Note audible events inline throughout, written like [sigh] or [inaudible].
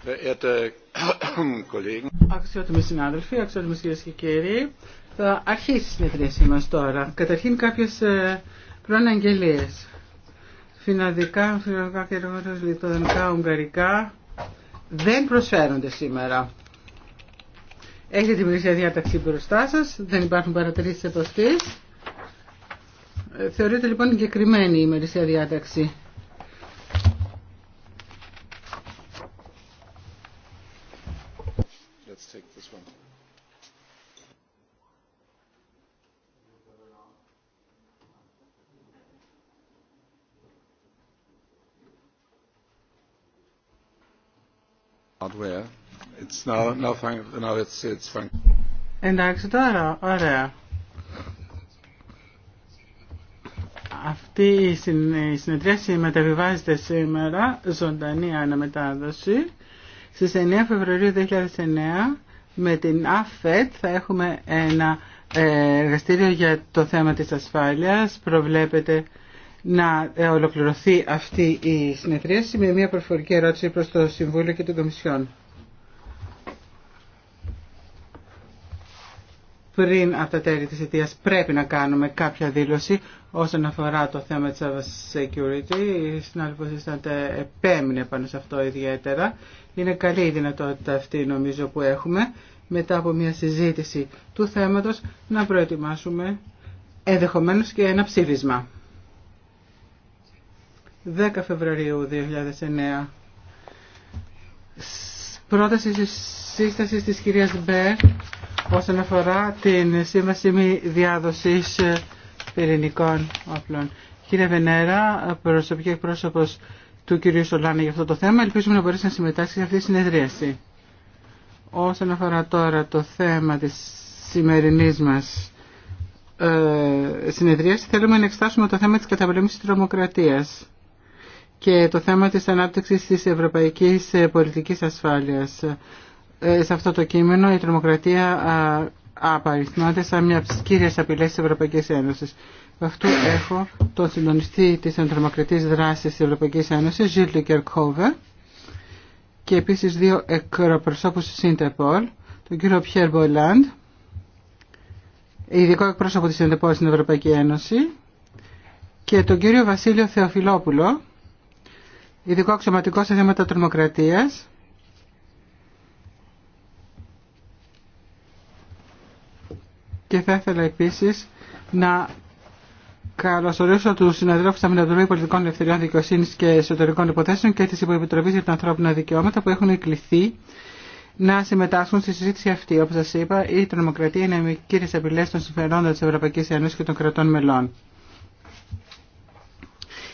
[coughs] Αξιότιμοι συνάδελφοι, αξιότιμοι κυρίε και κύριοι, θα αρχίσει η συνεδρίαση μα τώρα. Καταρχήν κάποιε προαναγγελίε. Φιναδικά, φιλολογικά και λιτοδανικά, ουγγαρικά δεν προσφέρονται σήμερα. Έχετε τη πλησία διάταξη μπροστά σα, δεν υπάρχουν παρατηρήσει από ε, Θεωρείται λοιπόν εγκεκριμένη η ημερησία διάταξη. It's now, now it's, it's Εντάξει τώρα, ωραία. Αυτή η συνεδρία μεταβιβάζεται σήμερα, ζωντανή αναμετάδοση. Στις 9 Φεβρουαρίου 2009 με την ΑΦΕΤ θα έχουμε ένα ε, εργαστήριο για το θέμα της ασφάλειας. Προβλέπεται να ε, ολοκληρωθεί αυτή η συνεδρίαση με μια προφορική ερώτηση προς το Συμβούλιο και την Κομισιόν. Πριν από τα τέλη της αιτίας πρέπει να κάνουμε κάποια δήλωση όσον αφορά το θέμα της security. Η συνάδελφος Ιστάντε επέμεινε πάνω σε αυτό ιδιαίτερα. Είναι καλή η δυνατότητα αυτή νομίζω που έχουμε μετά από μια συζήτηση του θέματος να προετοιμάσουμε ενδεχομένως και ένα ψήφισμα. 10 Φεβρουαρίου 2009. Πρόταση της σύστασης της κυρίας Μπέρ όσον αφορά την σύμβαση μη διάδοσης ε, πυρηνικών όπλων. Κύριε Βενέρα, προσωπική εκπρόσωπος του κυρίου Σολάνη για αυτό το θέμα, ελπίζουμε να μπορέσει να συμμετάσχει σε αυτή τη συνεδρίαση. Όσον αφορά τώρα το θέμα της σημερινής μας ε, συνεδρίαση, θέλουμε να εξετάσουμε το θέμα της καταπολέμησης της τρομοκρατίας και το θέμα της ανάπτυξης της ευρωπαϊκής ε, πολιτικής ασφάλειας. Ε, σε αυτό το κείμενο η τρομοκρατία απαριθμάται σαν μια από τις κύριες απειλές της Ευρωπαϊκής Ένωσης. Με αυτού έχω τον συντονιστή της αντιτρομοκρατικής δράσης της Ευρωπαϊκής Ένωσης, Ζιλ Κερκόβε, και επίσης δύο εκπροσώπους της Interpol, τον κύριο Πιέρ Μπολάντ, ειδικό εκπρόσωπο της Interpol στην Ευρωπαϊκή Ένωση, και τον κύριο Βασίλειο Θεοφιλόπουλο, ειδικό αξιωματικό σε θέματα τρομοκρατίας και θα ήθελα επίσης να καλωσορίσω του συναδέλφου τη Επιτροπή Πολιτικών Ελευθεριών Δικαιοσύνη και Εσωτερικών Υποθέσεων και τη Υποεπιτροπή για τα Ανθρώπινα Δικαιώματα που έχουν εκκληθεί να συμμετάσχουν στη συζήτηση αυτή. Όπω σα είπα, η τρομοκρατία είναι με κύριε απειλέ των συμφερόντων τη Ευρωπαϊκή Ένωση και των κρατών μελών.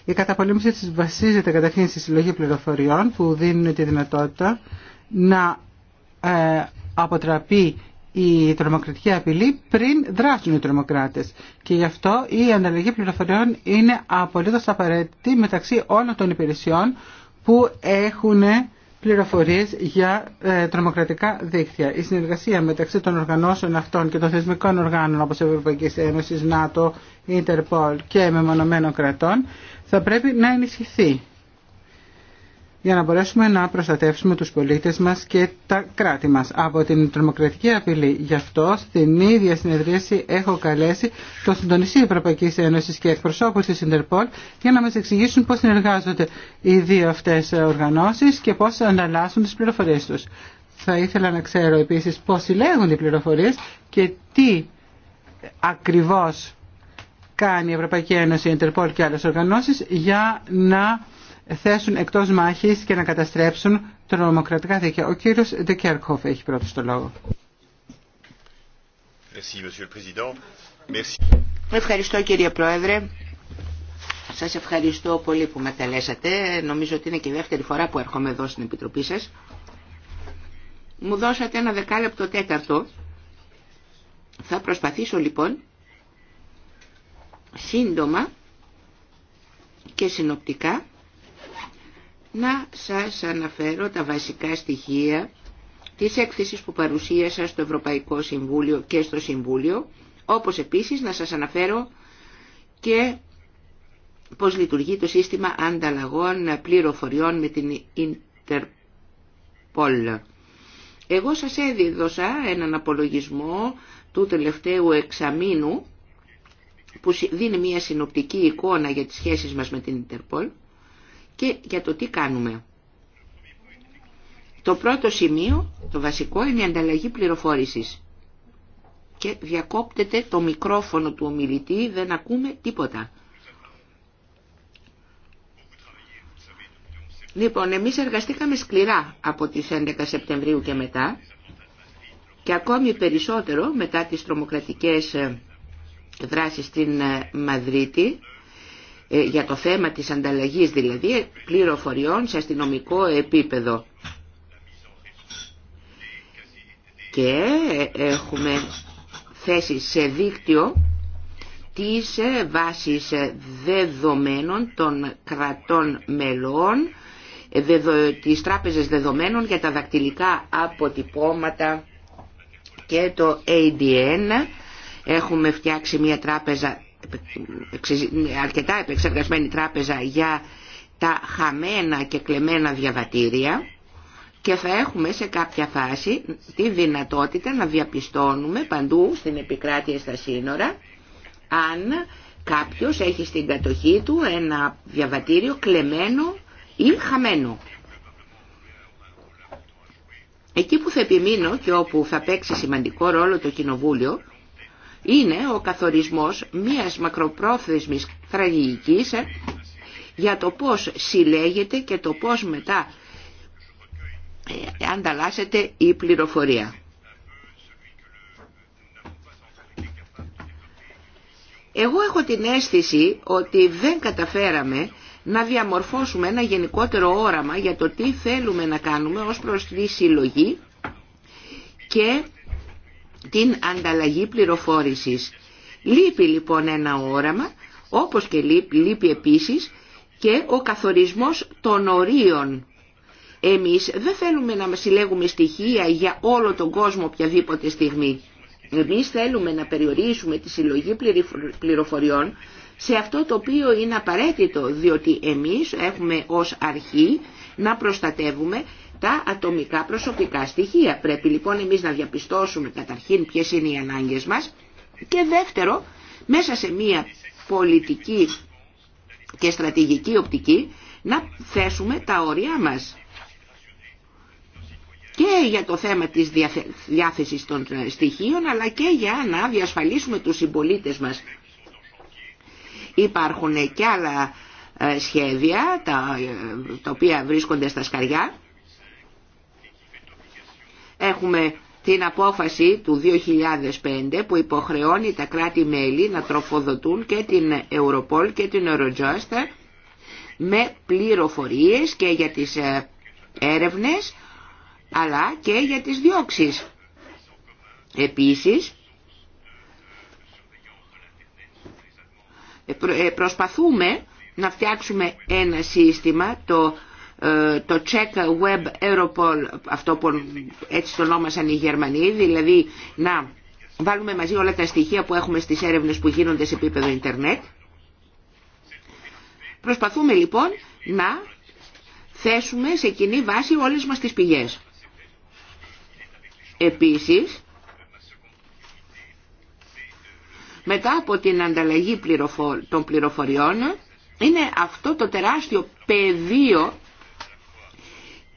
Η καταπολέμηση της βασίζεται καταρχήν στη συλλογή πληροφοριών που δίνουν τη δυνατότητα να ε, αποτραπεί η τρομοκρατική απειλή πριν δράσουν οι τρομοκράτες. Και γι' αυτό η ανταλλαγή πληροφοριών είναι απολύτως απαραίτητη μεταξύ όλων των υπηρεσιών που έχουν πληροφορίες για ε, τρομοκρατικά δίκτυα. Η συνεργασία μεταξύ των οργανώσεων αυτών και των θεσμικών οργάνων όπως Ευρωπαϊκής Ένωσης, ΝΑΤΟ, Ιντερπολ και μεμονωμένων κρατών θα πρέπει να ενισχυθεί για να μπορέσουμε να προστατεύσουμε τους πολίτες μας και τα κράτη μας από την τρομοκρατική απειλή. Γι' αυτό στην ίδια συνεδρίαση έχω καλέσει το συντονιστή Ευρωπαϊκή Ένωση και εκπροσώπου της Ιντερπολ για να μας εξηγήσουν πώς συνεργάζονται οι δύο αυτές οργανώσεις και πώς ανταλλάσσουν τις πληροφορίες τους. Θα ήθελα να ξέρω επίσης πώς συλλέγουν οι πληροφορίες και τι ακριβώς κάνει η Ευρωπαϊκή Ένωση, η Ιντερπολ και άλλες οργανώσεις για να θέσουν εκτός μάχης και να καταστρέψουν τον νομοκρατικά δίκαιο. Ο κύριος Δεκέρκοφ έχει πρώτος το λόγο. Ευχαριστώ κύριε Πρόεδρε. Σας ευχαριστώ πολύ που με καλέσατε. Νομίζω ότι είναι και η δεύτερη φορά που έρχομαι εδώ στην Επιτροπή σας. Μου δώσατε ένα δεκάλεπτο τέταρτο. Θα προσπαθήσω λοιπόν σύντομα και συνοπτικά να σας αναφέρω τα βασικά στοιχεία της έκθεσης που παρουσίασα στο Ευρωπαϊκό Συμβούλιο και στο Συμβούλιο, όπως επίσης να σας αναφέρω και πώς λειτουργεί το σύστημα ανταλλαγών πληροφοριών με την Interpol. Εγώ σας έδιδωσα έναν απολογισμό του τελευταίου εξαμήνου που δίνει μια συνοπτική εικόνα για τις σχέσεις μας με την Interpol και για το τι κάνουμε. Το πρώτο σημείο, το βασικό, είναι η ανταλλαγή πληροφόρησης. Και διακόπτεται το μικρόφωνο του ομιλητή, δεν ακούμε τίποτα. Λοιπόν, εμείς εργαστήκαμε σκληρά από τις 11 Σεπτεμβρίου και μετά και ακόμη περισσότερο μετά τις τρομοκρατικές ε, δράσεις στην ε, Μαδρίτη ε, για το θέμα της ανταλλαγής δηλαδή πληροφοριών σε αστυνομικό επίπεδο. Και έχουμε θέσει σε δίκτυο τις βάσεις δεδομένων των κρατών μελών, ε, τις τράπεζες δεδομένων για τα δακτυλικά αποτυπώματα και το ADN. Έχουμε φτιάξει μια τράπεζα αρκετά επεξεργασμένη τράπεζα για τα χαμένα και κλεμμένα διαβατήρια και θα έχουμε σε κάποια φάση τη δυνατότητα να διαπιστώνουμε παντού στην επικράτεια στα σύνορα αν κάποιος έχει στην κατοχή του ένα διαβατήριο κλεμμένο ή χαμένο. Εκεί που θα επιμείνω και όπου θα παίξει σημαντικό ρόλο το Κοινοβούλιο είναι ο καθορισμός μιας μακροπρόθεσμης στρατηγικής για το πώς συλλέγεται και το πώς μετά ε, ανταλλάσσεται η πληροφορία. Εγώ έχω την αίσθηση ότι δεν καταφέραμε να διαμορφώσουμε ένα γενικότερο όραμα για το τι θέλουμε να κάνουμε ως προς τη συλλογή και την ανταλλαγή πληροφόρησης. Λείπει λοιπόν ένα όραμα, όπως και λείπει, λείπει επίσης και ο καθορισμός των ορίων. Εμείς δεν θέλουμε να συλλέγουμε στοιχεία για όλο τον κόσμο οποιαδήποτε στιγμή. Εμείς θέλουμε να περιορίσουμε τη συλλογή πληροφοριών σε αυτό το οποίο είναι απαραίτητο, διότι εμείς έχουμε ως αρχή να προστατεύουμε τα ατομικά προσωπικά στοιχεία. Πρέπει λοιπόν εμείς να διαπιστώσουμε καταρχήν ποιες είναι οι ανάγκες μας και δεύτερο, μέσα σε μία πολιτική και στρατηγική οπτική να θέσουμε τα όρια μας. Και για το θέμα της διάθεσης των ε, στοιχείων, αλλά και για να διασφαλίσουμε τους συμπολίτε μας. Υπάρχουν και άλλα ε, σχέδια, τα, ε, τα οποία βρίσκονται στα σκαριά, Έχουμε την απόφαση του 2005 που υποχρεώνει τα κράτη-μέλη να τροφοδοτούν και την Europol και την Eurojust με πληροφορίες και για τις ε, έρευνες αλλά και για τις διώξεις. Επίσης, ε, ε, προσπαθούμε να φτιάξουμε ένα σύστημα το ε, το Czech Web Europol, αυτό που έτσι το ονόμασαν οι Γερμανοί, δηλαδή να βάλουμε μαζί όλα τα στοιχεία που έχουμε στις έρευνες που γίνονται σε επίπεδο ίντερνετ. Προσπαθούμε λοιπόν να θέσουμε σε κοινή βάση όλες μας τις πηγές. Επίσης, μετά από την ανταλλαγή των πληροφοριών, είναι αυτό το τεράστιο πεδίο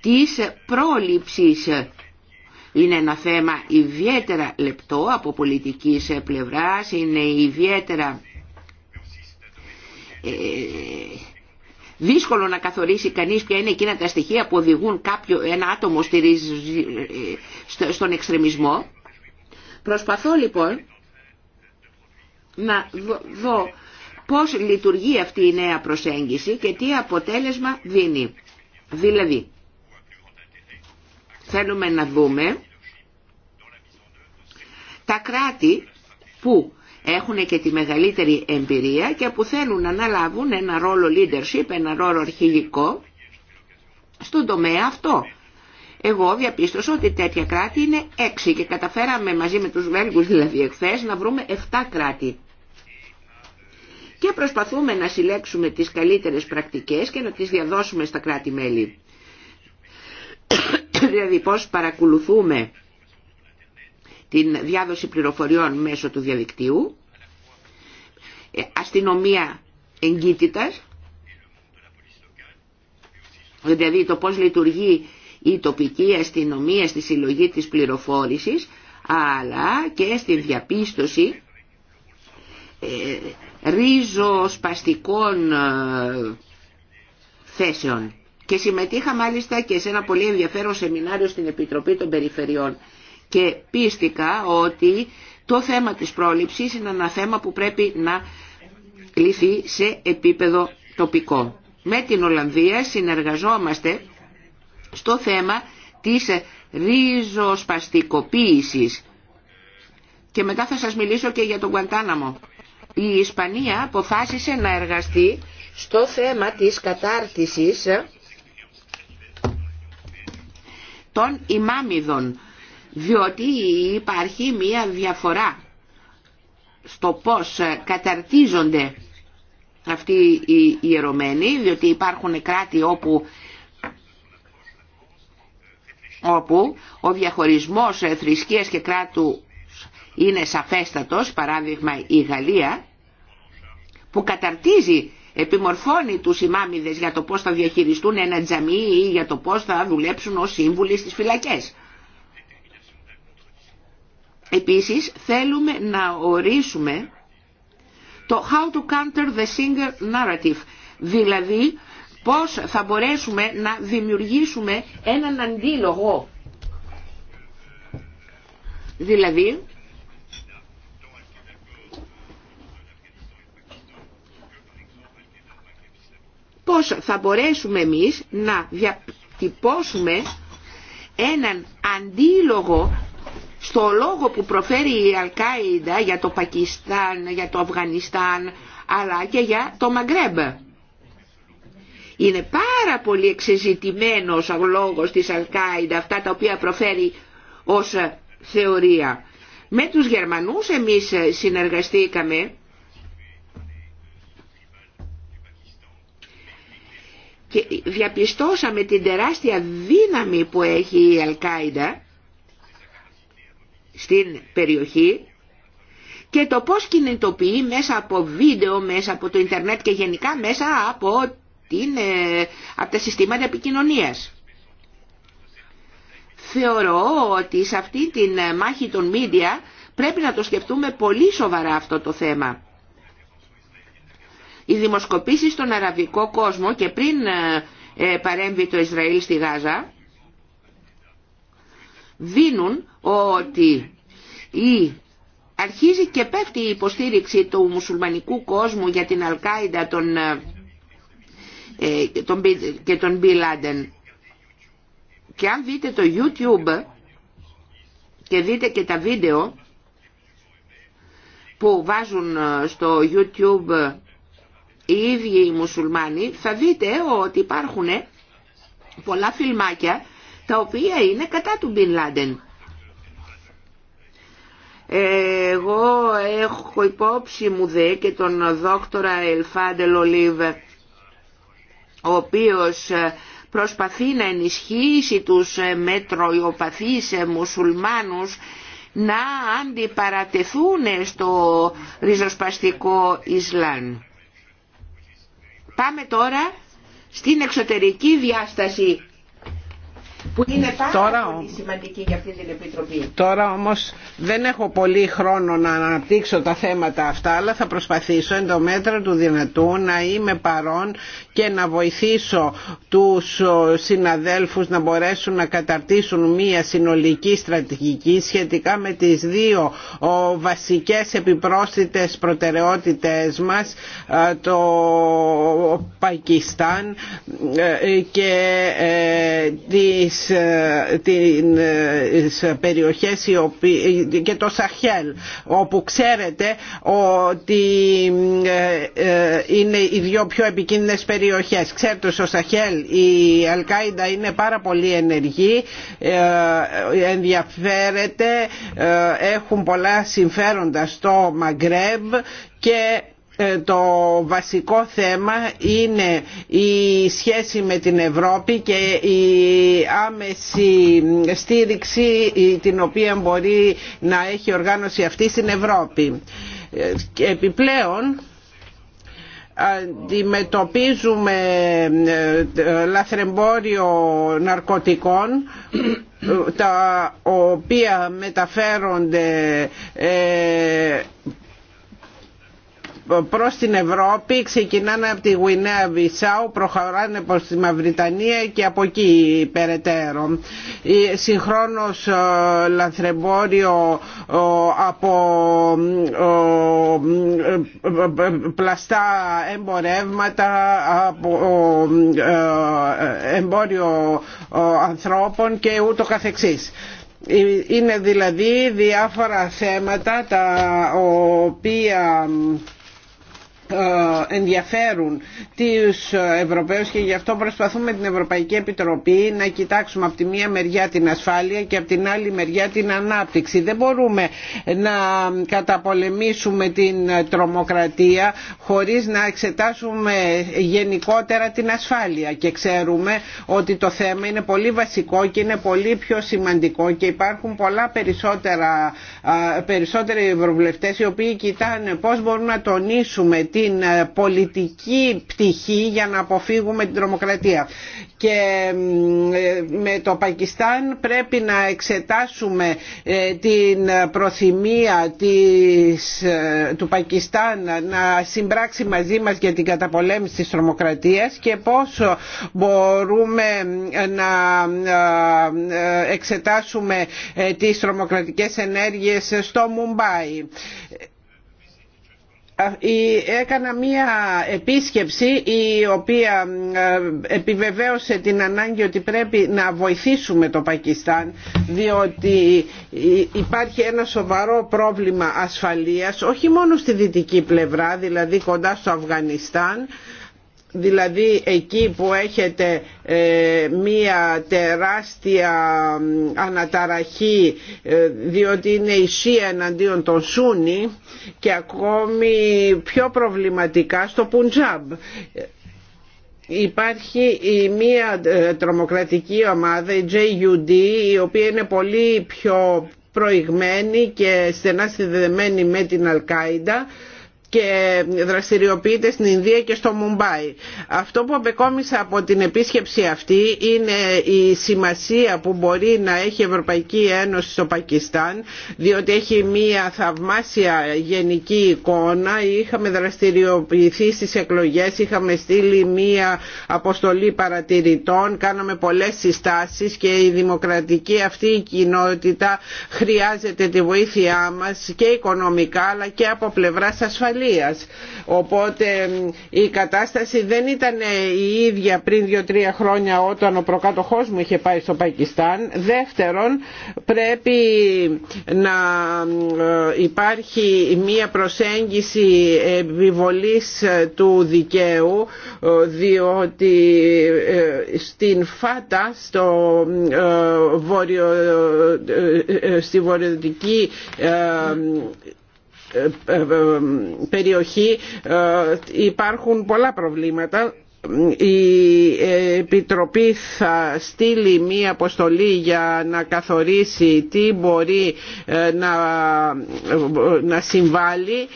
της πρόληψης. Είναι ένα θέμα ιδιαίτερα λεπτό από πολιτικής πλευράς, είναι ιδιαίτερα ε, δύσκολο να καθορίσει κανείς ποια είναι εκείνα τα στοιχεία που οδηγούν κάποιο, ένα άτομο στον εξτρεμισμό. Προσπαθώ λοιπόν να δω πώς λειτουργεί αυτή η νέα προσέγγιση και τι αποτέλεσμα δίνει. Δηλαδή, θέλουμε να δούμε τα κράτη που έχουν και τη μεγαλύτερη εμπειρία και που θέλουν να αναλάβουν ένα ρόλο leadership, ένα ρόλο αρχηγικό στον τομέα αυτό. Εγώ διαπίστωσα ότι τέτοια κράτη είναι έξι και καταφέραμε μαζί με τους Βέλγους δηλαδή εχθές να βρούμε 7 κράτη. Και προσπαθούμε να συλλέξουμε τις καλύτερες πρακτικές και να τις διαδώσουμε στα κράτη-μέλη. Δηλαδή πώς παρακολουθούμε την διάδοση πληροφοριών μέσω του διαδικτύου, ε, αστυνομία εγκύτητας, δηλαδή το πώς λειτουργεί η τοπική αστυνομία στη συλλογή της πληροφόρησης, αλλά και στη διαπίστωση ε, ρίζοσπαστικών ε, θέσεων. Και συμμετείχα μάλιστα και σε ένα πολύ ενδιαφέρον σεμινάριο στην Επιτροπή των Περιφερειών. Και πίστηκα ότι το θέμα της πρόληψης είναι ένα θέμα που πρέπει να λυθεί σε επίπεδο τοπικό. Με την Ολλανδία συνεργαζόμαστε στο θέμα της ριζοσπαστικοποίησης. Και μετά θα σας μιλήσω και για τον Κουαντάναμο. Η Ισπανία αποφάσισε να εργαστεί στο θέμα της κατάρτισης των ημάμιδων διότι υπάρχει μία διαφορά στο πώς ε, καταρτίζονται αυτοί οι ιερωμένοι διότι υπάρχουν κράτη όπου όπου ο διαχωρισμός ε, θρησκείας και κράτου είναι σαφέστατος, παράδειγμα η Γαλλία, που καταρτίζει επιμορφώνει τους ημάμιδες για το πώς θα διαχειριστούν ένα τζαμί ή για το πώς θα δουλέψουν ως σύμβουλοι στις φυλακές. Επίσης θέλουμε να ορίσουμε το how to counter the single narrative, δηλαδή πώς θα μπορέσουμε να δημιουργήσουμε έναν αντίλογο. Δηλαδή, πώς θα μπορέσουμε εμείς να διατυπώσουμε έναν αντίλογο στο λόγο που προφέρει η Αλκάιντα για το Πακιστάν, για το Αφγανιστάν, αλλά και για το Μαγκρέμπ. Είναι πάρα πολύ εξεζητημένος ο λόγος της Αλκάιντα, αυτά τα οποία προφέρει ως θεωρία. Με τους Γερμανούς εμείς συνεργαστήκαμε και διαπιστώσαμε την τεράστια δύναμη που έχει η Αλκάιντα στην περιοχή και το πώς κινητοποιεί μέσα από βίντεο, μέσα από το ίντερνετ και γενικά μέσα από, την, ε, από τα συστήματα επικοινωνίας. Θεωρώ ότι σε αυτή τη μάχη των μίντια πρέπει να το σκεφτούμε πολύ σοβαρά αυτό το θέμα οι δημοσκοπήσεις στον αραβικό κόσμο και πριν ε, ε, παρέμβει το Ισραήλ στη Γάζα δίνουν ότι η αρχίζει και πέφτει η υποστήριξη του μουσουλμανικού κόσμου για την αλκαΐδα τον, ε, και τον Μπι Και αν δείτε το YouTube και δείτε και τα βίντεο που βάζουν στο YouTube οι ίδιοι οι μουσουλμάνοι θα δείτε ότι υπάρχουν πολλά φιλμάκια τα οποία είναι κατά του Μπιν Λάντεν. Εγώ έχω υπόψη μου δε και τον δόκτορα Ελφάντελ Ολίβ ο οποίος ε, προσπαθεί να ενισχύσει τους ε, μετροϊοπαθείς ε, μουσουλμάνους να αντιπαρατεθούν στο ριζοσπαστικό Ισλάν. Πάμε τώρα στην εξωτερική διάσταση που είναι πάρα τώρα, πολύ σημαντική για αυτή την Επιτροπή. Τώρα όμως δεν έχω πολύ χρόνο να αναπτύξω τα θέματα αυτά, αλλά θα προσπαθήσω εν το μέτρο του δυνατού να είμαι παρόν και να βοηθήσω τους συναδέλφους να μπορέσουν να καταρτήσουν μία συνολική στρατηγική σχετικά με τις δύο βασικές επιπρόσθετες προτεραιότητες μας, το Πακιστάν ε, και ε, τη τις, ε, τις ε, περιοχές και το Σαχέλ όπου ξέρετε ότι ε, είναι οι δύο πιο επικίνδυνες περιοχές. Ξέρετε στο Σαχέλ η Αλκάιντα είναι πάρα πολύ ενεργή, ενδιαφέρεται, έχουν πολλά συμφέροντα στο Μαγκρέβ και ε, το βασικό θέμα είναι η σχέση με την Ευρώπη και η άμεση στήριξη την οποία μπορεί να έχει οργάνωση αυτή στην Ευρώπη. Ε, επιπλέον αντιμετωπίζουμε ε, λαθρεμπόριο ναρκωτικών τα οποία μεταφέρονται προς την Ευρώπη, ξεκινάνε από τη Γουινέα Βισάου, προχωράνε προς τη Μαυριτανία και από εκεί περαιτέρω. Συγχρόνως ε, λαθρεμπόριο ε, από ε, πλαστά εμπορεύματα, από εμπόριο ανθρώπων και ούτω καθεξής. Είναι δηλαδή διάφορα θέματα τα οποία ε, ενδιαφέρουν τους ε, Ευρωπαίους και γι' αυτό προσπαθούμε την Ευρωπαϊκή Επιτροπή να κοιτάξουμε από τη μία μεριά την ασφάλεια και από την άλλη μεριά την ανάπτυξη. Δεν μπορούμε να καταπολεμήσουμε την τρομοκρατία χωρίς να εξετάσουμε γενικότερα την ασφάλεια και ξέρουμε ότι το θέμα είναι πολύ βασικό και είναι πολύ πιο σημαντικό και υπάρχουν πολλά περισσότερα, ε, περισσότεροι ευρωβουλευτές οι οποίοι κοιτάνε πώς μπορούμε να τονίσουμε την ε, πολιτική πτυχή για να αποφύγουμε την τρομοκρατία. Και ε, με το Πακιστάν πρέπει να εξετάσουμε ε, την προθυμία της, του Πακιστάν να συμπράξει μαζί μας για την καταπολέμηση της τρομοκρατίας και πόσο μπορούμε να εξετάσουμε τις τρομοκρατικές ενέργειες στο Μουμπάι έκανα μία επίσκεψη η οποία ε, επιβεβαίωσε την ανάγκη ότι πρέπει να βοηθήσουμε το Πακιστάν διότι υπάρχει ένα σοβαρό πρόβλημα ασφαλείας όχι μόνο στη δυτική πλευρά δηλαδή κοντά στο Αφγανιστάν δηλαδή εκεί που έχετε ε, μία τεράστια αναταραχή ε, διότι είναι η ΣΥΑ εναντίον των Σούνι και ακόμη πιο προβληματικά στο Πουντζάμπ υπάρχει η μία ε, τρομοκρατική ομάδα, η JUD, η οποία είναι πολύ πιο προηγμένη και στενά συνδεδεμένη με την Αλκάιντα και δραστηριοποιείται στην Ινδία και στο Μουμπάι. Αυτό που απεκόμισα από την επίσκεψη αυτή είναι η σημασία που μπορεί να έχει η Ευρωπαϊκή Ένωση στο Πακιστάν διότι έχει μία θαυμάσια γενική εικόνα. Είχαμε δραστηριοποιηθεί στις εκλογές, είχαμε στείλει μία αποστολή παρατηρητών, κάναμε πολλές συστάσεις και η δημοκρατική αυτή κοινότητα χρειάζεται τη βοήθειά μας και οικονομικά αλλά και από πλευρά ασφαλείας Οπότε η κατάσταση δεν ήταν ε, η ίδια πριν δύο-τρία χρόνια όταν ο προκάτοχός μου είχε πάει στο Πακιστάν. Δεύτερον, πρέπει να ε, υπάρχει μία προσέγγιση επιβολής ε, του δικαίου διότι στην ΦΑΤΑ στο βορειο, στη βορειοδυτική ε, ε, ε, περιοχή υπάρχουν πολλά προβλήματα η Επιτροπή θα στείλει μία αποστολή για να καθορίσει τι μπορεί να, να συμβάλλει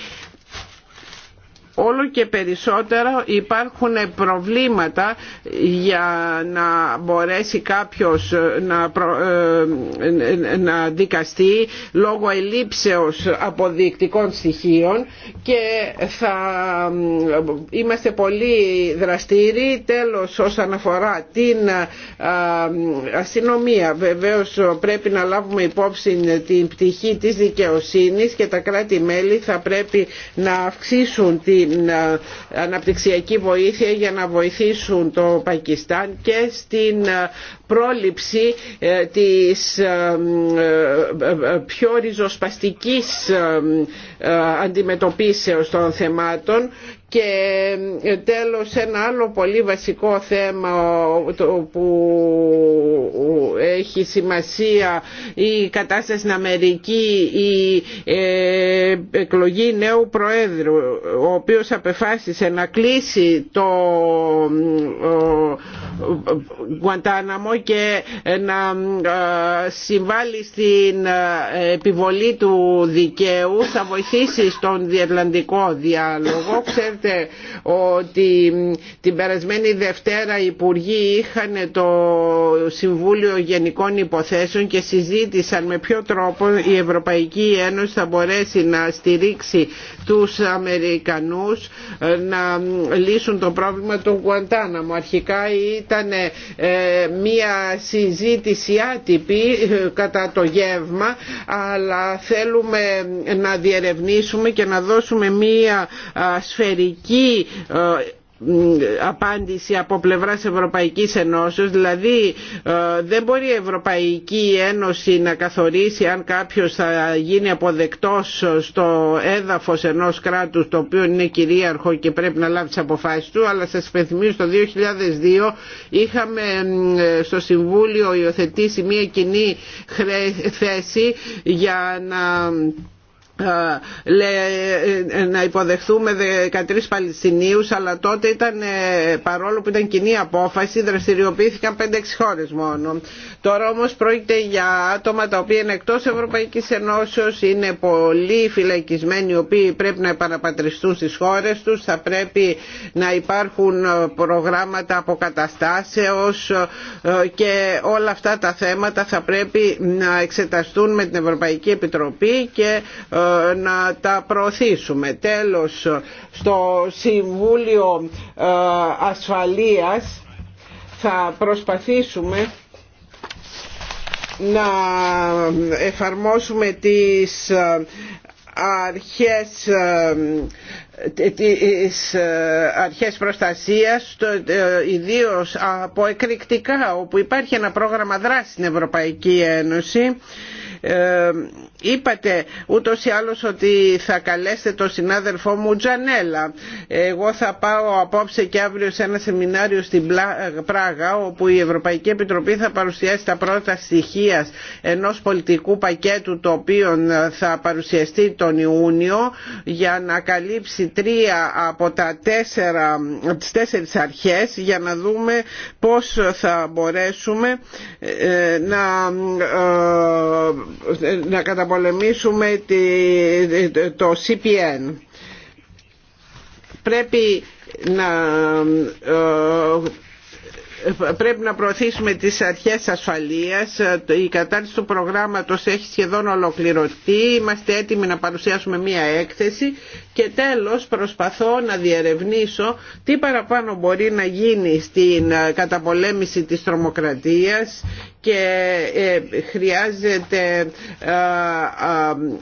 όλο και περισσότερο υπάρχουν προβλήματα για να μπορέσει κάποιος να, ε, να δικαστεί λόγω ελήψεως αποδεικτικών στοιχείων και θα είμαστε πολύ δραστήριοι τέλος όσον αφορά την ε, αστυνομία βεβαίως πρέπει να λάβουμε υπόψη την πτυχή της δικαιοσύνης και τα κράτη-μέλη θα πρέπει να αυξήσουν τη την ε, αναπτυξιακή βοήθεια για να βοηθήσουν το Πακιστάν και στην ε, πρόληψη ε, της πιο ριζοσπαστικής αντιμετωπίσεως των θεμάτων και ε, τέλος ένα άλλο πολύ βασικό θέμα που έχει σημασία η κατάσταση στην Αμερική, η ε, εκλογή νέου Προέδρου ο οποίος απεφάσισε να κλείσει το Γκουαντάναμο και να ε, συμβάλλει στην επιβολή του δικαίου θα βοηθήσει στον διατλαντικό διάλογο ότι την περασμένη Δευτέρα οι Υπουργοί είχαν το Συμβούλιο Γενικών Υποθέσεων και συζήτησαν με ποιο τρόπο η Ευρωπαϊκή Ένωση θα μπορέσει να στηρίξει τους Αμερικανούς να λύσουν το πρόβλημα του Γκουαντάναμου. Αρχικά ήταν ε, μία συζήτηση άτυπη ε, κατά το γεύμα αλλά θέλουμε να διερευνήσουμε και να δώσουμε μία σφαιρική θετική ε, απάντηση από πλευράς Ευρωπαϊκής Ενώσεως δηλαδή ε, δεν μπορεί η Ευρωπαϊκή Ένωση να καθορίσει αν κάποιος θα γίνει αποδεκτός στο έδαφος ενός κράτους το οποίο είναι κυρίαρχο και πρέπει να λάβει τις αποφάσεις του αλλά σας υπενθυμίζω το 2002 είχαμε στο Συμβούλιο υιοθετήσει μια κοινή θέση για να ε, ε, να υποδεχθούμε 13 Παλαιστινίους αλλά τότε ήταν ε, παρόλο που ήταν κοινή απόφαση δραστηριοποιήθηκαν 5-6 χώρες μόνο. Τώρα όμως πρόκειται για άτομα τα οποία είναι εκτός Ευρωπαϊκής Ενώσεως, είναι πολύ φυλακισμένοι οι οποίοι πρέπει να επαναπατριστούν στις χώρες τους, θα πρέπει να υπάρχουν προγράμματα αποκαταστάσεως και όλα αυτά τα θέματα θα πρέπει να εξεταστούν με την Ευρωπαϊκή Επιτροπή και να τα προωθήσουμε. Τέλος, στο Συμβούλιο ε, Ασφαλείας θα προσπαθήσουμε να εφαρμόσουμε τις ε, αρχές ε, τις αρχές προστασίας ιδίως από εκρηκτικά όπου υπάρχει ένα πρόγραμμα δράσης στην Ευρωπαϊκή Ένωση Είπατε ούτως ή άλλως ότι θα καλέσετε τον συνάδελφό μου Τζανέλα. Εγώ θα πάω απόψε και αύριο σε ένα σεμινάριο στην Πράγα όπου η Ευρωπαϊκή Επιτροπή θα παρουσιάσει τα πρώτα στοιχεία ενός πολιτικού πακέτου το οποίο θα παρουσιαστεί τον Ιούνιο για να καλύψει τρία από τα τέσσερα, τις τέσσερις αρχές για να δούμε πώς θα μπορέσουμε ε, να, ε, να τη, το CPN. Πρέπει να ε, πρέπει να προωθήσουμε τις αρχές ασφαλείας. Η κατάρτιση του προγράμματος έχει σχεδόν ολοκληρωθεί. Είμαστε έτοιμοι να παρουσιάσουμε μία έκθεση. Και τέλος προσπαθώ να διερευνήσω τι παραπάνω μπορεί να γίνει στην καταπολέμηση της τρομοκρατίας και ε, χρειάζεται ε, ε,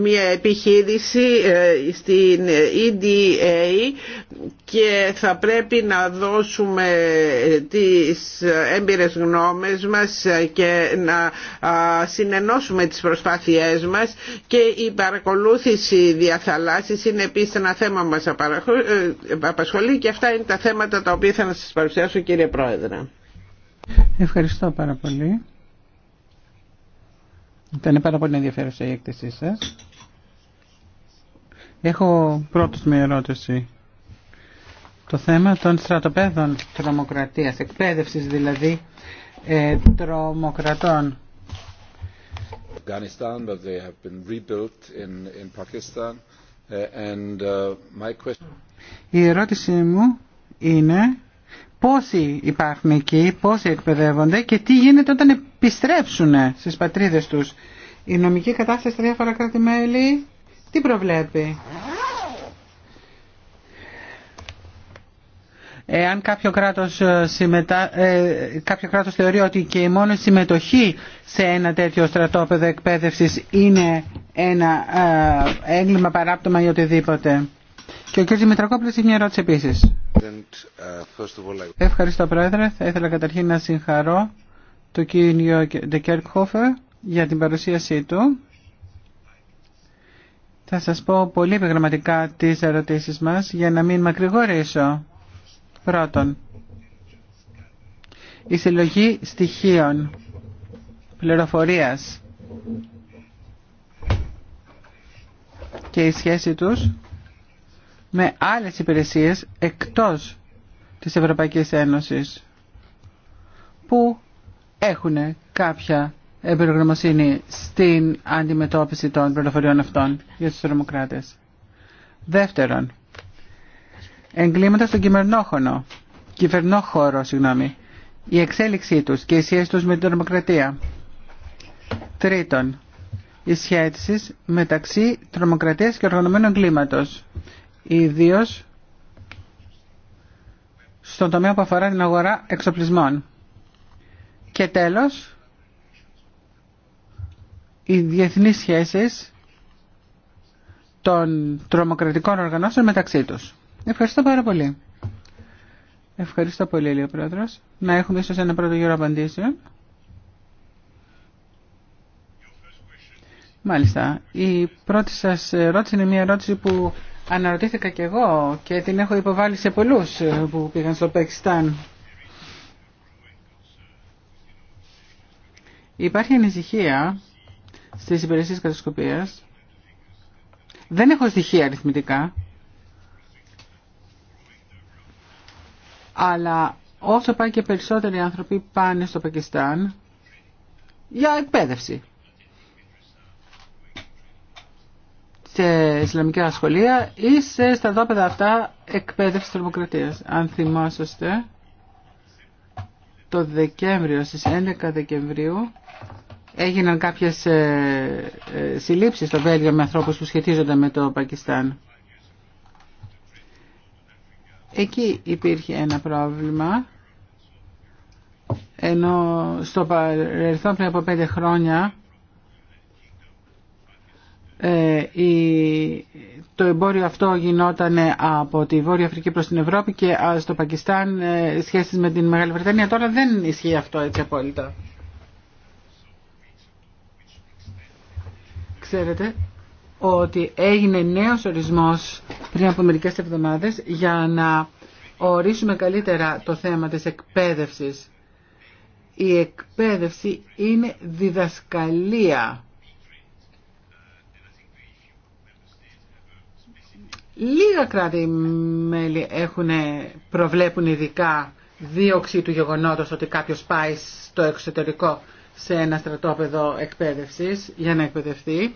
μια επιχείρηση ε, στην EDA ε και θα πρέπει να δώσουμε τις έμπειρες γνώμες μας και να συνενώσουμε τις προσπάθειές μας και η παρακολούθηση διαθαλάσσης είναι επίσης ένα θέμα που μας ε, απασχολεί και αυτά είναι τα θέματα τα οποία θα σας παρουσιάσω κύριε Πρόεδρε. Ευχαριστώ πάρα πολύ. Ήταν πάρα πολύ ενδιαφέρουσα η έκθεσή σα. Έχω πρώτος μια ερώτηση. Το θέμα των στρατοπέδων τρομοκρατίας, εκπαίδευσης δηλαδή ε, τρομοκρατών. Η ερώτησή μου είναι πόσοι υπάρχουν εκεί, πόσοι εκπαιδεύονται και τι γίνεται όταν επιστρέψουν στις πατρίδες τους. Η νομική κατάσταση στα διάφορα κράτη-μέλη τι προβλέπει. Εάν κάποιο κράτος, ε, συμμετα... Ε, κάποιο κράτος θεωρεί ότι και η μόνη συμμετοχή σε ένα τέτοιο στρατόπεδο εκπαίδευσης είναι ένα ε, έγκλημα παράπτωμα ή οτιδήποτε. Και ο κ. Μητρακόπουλος έχει μια ερώτηση επίσης. Ευχαριστώ Πρόεδρε. Θα ήθελα καταρχήν να συγχαρώ τον κ. Ντεκέρκχοφερ για την παρουσίασή του. Θα σας πω πολύ επιγραμματικά τις ερωτήσεις μας για να μην μακρηγορήσω. Πρώτον, η συλλογή στοιχείων, πληροφορίας και η σχέση τους με άλλες υπηρεσίες εκτός της Ευρωπαϊκής Ένωσης που έχουν κάποια εμπειρογνωμοσύνη στην αντιμετώπιση των πληροφοριών αυτών για τους τρομοκράτες. Δεύτερον, εγκλήματα στον κυβερνόχωρο, κυβερνόχωρο, συγγνώμη, η εξέλιξή τους και η σχέση τους με την τρομοκρατία. Τρίτον, οι σχέσεις μεταξύ τρομοκρατίας και οργανωμένου εγκλήματος ιδίω στον τομέα που αφορά την αγορά εξοπλισμών. Και τέλος, οι διεθνείς σχέσεις των τρομοκρατικών οργανώσεων μεταξύ τους. Ευχαριστώ πάρα πολύ. Ευχαριστώ πολύ, λέει ο Πρόεδρος. Να έχουμε ίσως ένα πρώτο γύρο απαντήσεων. Μάλιστα. Η πρώτη σας ερώτηση είναι μια ερώτηση που Αναρωτήθηκα κι εγώ και την έχω υποβάλει σε πολλούς ε, που πήγαν στο Πακιστάν. Υπάρχει ανησυχία στις υπηρεσίες κατασκοπίας. Δεν έχω στοιχεία αριθμητικά. Αλλά όσο πάει και περισσότεροι άνθρωποι πάνε στο Πακιστάν για εκπαίδευση. σε Ισλαμικά σχολεία ή σε στρατόπεδα αυτά εκπαίδευση τρομοκρατία. Αν θυμάσαστε, το Δεκέμβριο, στις 11 Δεκεμβρίου, έγιναν κάποιες ε, ε, συλλήψεις στο Βέλγιο με ανθρώπους που σχετίζονται με το Πακιστάν. Εκεί υπήρχε ένα πρόβλημα, ενώ στο παρελθόν πριν από πέντε χρόνια ε, το εμπόριο αυτό γινόταν από τη Βόρεια Αφρική προς την Ευρώπη και στο Πακιστάν ε, σχέσεις με την Μεγάλη Βρετανία. Τώρα δεν ισχύει αυτό έτσι απόλυτα. Ξέρετε ότι έγινε νέος ορισμός πριν από μερικές εβδομάδες για να ορίσουμε καλύτερα το θέμα της εκπαίδευσης. Η εκπαίδευση είναι διδασκαλία Λίγα κράτη-μέλη προβλέπουν ειδικά δίωξη του γεγονότος ότι κάποιος πάει στο εξωτερικό σε ένα στρατόπεδο εκπαίδευσης για να εκπαιδευτεί.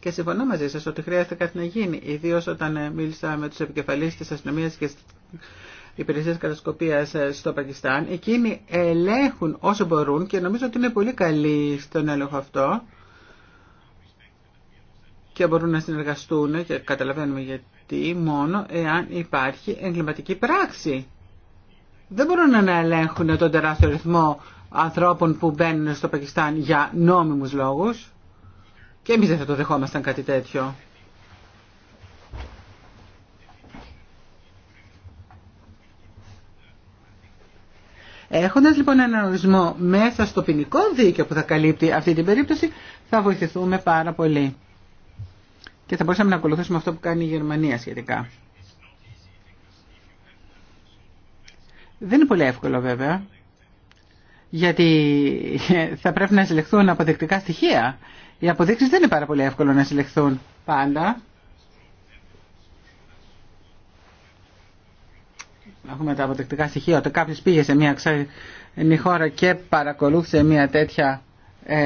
Και συμφωνώ μαζί σας ότι χρειάζεται κάτι να γίνει, ιδίω όταν ε, μίλησα με τους επικεφαλείς της αστυνομίας και υπηρεσίας κατασκοπίας ε, στο Πακιστάν. Εκείνοι ελέγχουν όσο μπορούν και νομίζω ότι είναι πολύ καλοί στον έλεγχο αυτό και μπορούν να συνεργαστούν και καταλαβαίνουμε γιατί μόνο εάν υπάρχει εγκληματική πράξη. Δεν μπορούν να ελέγχουν τον τεράστιο ρυθμό ανθρώπων που μπαίνουν στο Πακιστάν για νόμιμους λόγους και εμείς δεν θα το δεχόμασταν κάτι τέτοιο. Έχοντας λοιπόν έναν ορισμό μέσα στο ποινικό δίκαιο που θα καλύπτει αυτή την περίπτωση, θα βοηθηθούμε πάρα πολύ και θα μπορούσαμε να ακολουθήσουμε αυτό που κάνει η Γερμανία σχετικά. Δεν είναι πολύ εύκολο βέβαια, γιατί θα πρέπει να συλλεχθούν αποδεικτικά στοιχεία. Οι αποδείξεις δεν είναι πάρα πολύ εύκολο να συλλεχθούν πάντα. Έχουμε τα αποδεικτικά στοιχεία Όταν κάποιος πήγε σε μια ξένη χώρα και παρακολούθησε μια τέτοια ε,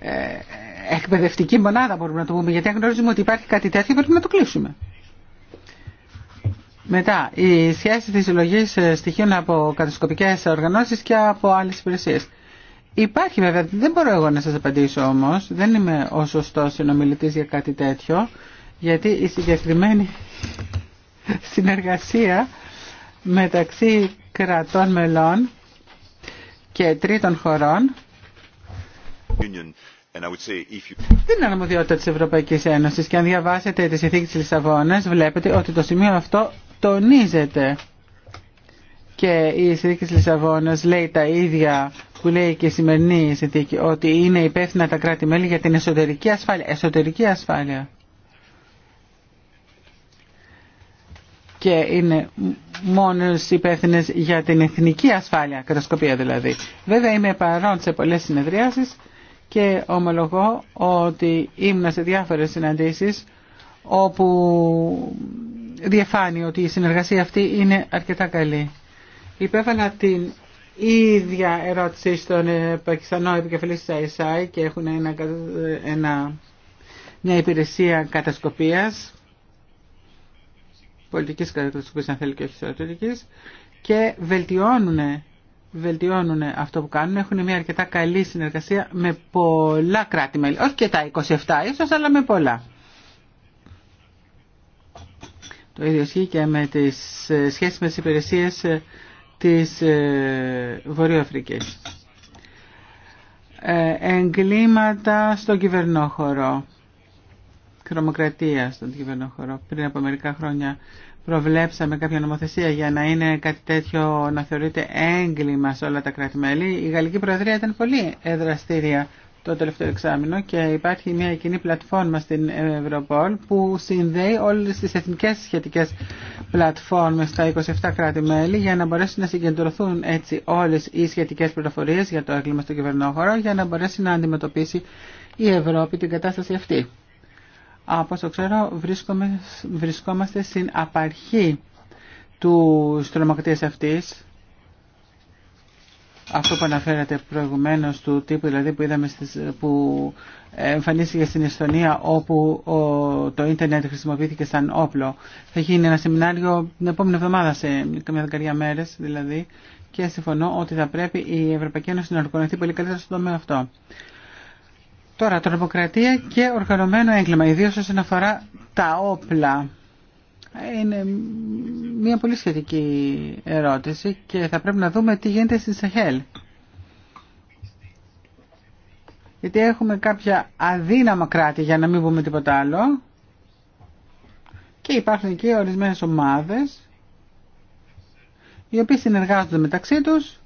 ε, εκπαιδευτική μονάδα μπορούμε να το πούμε γιατί αν γνωρίζουμε ότι υπάρχει κάτι τέτοιο πρέπει να το κλείσουμε. Μετά, η σχέση της συλλογή ε, στοιχείων από κατασκοπικές οργανώσεις και από άλλες υπηρεσίες. Υπάρχει βέβαια, δεν μπορώ εγώ να σας απαντήσω όμως, δεν είμαι ο σωστός συνομιλητής για κάτι τέτοιο, γιατί η συγκεκριμένη συνεργασία μεταξύ κρατών μελών και τρίτων χωρών δεν είναι αρμοδιότητα της Ευρωπαϊκής Ένωσης και αν διαβάσετε τη συνθήκη της Λισαβόνας βλέπετε ότι το σημείο αυτό τονίζεται. Και η συνθήκη της Λισαβόνας λέει τα ίδια που λέει και η σημερινή συνθήκη ότι είναι υπεύθυνα τα κράτη-μέλη για την εσωτερική ασφάλεια. Εσωτερική ασφάλεια. και είναι μόνο υπεύθυνε για την εθνική ασφάλεια, κατασκοπία δηλαδή. Βέβαια είμαι παρόν σε πολλές συνεδριάσεις και ομολογώ ότι ήμουν σε διάφορες συναντήσεις όπου διαφάνει ότι η συνεργασία αυτή είναι αρκετά καλή. Υπέβαλα την ίδια ερώτηση στον ε, Πακιστανό επικεφαλή της ΆΙΣΑΙ και έχουν ένα, ένα, μια υπηρεσία κατασκοπίας πολιτικής κατασκοπίας αν θέλει και όχι και βελτιώνουν βελτιώνουν αυτό που κάνουν. Έχουν μια αρκετά καλή συνεργασία με πολλά κράτη-μέλη. Όχι και τα 27 ίσως, αλλά με πολλά. Το ίδιο ισχύει και με τις ε, σχέσεις με τις υπηρεσίες ε, της ε, Βορειοαφρικής. Εγκλήματα στον κυβερνόχωρο. Κρομοκρατία στον κυβερνόχωρο. Πριν από μερικά χρόνια προβλέψαμε κάποια νομοθεσία για να είναι κάτι τέτοιο να θεωρείται έγκλημα σε όλα τα κράτη-μέλη. Η Γαλλική Προεδρία ήταν πολύ εδραστήρια το τελευταίο εξάμεινο και υπάρχει μια κοινή πλατφόρμα στην Ευρωπόλ που συνδέει όλες τις εθνικές σχετικές πλατφόρμες στα 27 κράτη-μέλη για να μπορέσουν να συγκεντρωθούν έτσι όλες οι σχετικές πληροφορίες για το έγκλημα στο κυβερνόχωρο για να μπορέσει να αντιμετωπίσει η Ευρώπη την κατάσταση αυτή. Από όσο ξέρω βρισκόμαστε στην απαρχή του τρομοκρατίας αυτής. Αυτό που αναφέρατε προηγουμένως του τύπου δηλαδή που είδαμε που εμφανίστηκε στην Εσθονία, όπου το ίντερνετ χρησιμοποιήθηκε σαν όπλο. Θα γίνει ένα σεμινάριο την επόμενη εβδομάδα σε καμιά δεκαετία μέρες δηλαδή και συμφωνώ ότι θα πρέπει η Ευρωπαϊκή Ένωση να οργανωθεί πολύ καλύτερα στον τομέα αυτό. Τώρα, τρομοκρατία και οργανωμένο έγκλημα, ιδίω όσον αφορά τα όπλα. Είναι μια πολύ σχετική ερώτηση και θα πρέπει να δούμε τι γίνεται στη Σαχέλ. Γιατί έχουμε κάποια αδύναμα κράτη, για να μην πούμε τίποτα άλλο, και υπάρχουν και ορισμένες ομάδες, οι οποίες συνεργάζονται μεταξύ τους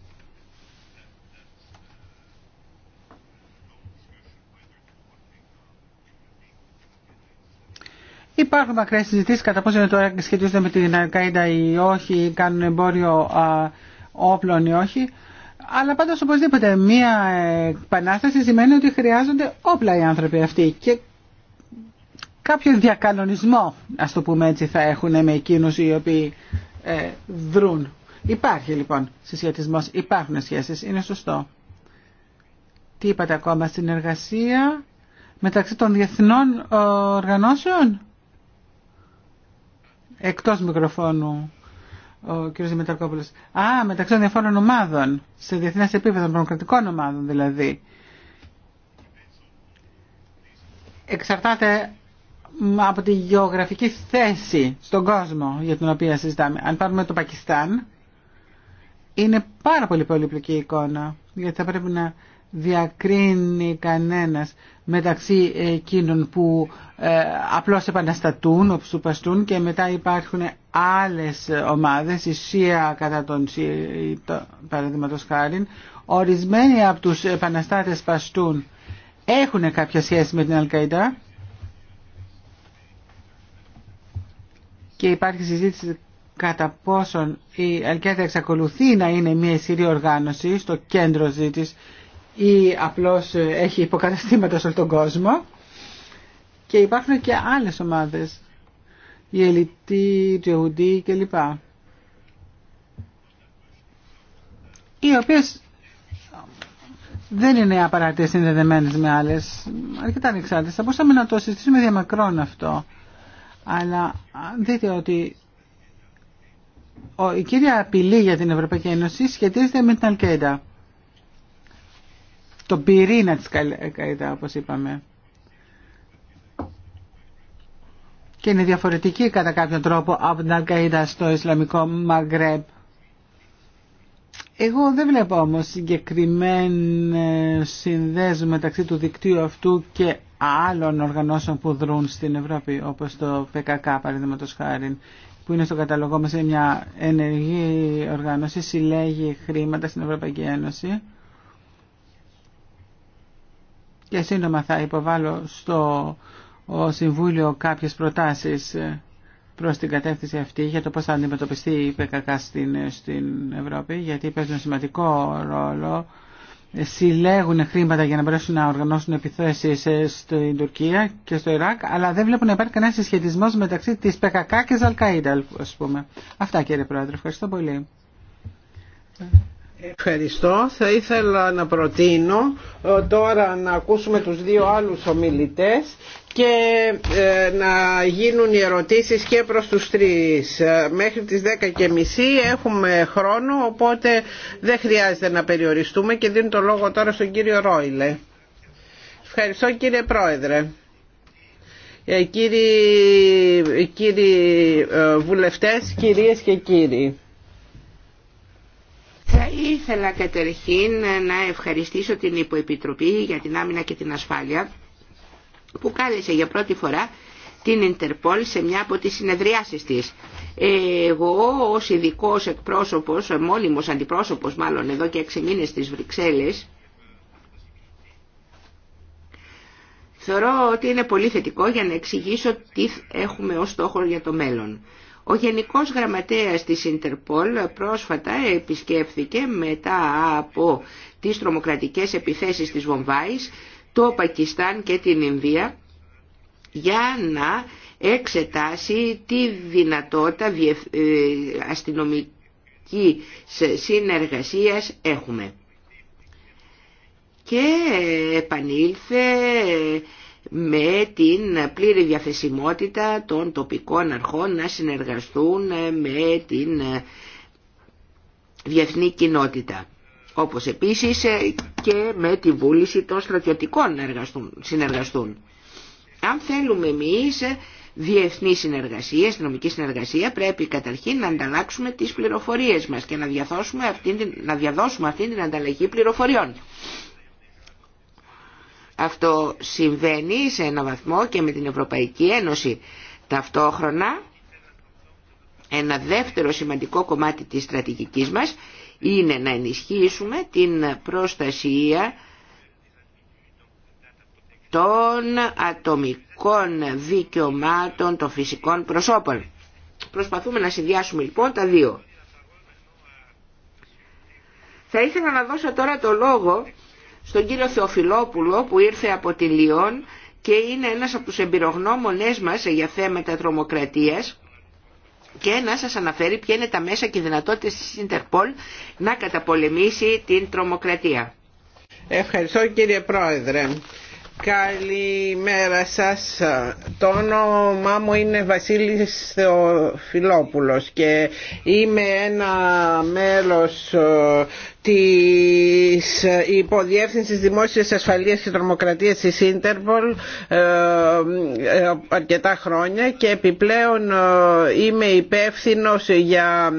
Υπάρχουν μακρές συζητήσεις κατά πόσο είναι τώρα σχετίζονται με την Αλκαίδα ή όχι, κάνουν εμπόριο α, όπλων ή όχι. Αλλά πάντως οπωσδήποτε μία επανάσταση σημαίνει ότι χρειάζονται όπλα οι άνθρωποι αυτοί και κάποιο διακανονισμό, α το πούμε έτσι, θα έχουν με εκείνου οι οποίοι ε, δρούν. Υπάρχει λοιπόν συσχετισμό, υπάρχουν σχέσει. είναι σωστό. Τι είπατε ακόμα, συνεργασία μεταξύ των διεθνών ε, οργανώσεων εκτός μικροφώνου ο κ. Δημητρακόπουλος. Α, μεταξύ των διαφόρων ομάδων, σε διεθνέ επίπεδο, των δημοκρατικών ομάδων δηλαδή. Εξαρτάται από τη γεωγραφική θέση στον κόσμο για την οποία συζητάμε. Αν πάρουμε το Πακιστάν, είναι πάρα πολύ πολύπλοκη η εικόνα, γιατί θα πρέπει να διακρίνει κανένας μεταξύ εκείνων που ε, απλώς επαναστατούν, παστούν και μετά υπάρχουν άλλες ομάδες, η ΣΥΑ κατά τον ΣΥΑ, παραδείγματος χάρη, ορισμένοι από τους επαναστάτες παστούν έχουν κάποια σχέση με την Αλκαϊντά και υπάρχει συζήτηση κατά πόσον η Αλκαϊντά εξακολουθεί να είναι μια ισχυρή οργάνωση στο κέντρο ζήτης ή απλώς ε, έχει υποκαταστήματα σε όλο τον κόσμο. Και υπάρχουν και άλλες ομάδες, οι Ελιτοί, οι και κλπ. Οι οποίες δεν είναι απαραίτητα συνδεδεμένες με άλλες, αρκετά ανεξάρτητες. Θα μπορούσαμε να το συζητήσουμε διαμακρόν αυτό. Αλλά δείτε ότι η κύρια απειλή για την Ευρωπαϊκή Ένωση σχετίζεται με την Αλκέντα το πυρήνα της ΚΑΙΔΑ ε, όπως είπαμε. Και είναι διαφορετική κατά κάποιο τρόπο από την Αλκαΐδα στο Ισλαμικό Μαγκρέπ. Εγώ δεν βλέπω όμως συγκεκριμένε συνδέσεις μεταξύ του δικτύου αυτού και άλλων οργανώσεων που δρούν στην Ευρώπη, όπως το ΠΚΚ παραδείγματος χάρη, που είναι στο καταλογό μας μια ενεργή οργάνωση, συλλέγει χρήματα στην Ευρωπαϊκή Ένωση και σύντομα θα υποβάλω στο Συμβούλιο κάποιες προτάσεις ε, προς την κατεύθυνση αυτή για το πώς θα αντιμετωπιστεί η ΠΚΚ στην, στην Ευρώπη γιατί παίζουν σημαντικό ρόλο ε, συλλέγουν χρήματα για να μπορέσουν να οργανώσουν επιθέσεις ε, στην Τουρκία και στο Ιράκ, αλλά δεν βλέπουν να υπάρχει κανένα συσχετισμό μεταξύ της ΠΚΚ και της Αλκαΐντα, ας πούμε. Αυτά κύριε Πρόεδρε, ευχαριστώ πολύ. Ευχαριστώ. Θα ήθελα να προτείνω ε, τώρα να ακούσουμε τους δύο άλλους ομιλητές και ε, να γίνουν οι ερωτήσεις και προς τους τρεις. Ε, μέχρι τις 10 και μισή έχουμε χρόνο, οπότε δεν χρειάζεται να περιοριστούμε και δίνω το λόγο τώρα στον κύριο Ρόιλε. Ευχαριστώ κύριε Πρόεδρε. Κύριοι, κύριοι βουλευτές, κυρίες και κύριοι ήθελα κατερχήν να ευχαριστήσω την Υποεπιτροπή για την Άμυνα και την Ασφάλεια που κάλεσε για πρώτη φορά την Ιντερπόλ σε μια από τις συνεδριάσεις της. Εγώ ως ειδικό εκπρόσωπος, μόνιμος αντιπρόσωπος μάλλον εδώ και έξι μήνες στις Βρυξέλλες, θεωρώ ότι είναι πολύ θετικό για να εξηγήσω τι έχουμε ως στόχο για το μέλλον. Ο Γενικός Γραμματέας της Ιντερπολ πρόσφατα επισκέφθηκε μετά από τις τρομοκρατικές επιθέσεις της Βομβάης το Πακιστάν και την Ινδία για να εξετάσει τη δυνατότητα ε, αστυνομική συνεργασίας έχουμε. Και επανήλθε με την πλήρη διαθεσιμότητα των τοπικών αρχών να συνεργαστούν ε, με την ε, διεθνή κοινότητα. Όπως επίσης ε, και με τη βούληση των στρατιωτικών να συνεργαστούν. Αν θέλουμε εμείς διεθνή συνεργασία, αστυνομική συνεργασία, πρέπει καταρχήν να ανταλλάξουμε τις πληροφορίες μας και να διαδώσουμε αυτήν την, να την ανταλλαγή πληροφοριών. Αυτό συμβαίνει σε ένα βαθμό και με την Ευρωπαϊκή Ένωση. Ταυτόχρονα ένα δεύτερο σημαντικό κομμάτι της στρατηγικής μας είναι να ενισχύσουμε την προστασία των ατομικών δικαιωμάτων των φυσικών προσώπων. Προσπαθούμε να συνδυάσουμε λοιπόν τα δύο. Θα ήθελα να δώσω τώρα το λόγο στον κύριο Θεοφιλόπουλο που ήρθε από τη Λιόν και είναι ένας από τους εμπειρογνώμονές μας για θέματα τρομοκρατίας και να σας αναφέρει ποια είναι τα μέσα και δυνατότητες της Ιντερπολ να καταπολεμήσει την τρομοκρατία. Ευχαριστώ κύριε Πρόεδρε. Καλημέρα σας. Το όνομά μου είναι Βασίλης Θεοφιλόπουλος και είμαι ένα μέλος ε, της υποδιεύθυνσης δημόσιας ασφαλείας και τρομοκρατίας της Ίντερπολ ε, ε, αρκετά χρόνια και επιπλέον ε, είμαι υπεύθυνος για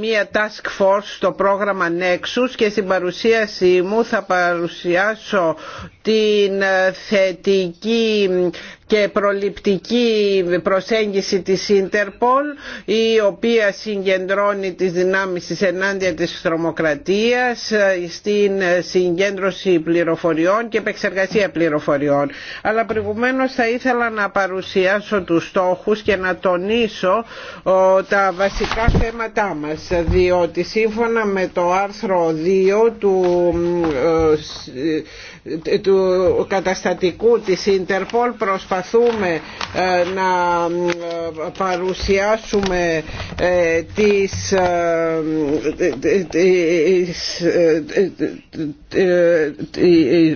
μία task force στο πρόγραμμα Nexus και στην παρουσίασή μου θα παρουσιάσω την θετική και προληπτική προσέγγιση της Ιντερπολ η οποία συγκεντρώνει τις δυνάμεις της ενάντια της τρομοκρατίας ε, στην ε, συγκέντρωση πληροφοριών και επεξεργασία πληροφοριών. Αλλά προηγουμένως θα ήθελα να παρουσιάσω τους στόχους και να τονίσω τα βασικά θέματά μας διότι σύμφωνα με το άρθρο 2 του ε, ε, του καταστατικού της Ιντερπολ προσπαθούμε να παρουσιάσουμε τις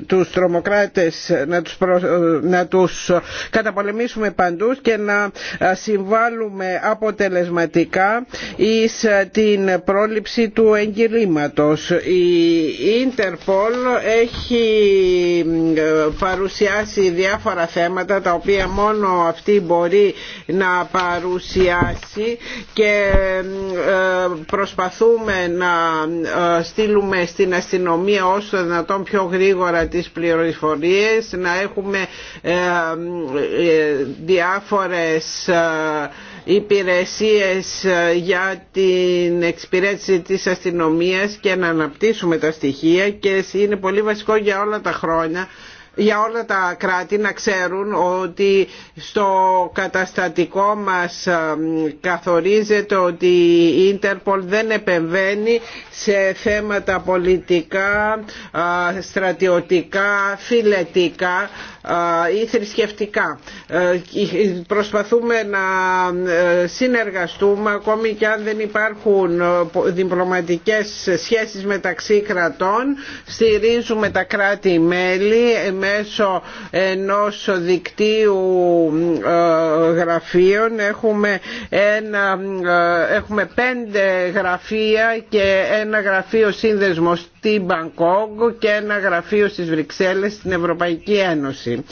τους τρομοκράτες να τους, προ... καταπολεμήσουμε παντού και να ε, συμβάλλουμε αποτελεσματικά εις ε, την πρόληψη του εγκυρήματος. Η Ιντερπολ έχει παρουσιάσει διάφορα θέματα τα οποία μόνο αυτή μπορεί να παρουσιάσει και ε, προσπαθούμε να ε, στείλουμε στην αστυνομία όσο δυνατόν πιο γρήγορα τις πληροφορίες, να έχουμε ε, διάφορες υπηρεσίες ε, για την εξυπηρέτηση της αστυνομίας και να αναπτύσσουμε τα στοιχεία και είναι πολύ βασικό για όλα τα χρόνια για όλα τα κράτη να ξέρουν ότι στο καταστατικό μας ε, καθορίζεται ότι η Ίντερπολ δεν επεμβαίνει σε θέματα πολιτικά, ε, στρατιωτικά, φιλετικά ή θρησκευτικά. Ε, προσπαθούμε να ε, συνεργαστούμε ακόμη και αν δεν υπάρχουν ε, διπλωματικές σχέσεις μεταξύ κρατών. Στηρίζουμε τα κράτη-μέλη μέσω ενός δικτύου γραφείων. Έχουμε, ένα, έχουμε πέντε γραφεία και ένα γραφείο σύνδεσμος στην Μπαγκόγκο και ένα γραφείο στις Βρυξέλλες στην Ευρωπαϊκή Ένωση.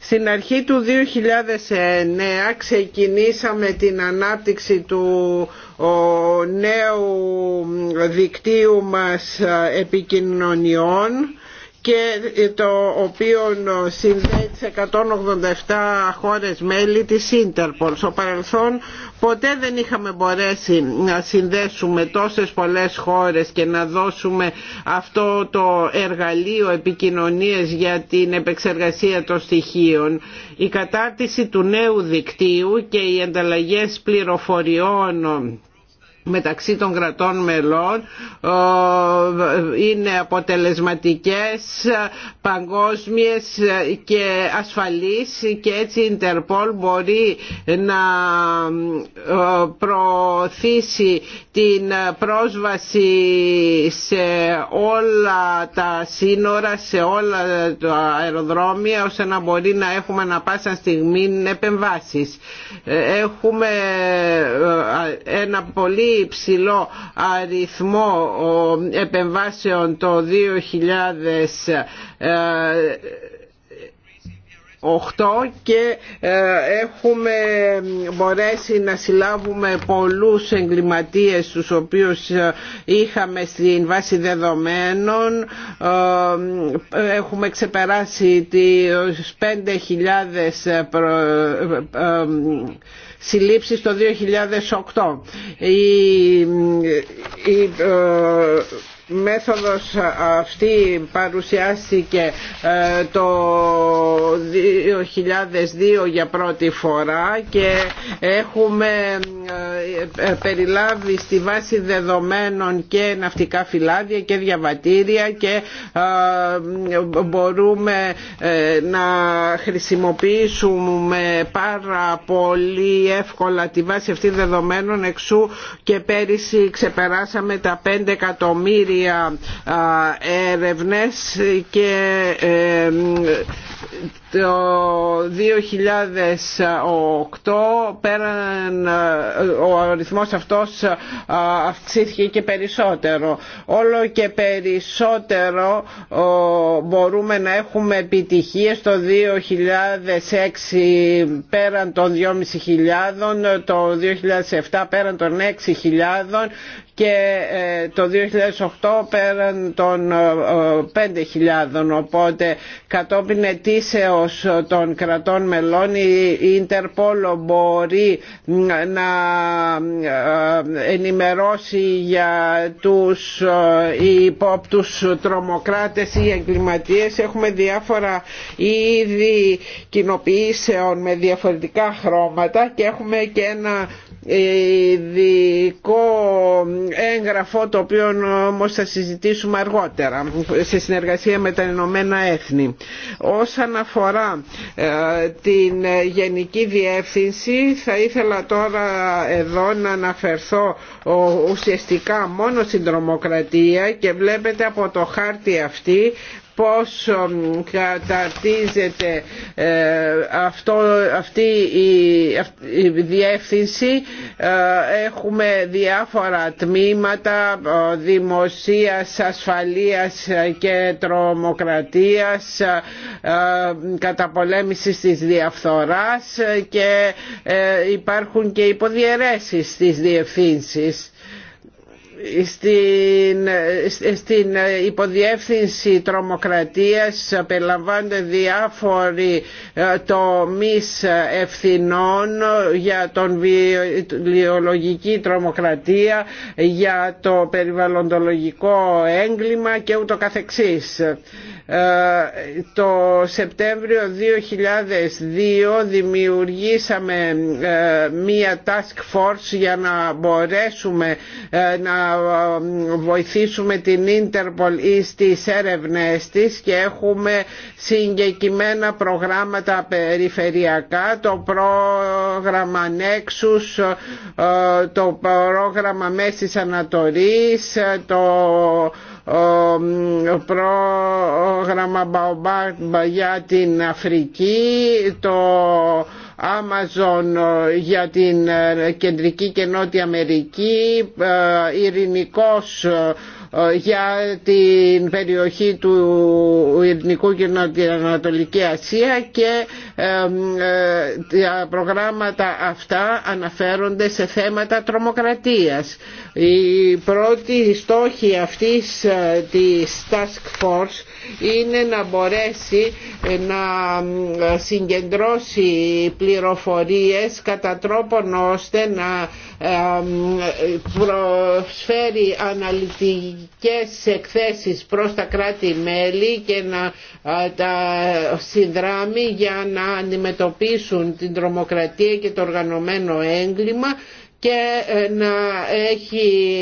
Στην αρχή του 2009 ξεκινήσαμε την ανάπτυξη του νέου δικτύου μας ε, επικοινωνιών και το οποίο συνδέει τις 187 χώρες μέλη της Interpol. Στο παρελθόν ποτέ δεν είχαμε μπορέσει να συνδέσουμε τόσες πολλές χώρες και να δώσουμε αυτό το εργαλείο επικοινωνίες για την επεξεργασία των στοιχείων. Η κατάρτιση του νέου δικτύου και οι ανταλλαγές πληροφοριών μεταξύ των κρατών μελών είναι αποτελεσματικές, παγκόσμιες και ασφαλείς και έτσι η Interpol μπορεί να προωθήσει την πρόσβαση σε όλα τα σύνορα, σε όλα τα αεροδρόμια ώστε να μπορεί να έχουμε να πάσα στιγμή επεμβάσεις. Ε, έχουμε ε, ένα πολύ υψηλό αριθμό επεμβάσεων το 2008 ε, και ε, έχουμε μπορέσει να συλλάβουμε πολλούς εγκληματίες τους οποίους ε, είχαμε στην βάση δεδομένων έχουμε ξεπεράσει τις 5.000 συλλήψεις το 2008. Η, η, ε, μέθοδος αυτή παρουσιάστηκε ε, το 2002 για πρώτη φορά και έχουμε ε, περιλάβει στη βάση δεδομένων και ναυτικά φυλάδια και διαβατήρια και ε, μπορούμε να χρησιμοποιήσουμε πάρα πολύ εύκολα τη βάση αυτή δεδομένων εξού και πέρυσι ξεπεράσαμε τα 5 εκατομμύρια α, έρευνες και το 2008 πέραν, ο αριθμός αυτός αυξήθηκε και περισσότερο. Όλο και περισσότερο μπορούμε να έχουμε επιτυχίες το 2006 πέραν των 2.500, το 2007 πέραν των 6.000 και ε, το 2008 πέραν των 5.000 ε, οπότε κατόπιν ετήσεως των κρατών μελών η Ιντερπόλο μπορεί να ε, ενημερώσει για τους υπόπτους τρομοκράτες ή εγκληματίες έχουμε διάφορα είδη κοινοποιήσεων με διαφορετικά χρώματα και έχουμε και ένα ειδικό έγγραφο το οποίο όμως θα συζητήσουμε αργότερα σε συνεργασία με τα Ηνωμένα Έθνη. Όσον αφορά ε, την Γενική Διεύθυνση θα ήθελα τώρα εδώ να αναφερθώ ουσιαστικά μόνο στην τρομοκρατία και βλέπετε από το χάρτη αυτή πώς καταρτίζεται ε, αυτή η διεύθυνση. Ε, έχουμε διάφορα τμήματα δημοσίας, ασφαλείας και τρομοκρατίας, ε, καταπολέμησης της διαφθοράς και υπάρχουν και υποδιαιρέσεις στις διευθύνσεις στην, στην υποδιεύθυνση τρομοκρατίας περιλαμβάνονται διάφοροι ε, τομείς ευθυνών για τον βιολογική τρομοκρατία, για το περιβαλλοντολογικό έγκλημα και ούτω καθεξής. Ε, το Σεπτέμβριο 2002 δημιουργήσαμε ε, μία task force για να μπορέσουμε ε, να βοηθήσουμε την Interpol ή στις έρευνές της και έχουμε συγκεκριμένα προγράμματα περιφερειακά το πρόγραμμα Nexus, το πρόγραμμα Μέσης Ανατορής, το πρόγραμμα Baobab για την Αφρική, το Amazon για την Κεντρική και Νότια Αμερική, ε, ειρηνικός για την περιοχή του Ιρνικού και Ανατολική Ασία και ε, τα προγράμματα αυτά αναφέρονται σε θέματα τρομοκρατίας. Η πρώτη στόχη αυτής ε, της Task Force είναι να μπορέσει ε, να συγκεντρώσει πληροφορίες κατά τρόπον ώστε να προσφέρει αναλυτικές εκθέσεις προς τα κράτη-μέλη και να ε, τα συνδράμει για να αντιμετωπίσουν την τρομοκρατία και το οργανωμένο έγκλημα και ε, να έχει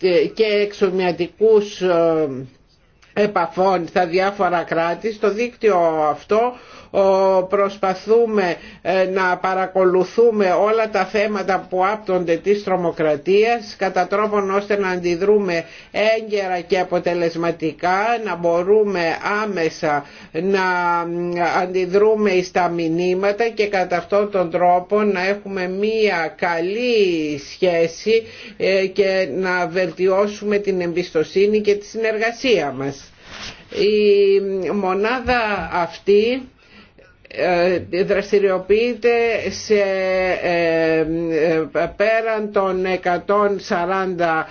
ε, και εξομοιατικούς επαφών στα διάφορα κράτη. Στο δίκτυο αυτό προσπαθούμε ε, να παρακολουθούμε όλα τα θέματα που άπτονται της τρομοκρατίας κατά τρόπον ώστε να αντιδρούμε έγκαιρα και αποτελεσματικά να μπορούμε άμεσα να αντιδρούμε στα μηνύματα και κατά αυτόν τον τρόπο να έχουμε μία καλή σχέση ε, και να βελτιώσουμε την εμπιστοσύνη και τη συνεργασία μας. Η μονάδα αυτή ε, δραστηριοποιείται σε ε, ε, πέραν των 140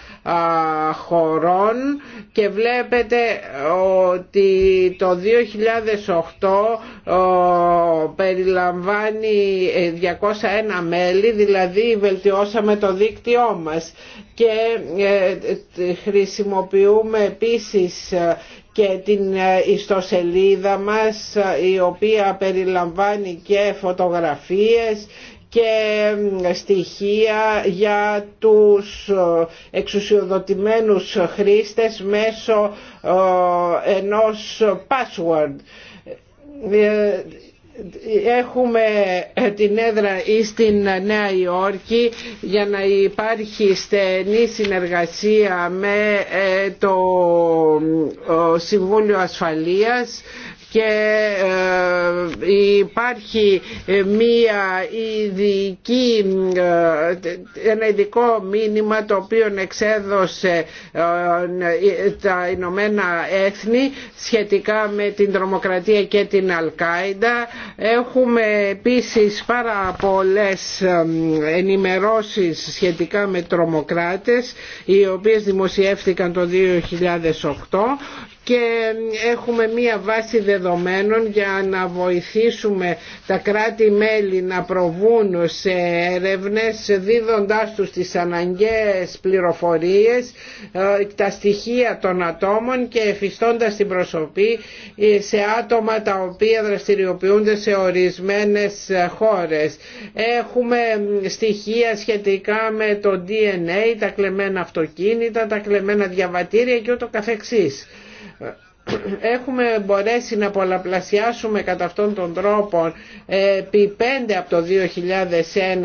χωρών και βλέπετε ότι το 2008 περιλαμβάνει 201 μέλη δηλαδή βελτιώσαμε το δίκτυό μας και χρησιμοποιούμε επίσης και την ε, ιστοσελίδα μας ε, η οποία περιλαμβάνει και φωτογραφίες και στοιχεία για τους ε, εξουσιοδοτημένους χρήστες μέσω ενός password έχουμε ε, την έδρα στην Νέα Υόρκη για να υπάρχει στενή συνεργασία με ε, το Συμβούλιο Ασφαλείας και ε, υπάρχει ε, μία ειδική, ε, ένα ειδικό μήνυμα το οποίο εξέδωσε τα Ηνωμένα Έθνη σχετικά με την τρομοκρατία και την Αλκάιντα. Έχουμε επίσης πάρα πολλές ενημερώσεις σχετικά με τρομοκράτες οι οποίες δημοσιεύτηκαν το 2008 και έχουμε μία βάση δεδομένων για να βοηθήσουμε τα κράτη-μέλη να προβούν σε έρευνες δίδοντάς τους τις αναγκαίες πληροφορίες, ε, τα στοιχεία των ατόμων και εφιστώντας την προσωπή ε, σε άτομα τα οποία δραστηριοποιούνται σε ορισμένες ε, χώρες. Έχουμε στοιχεία σχετικά με το DNA, τα κλεμμένα αυτοκίνητα, τα κλεμμένα διαβατήρια και ούτω καθεξής έχουμε μπορέσει να πολλαπλασιάσουμε κατά αυτόν τον τρόπο ε, επί 5 από το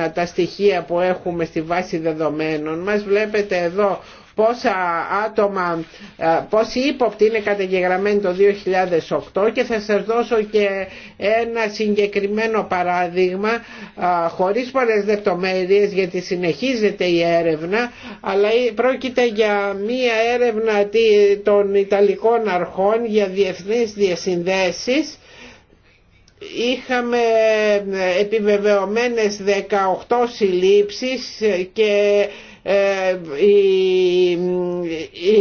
2001 τα στοιχεία που έχουμε στη βάση δεδομένων μας. Βλέπετε εδώ πόσα άτομα, ε, πόσοι ύποπτοι είναι καταγεγραμμένοι το 2008 και θα σας δώσω και ένα συγκεκριμένο παράδειγμα ε, χωρίς πολλές λεπτομέρειες γιατί συνεχίζεται η έρευνα αλλά πρόκειται για μία έρευνα των Ιταλικών αρχών για διεθνείς διασυνδέσεις είχαμε ε, επιβεβαιωμένες 18 συλλήψεις και ε, οι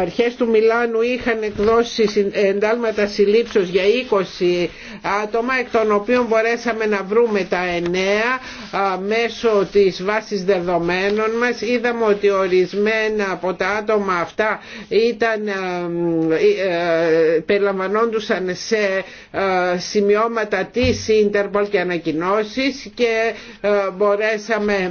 αρχές του Μιλάνου είχαν εκδώσει εντάλματα συλλήψεως για 20 άτομα εκ των οποίων μπορέσαμε να βρούμε τα 9 μέσω της βάσης δεδομένων μας. Είδαμε ότι ορισμένα από τα άτομα αυτά ήταν, ε, ε, περιλαμβανόντουσαν σε ε, σημειώματα της Interpol και ανακοινώσεις και μπορέσαμε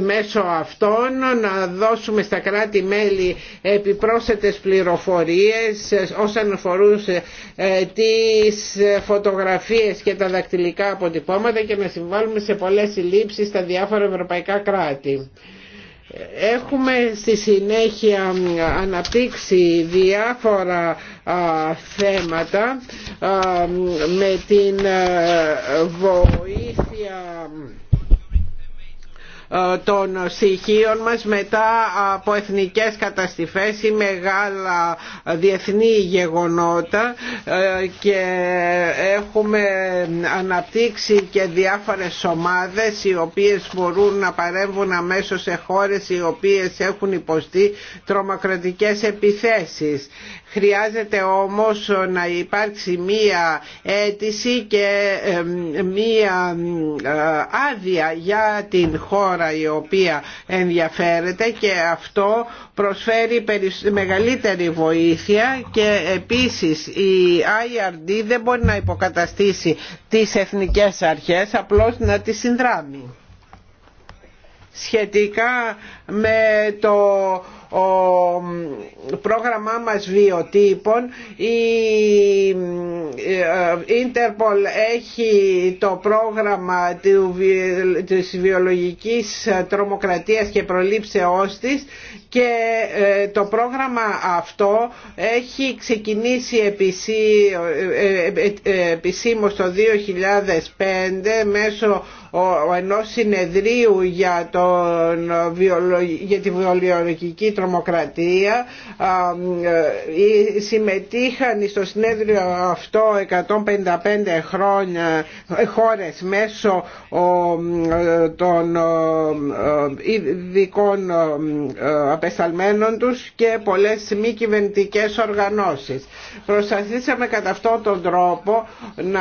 μέσω αυτών να δώσουμε στα κράτη-μέλη επιπρόσθετες πληροφορίες όσον αφορούσε τις φωτογραφίες και τα δακτυλικά αποτυπώματα και να συμβάλλουμε σε πολλές συλλήψεις στα διάφορα ευρωπαϊκά κράτη. Έχουμε στη συνέχεια αναπτύξει διάφορα θέματα με την βοήθεια ε, των στοιχείων μας μετά από εθνικές καταστηφές ή μεγάλα διεθνή γεγονότα ε, και έχουμε αναπτύξει και διάφορες ομάδες οι οποίες μπορούν να παρέμβουν αμέσως σε χώρες οι οποίες έχουν υποστεί τρομοκρατικές επιθέσεις Χρειάζεται όμως να υπάρξει μία αίτηση και μία ε, άδεια για την χώρα η οποία ενδιαφέρεται και αυτό προσφέρει μεγαλύτερη βοήθεια και επίσης η IRD δεν μπορεί να υποκαταστήσει τις εθνικές αρχές, απλώς να τις συνδράμει σχετικά με το ο πρόγραμμά μας βιοτύπων η Interpol ε, ε, έχει το πρόγραμμα της βιολογικής τρομοκρατίας και προλήψεώς της και ε, το πρόγραμμα αυτό έχει ξεκινήσει ε, ε, επισήμως το 2005 μέσω ενός συνεδρίου για, για τη βιολογική τρομοκρατία συμμετείχαν στο συνέδριο αυτό 155 χρόνια, χώρες μέσω των ειδικών απεσταλμένων και πολλές μη κυβερνητικέ οργανώσεις. Προσπαθήσαμε κατά αυτόν τον τρόπο να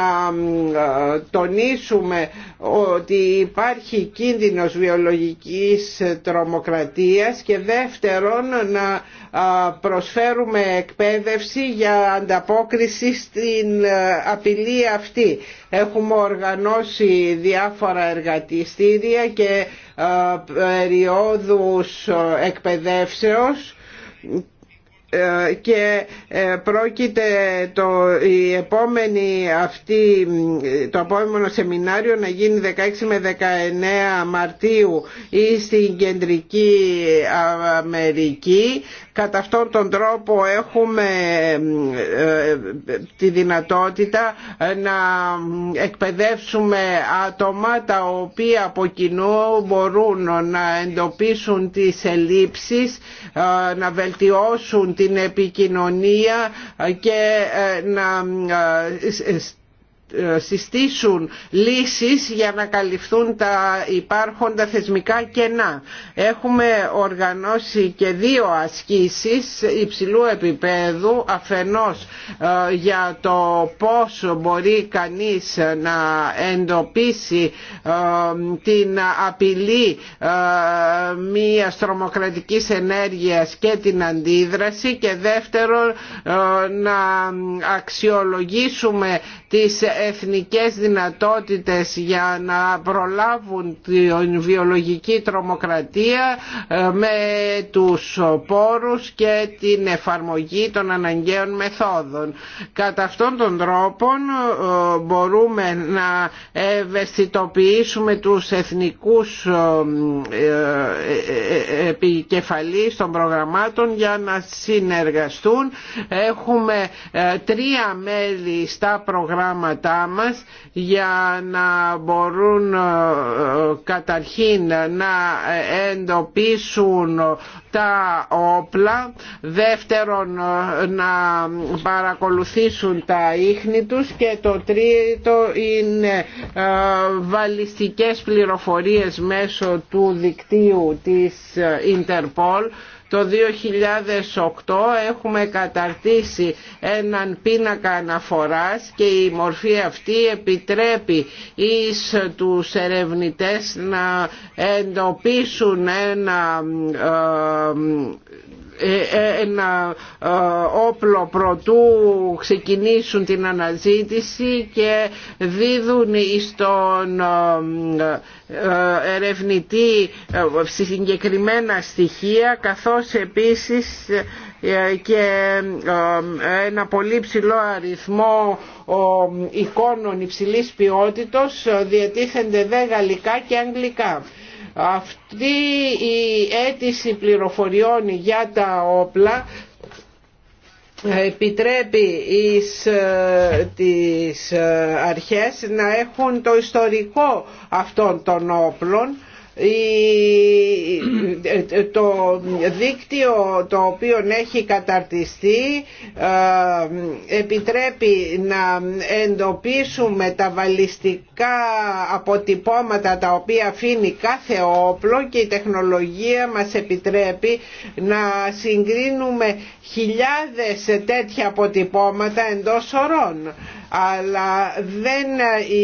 ε, τονίσουμε ότι υπάρχει κίνδυνος βιολογικής τρομοκρατίας και δεύτερον να προσφέρουμε εκπαίδευση για ανταπόκριση στην ε, απειλή αυτή. Έχουμε οργανώσει διάφορα εργατιστήρια και ε, ε, περιόδους ε, εκπαιδεύσεως ε, και ε, πρόκειται το, η επόμενη αυτή, το επόμενο σεμινάριο να γίνει 16 με 19 Μαρτίου ή στην Κεντρική Αμερική. Κατά αυτόν τον τρόπο έχουμε ε, τη δυνατότητα να εκπαιδεύσουμε άτομα τα οποία από κοινού μπορούν να εντοπίσουν τις ελλείψεις, να βελτιώσουν την επικοινωνία και ε, να ε, συστήσουν λύσεις για να καλυφθούν τα υπάρχοντα θεσμικά κενά. Έχουμε οργανώσει και δύο ασκήσεις υψηλού επίπεδου αφενός ε, για το πώς μπορεί κανείς να εντοπίσει ε, την απειλή ε, μια τρομοκρατικής ενέργειας και την αντίδραση και δεύτερον να αξιολογήσουμε τις εθνικές δυνατότητες για να προλάβουν την βιολογική τρομοκρατία ε, με τους πόρους και την εφαρμογή των αναγκαίων μεθόδων. Κατά αυτόν τον τρόπο ε, μπορούμε να ευαισθητοποιήσουμε τους εθνικούς ε, επικεφαλείς των προγραμμάτων για να συνεργαστούν. Έχουμε τρία μέλη στα προγράμματα για να μπορούν ε, καταρχήν να εντοπίσουν τα όπλα, δεύτερον ε, να παρακολουθήσουν τα ίχνη τους και το τρίτο είναι ε, βαλιστικές πληροφορίες μέσω του δικτύου της Interpol το 2008 έχουμε καταρτήσει έναν πίνακα αναφοράς και η μορφή αυτή επιτρέπει εις τους ερευνητές να εντοπίσουν ένα ε, ε, ένα ε, όπλο προτού ξεκινήσουν την αναζήτηση και δίδουν στον ε, ερευνητή ε, συγκεκριμένα στοιχεία καθώς επίσης ε, και ένα πολύ ψηλό αριθμό εικόνων υψηλής ποιότητος διατίθενται δε γαλλικά και αγγλικά. Αυτή η αίτηση πληροφοριών για τα όπλα επιτρέπει εις ε, τις ε, αρχές να έχουν το ιστορικό αυτών των όπλων ε, το δίκτυο το οποίο έχει καταρτιστεί ε, επιτρέπει να εντοπίσουμε τα βαλιστικά αποτυπώματα τα οποία αφήνει κάθε όπλο και η τεχνολογία μας επιτρέπει να συγκρίνουμε χιλιάδες τέτοια αποτυπώματα εντός ορών αλλά δεν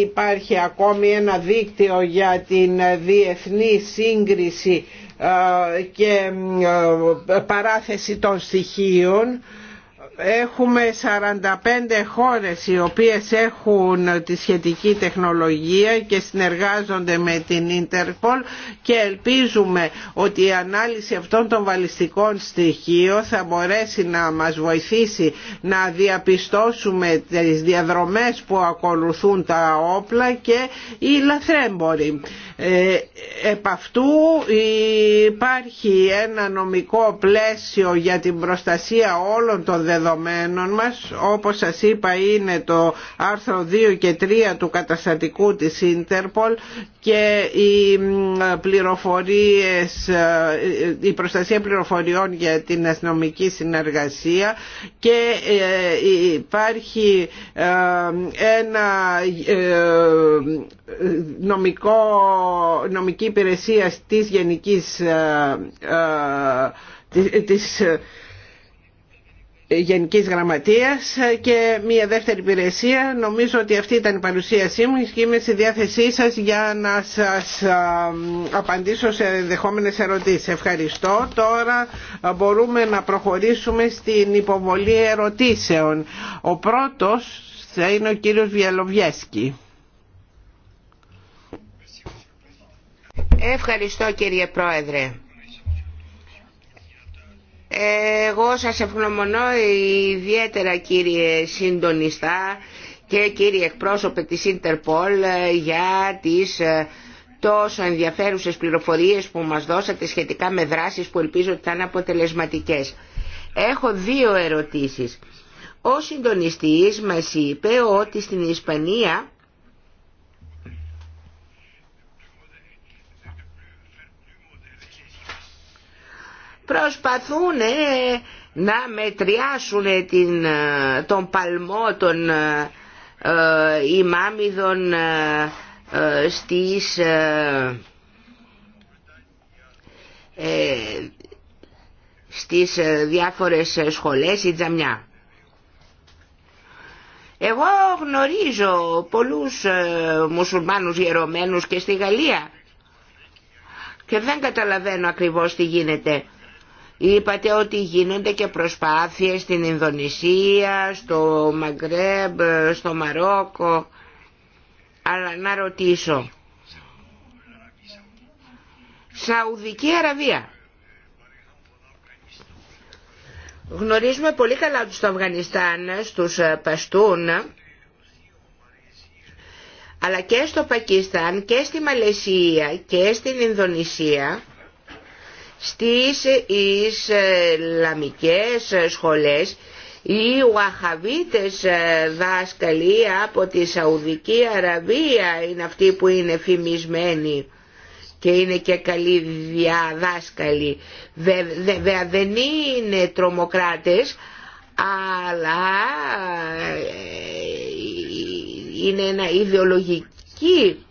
υπάρχει ακόμη ένα δίκτυο για την διεθνή σύγκριση ε, και ε, παράθεση των στοιχείων έχουμε 45 χώρες οι οποίες έχουν τη σχετική τεχνολογία και συνεργάζονται με την Interpol και ελπίζουμε ότι η ανάλυση αυτών των βαλιστικών στοιχείων θα μπορέσει να μας βοηθήσει να διαπιστώσουμε τις διαδρομές που ακολουθούν τα όπλα και οι λαθρέμποροι. Ε, επ' αυτού υπάρχει ένα νομικό πλαίσιο για την προστασία όλων των δεδομένων μας όπως σας είπα είναι το άρθρο 2 και 3 του καταστατικού της Ίντερπολ και οι πληροφορίες, ε, η προστασία πληροφοριών για την αστυνομική συνεργασία και ε, υπάρχει ένα νομικό νομική υπηρεσία της Γενικής ε, ε, της ε, Γενικής Γραμματείας και μια δεύτερη υπηρεσία. Νομίζω ότι αυτή ήταν η παρουσίασή μου και είμαι στη διάθεσή σας για να σας απαντήσω σε δεχόμενες ερωτήσεις. Ευχαριστώ. Τώρα μπορούμε να προχωρήσουμε στην υποβολή ερωτήσεων. Ο πρώτος θα είναι ο κύριος Βιαλοβιέσκη. Ευχαριστώ κύριε Πρόεδρε. Εγώ σας ευγνωμονώ ιδιαίτερα κύριε συντονιστά και κύριε εκπρόσωπε της Ιντερπολ για τις ε, τόσο ενδιαφέρουσες πληροφορίες που μας δώσατε σχετικά με δράσεις που ελπίζω ότι θα είναι αποτελεσματικές. Έχω δύο ερωτήσεις. Ο συντονιστής μας είπε ότι στην Ισπανία προσπαθούν να μετριάσουν την, ε, τον παλμό των ε, ε ημάμιδων ε, ε στις στις διάφορες σχολές ή τζαμιά. Εγώ γνωρίζω πολλούς μουσουλμάνους γερωμένους και στη Γαλλία και δεν καταλαβαίνω ακριβώς τι γίνεται. Είπατε ότι γίνονται και προσπάθειες στην Ινδονησία, στο Μαγκρέμπ, στο Μαρόκο. Αλλά να ρωτήσω. Σαουδική Αραβία. Γνωρίζουμε πολύ καλά τους στο Αφγανιστάν, στους ε, Παστούν, αλλά και στο Πακιστάν και στη Μαλαισία και στην Ινδονησία στις Ισλαμικές σχολές οι Ουαχαβίτες ε, δάσκαλοι από τη Σαουδική Αραβία είναι αυτοί που είναι φημισμένοι και είναι και καλοί διαδάσκαλοι. Βέβαια δεν είναι τρομοκράτες, αλλά ε, είναι ένα ιδεολογική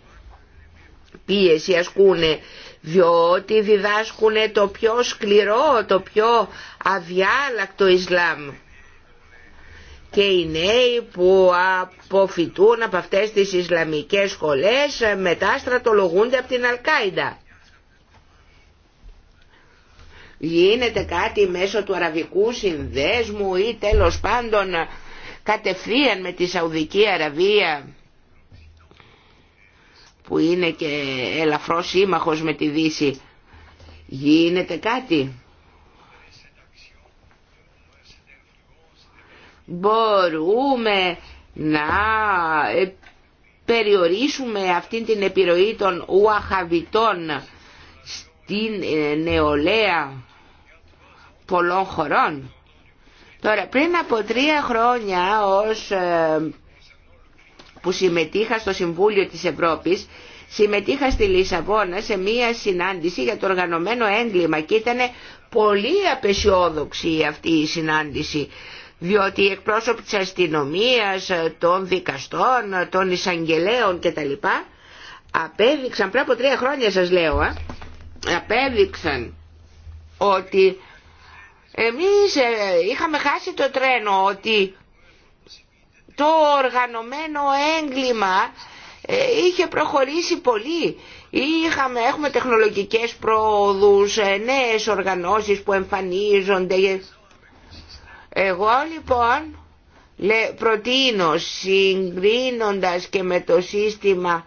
πίεση ασκούνε διότι διδάσκουν το πιο σκληρό, το πιο αδιάλακτο Ισλάμ και οι νέοι που αποφυτούν από αυτές τις Ισλαμικές σχολές μετά στρατολογούνται από την Αλκάιντα. Γίνεται κάτι μέσω του Αραβικού Συνδέσμου ή τέλος πάντων κατευθείαν με τη Σαουδική Αραβία που είναι και ελαφρώς σύμμαχος με τη Δύση γίνεται κάτι. Μπορούμε να ε, περιορίσουμε αυτή την επιρροή των ουαχαβητών στην ε, νεολαία πολλών χωρών. Τώρα πριν από τρία χρόνια ως ε, που συμμετείχα στο Συμβούλιο της Ευρώπης, συμμετείχα στη Λισαβόνα σε μία συνάντηση για το οργανωμένο έγκλημα και ήταν πολύ απεσιόδοξη αυτή η συνάντηση διότι οι εκπρόσωποι της αστυνομίας, των δικαστών, των εισαγγελέων κτλ. απέδειξαν πριν από τρία χρόνια σας λέω, απέδειξαν ότι εμείς ε, είχαμε χάσει το τρένο ότι το οργανωμένο έγκλημα ε, είχε προχωρήσει πολύ. Είχαμε, έχουμε τεχνολογικές πρόοδους, ε, νέες οργανώσεις που εμφανίζονται. Εγώ λοιπόν προτείνω συγκρίνοντας και με το σύστημα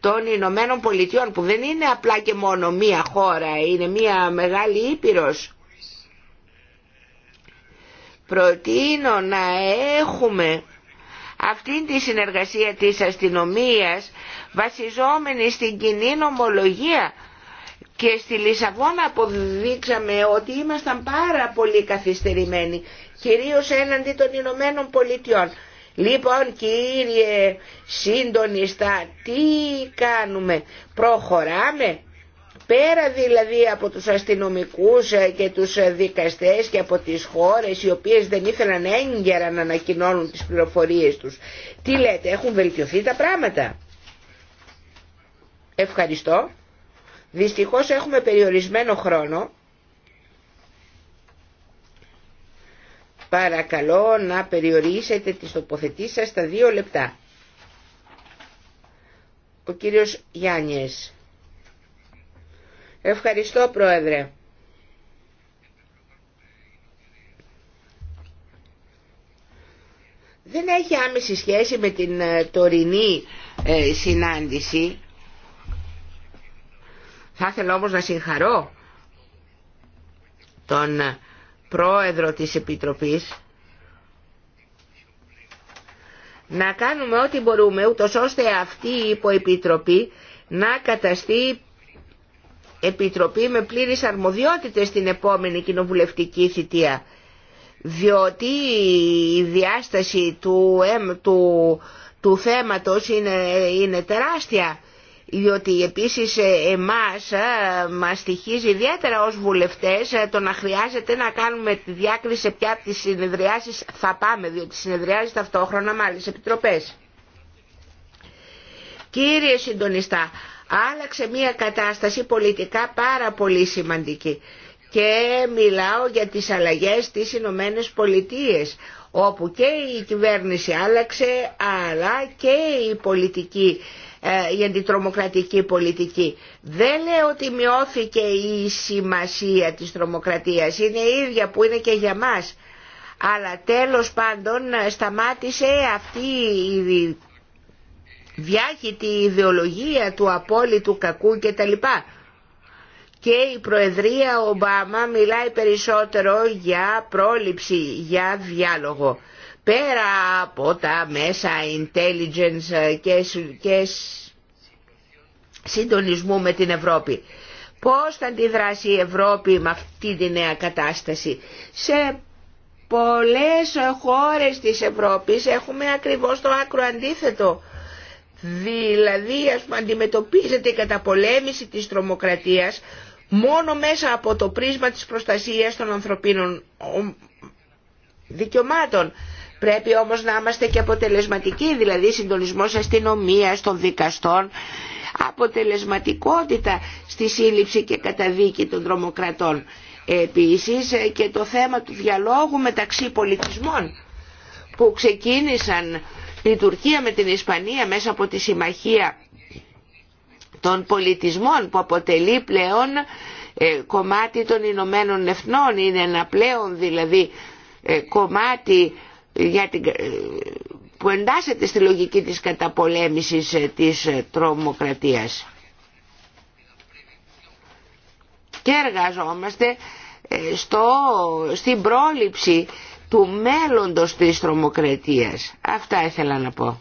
των Ηνωμένων Πολιτειών που δεν είναι απλά και μόνο μία χώρα, είναι μία μεγάλη ήπειρος. Προτείνω να έχουμε αυτήν τη συνεργασία της αστυνομίας βασιζόμενη στην κοινή νομολογία και στη Λισαβόνα αποδείξαμε ότι ήμασταν πάρα πολύ καθυστερημένοι κυρίως έναντι των Ηνωμένων Πολιτειών. Λοιπόν κύριε σύντονιστα τι κάνουμε, προχωράμε πέρα δηλαδή από τους αστυνομικούς ε, και τους ε, δικαστές και από τις χώρες οι οποίες δεν ήθελαν έγκαιρα να ανακοινώνουν τις πληροφορίες τους. Τι λέτε, έχουν βελτιωθεί τα πράγματα. Ευχαριστώ. Δυστυχώς έχουμε περιορισμένο χρόνο. Παρακαλώ να περιορίσετε τις τοποθετήσεις σας στα δύο λεπτά. Ο κύριος Γιάννης. Ευχαριστώ Πρόεδρε. Δεν έχει άμεση σχέση με την ε, τωρινή ε, συνάντηση. Θα ήθελα όμως να συγχαρώ τον ε, πρόεδρο της Επιτροπής να κάνουμε ό,τι μπορούμε ούτως ώστε αυτή η υποεπιτροπή να καταστεί επιτροπή με πλήρης αρμοδιότητες στην επόμενη κοινοβουλευτική θητεία διότι η διάσταση του, του, θέματος είναι, τεράστια διότι επίσης ε, εμάς ε, μας στοιχίζει ιδιαίτερα ως βουλευτές ε, το να χρειάζεται να κάνουμε τη διάκριση ποια από τις συνεδριάσεις θα πάμε, διότι συνεδριάζει ταυτόχρονα με άλλες επιτροπές. Κύριε συντονιστά, άλλαξε μια κατάσταση πολιτικά πάρα πολύ σημαντική και μιλάω για τις αλλαγές στις Ηνωμένε Πολιτείες όπου και η κυβέρνηση άλλαξε αλλά και η πολιτική ε, η αντιτρομοκρατική πολιτική. Δεν λέω ότι μειώθηκε η σημασία της τρομοκρατίας, είναι η ίδια που είναι και για μας. Αλλά τέλος πάντων σταμάτησε αυτή η διάχυτη ιδεολογία του απόλυτου κακού κτλ. Και η Προεδρία Ομπάμα μιλάει περισσότερο για πρόληψη, για διάλογο. Πέρα από τα μέσα intelligence και συντονισμού με την Ευρώπη. Πώς θα αντιδράσει η Ευρώπη με αυτή τη νέα κατάσταση. Σε πολλές χώρες της Ευρώπης έχουμε ακριβώς το άκρο αντίθετο Δηλαδή ας πούμε, αντιμετωπίζεται η καταπολέμηση της τρομοκρατίας μόνο μέσα από το πρίσμα της προστασίας των ανθρωπίνων δικαιωμάτων. Πρέπει όμως να είμαστε και αποτελεσματικοί, δηλαδή συντονισμός αστυνομίας, των δικαστών, αποτελεσματικότητα στη σύλληψη και καταδίκη των τρομοκρατών. Επίσης ε, και το θέμα του διαλόγου μεταξύ πολιτισμών που ξεκίνησαν η Τουρκία με την Ισπανία μέσα από τη συμμαχία των πολιτισμών που αποτελεί πλέον ε, κομμάτι των Ηνωμένων Εθνών είναι ένα πλέον δηλαδή ε, κομμάτι για ε, που εντάσσεται στη λογική της καταπολέμησης της τρομοκρατίας. Και εργαζόμαστε στο, στην πρόληψη του μέλλοντος της τρομοκρατίας. Αυτά ήθελα να πω.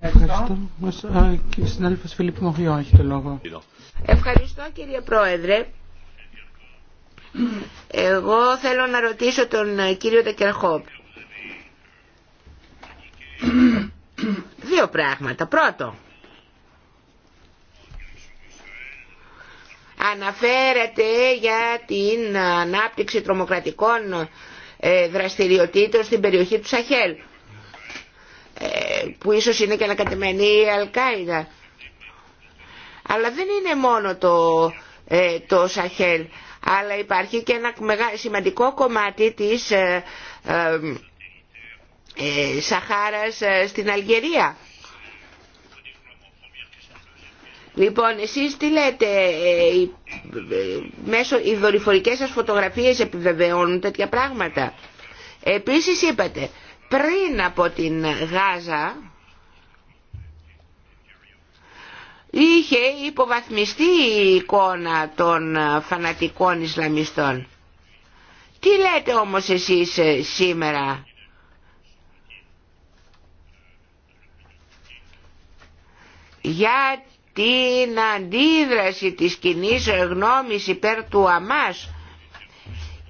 Ευχαριστώ. Συνάδελφος έχει το Ευχαριστώ κύριε Πρόεδρε. Εγώ θέλω να ρωτήσω τον κύριο Τεκερχόπ. Δύο πράγματα. Πρώτο, Αναφέρεται για την ανάπτυξη τρομοκρατικών ε, δραστηριοτήτων στην περιοχή του Σαχέλ ε, που ίσως είναι και ανακατεμένη η Αλκάιδα αλλά δεν είναι μόνο το, ε, το Σαχέλ αλλά υπάρχει και ένα σημαντικό κομμάτι της Σαχάρας στην Αλγερία Λοιπόν, εσείς τι λέτε, ε, ε, ε, μέσω οι δορυφορικές σας φωτογραφίες επιβεβαιώνουν τέτοια πράγματα. Επίσης είπατε, πριν από την Γάζα είχε υποβαθμιστεί η εικόνα των φανατικών Ισλαμιστών. Τι λέτε όμως εσείς σήμερα. για την αντίδραση της κοινή γνώμης υπέρ του ΑΜΑΣ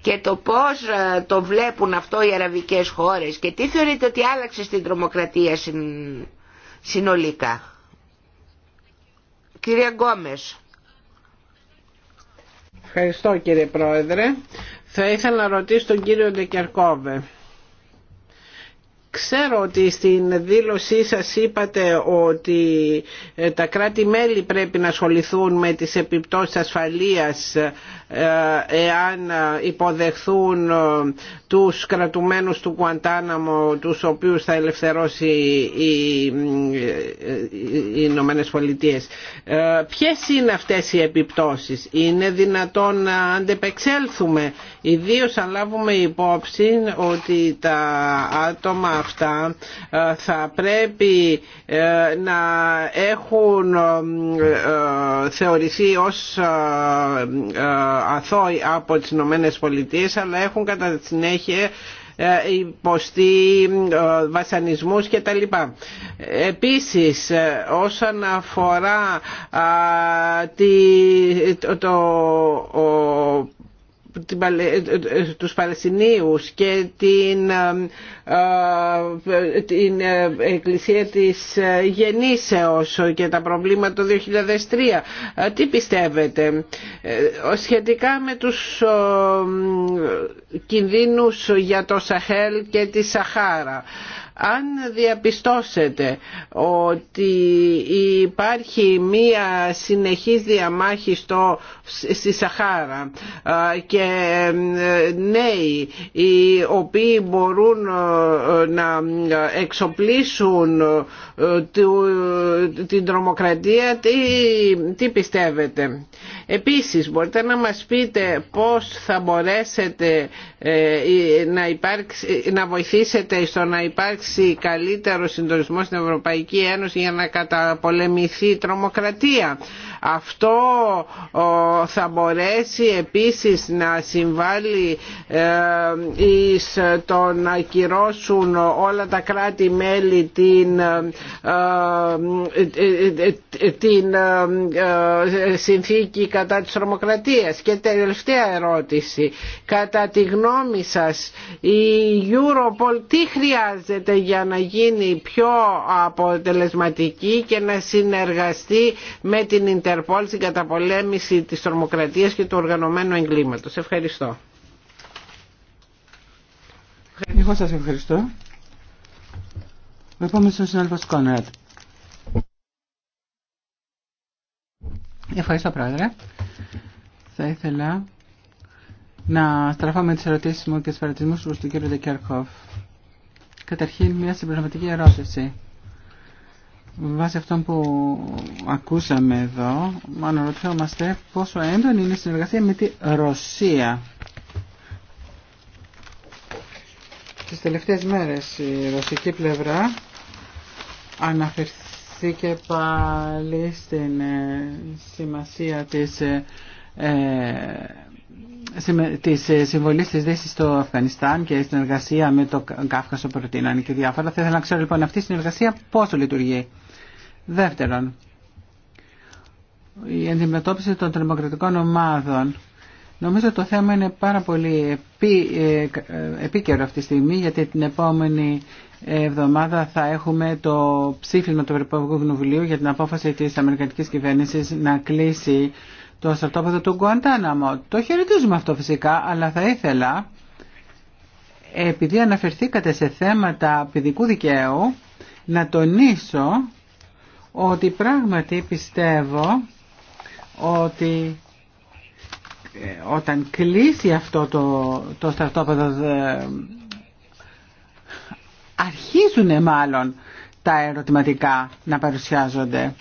και το πώς ε, το βλέπουν αυτό οι αραβικές χώρες και τι θεωρείτε ότι άλλαξε στην τρομοκρατία συνολικά. Κύριε Γκόμες. Ευχαριστώ κύριε Πρόεδρε. Θα ήθελα να ρωτήσω τον κύριο Ντεκερκόβε. Ξέρω ότι στην δήλωσή σας είπατε ότι ε, τα κράτη-μέλη πρέπει να ασχοληθούν με τις επιπτώσεις ασφαλείας ε, εάν ε, υποδεχθούν ε, τους κρατουμένους του Κουαντάναμο τους οποίους θα ελευθερώσει οι Ηνωμένε Πολιτείε. Ποιες είναι αυτές οι επιπτώσεις. Είναι δυνατόν να αντεπεξέλθουμε ιδίως αν λάβουμε υπόψη ότι τα άτομα αυτά θα πρέπει να έχουν θεωρηθεί ως αθώοι από τις Ηνωμένε Πολιτείε, αλλά έχουν κατά τη συνέχεια ε, υποστεί ε, βασανισμούς και τα λοιπά. Επίσης ε, όσον αφορά το ε, ε, ε, τους Παλαισινίους και την, την Εκκλησία της Γεννήσεως και τα προβλήματα το 2003. Τι πιστεύετε σχετικά με τους κινδύνους για το Σαχέλ και τη Σαχάρα. Αν διαπιστώσετε ότι υπάρχει μία συνεχής διαμάχη στο, στη Σαχάρα και νέοι οι οποίοι μπορούν να εξοπλίσουν ε, ε, την τρομοκρατία, τι, πιστεύετε. Επίσης μπορείτε να μας πείτε πώς θα μπορέσετε ε, να, υπάρξει, να βοηθήσετε στο να υπάρξει καλύτερο συντονισμό στην Ευρωπαϊκή Ένωση για να καταπολεμηθεί η τρομοκρατία. Αυτό θα μπορέσει επίσης να συμβάλλει ε, εις το να ακυρώσουν όλα τα κράτη-μέλη την, ε, ε, την συνθήκη κατά της τρομοκρατίας. Και τελευταία ερώτηση. Κατά τη γνώμη σας η Europol τι χρειάζεται για να γίνει πιο αποτελεσματική και να συνεργαστεί με την Ιντερνετ Ιντερπόλ στην καταπολέμηση της τρομοκρατίας και του οργανωμένου εγκλήματος. Ευχαριστώ. Εγώ σας ευχαριστώ. πάμε στον συνάδελφο Κόνερτ. Ευχαριστώ πρόεδρε. Θα ήθελα να στραφώ με τις ερωτήσεις μου και τις παρατηρήσεις μου στον κύριο Δεκέρκοφ. Καταρχήν μια συμπληρωματική ερώτηση βάσει αυτό που ακούσαμε εδώ, αναρωτιόμαστε πόσο έντονη είναι η συνεργασία με τη Ρωσία. Τις τελευταίες μέρες η ρωσική πλευρά αναφερθήκε πάλι στην ε, σημασία της, ε, ε, της συμβολής της Δύσης στο Αφγανιστάν και η συνεργασία με το Κάφκασο προτείνανε και διάφορα. Θα ήθελα να ξέρω λοιπόν αυτή η συνεργασία πόσο λειτουργεί. Δεύτερον, η αντιμετώπιση των τρομοκρατικών ομάδων. Νομίζω το θέμα είναι πάρα πολύ επί, ε, ε, επίκαιρο αυτή τη στιγμή γιατί την επόμενη εβδομάδα θα έχουμε το ψήφισμα του Ευρωπαϊκού Κοινοβουλίου για την απόφαση της Αμερικανικής κυβέρνησης να κλείσει το στρατόπεδο του Γκουαντάναμο. Το χαιρετίζουμε αυτό φυσικά, αλλά θα ήθελα, επειδή αναφερθήκατε σε θέματα παιδικού δικαίου, να τονίσω ότι πράγματι πιστεύω ότι ε, όταν κλείσει αυτό το, το στρατόπεδο αρχίζουν μάλλον τα ερωτηματικά να παρουσιάζονται.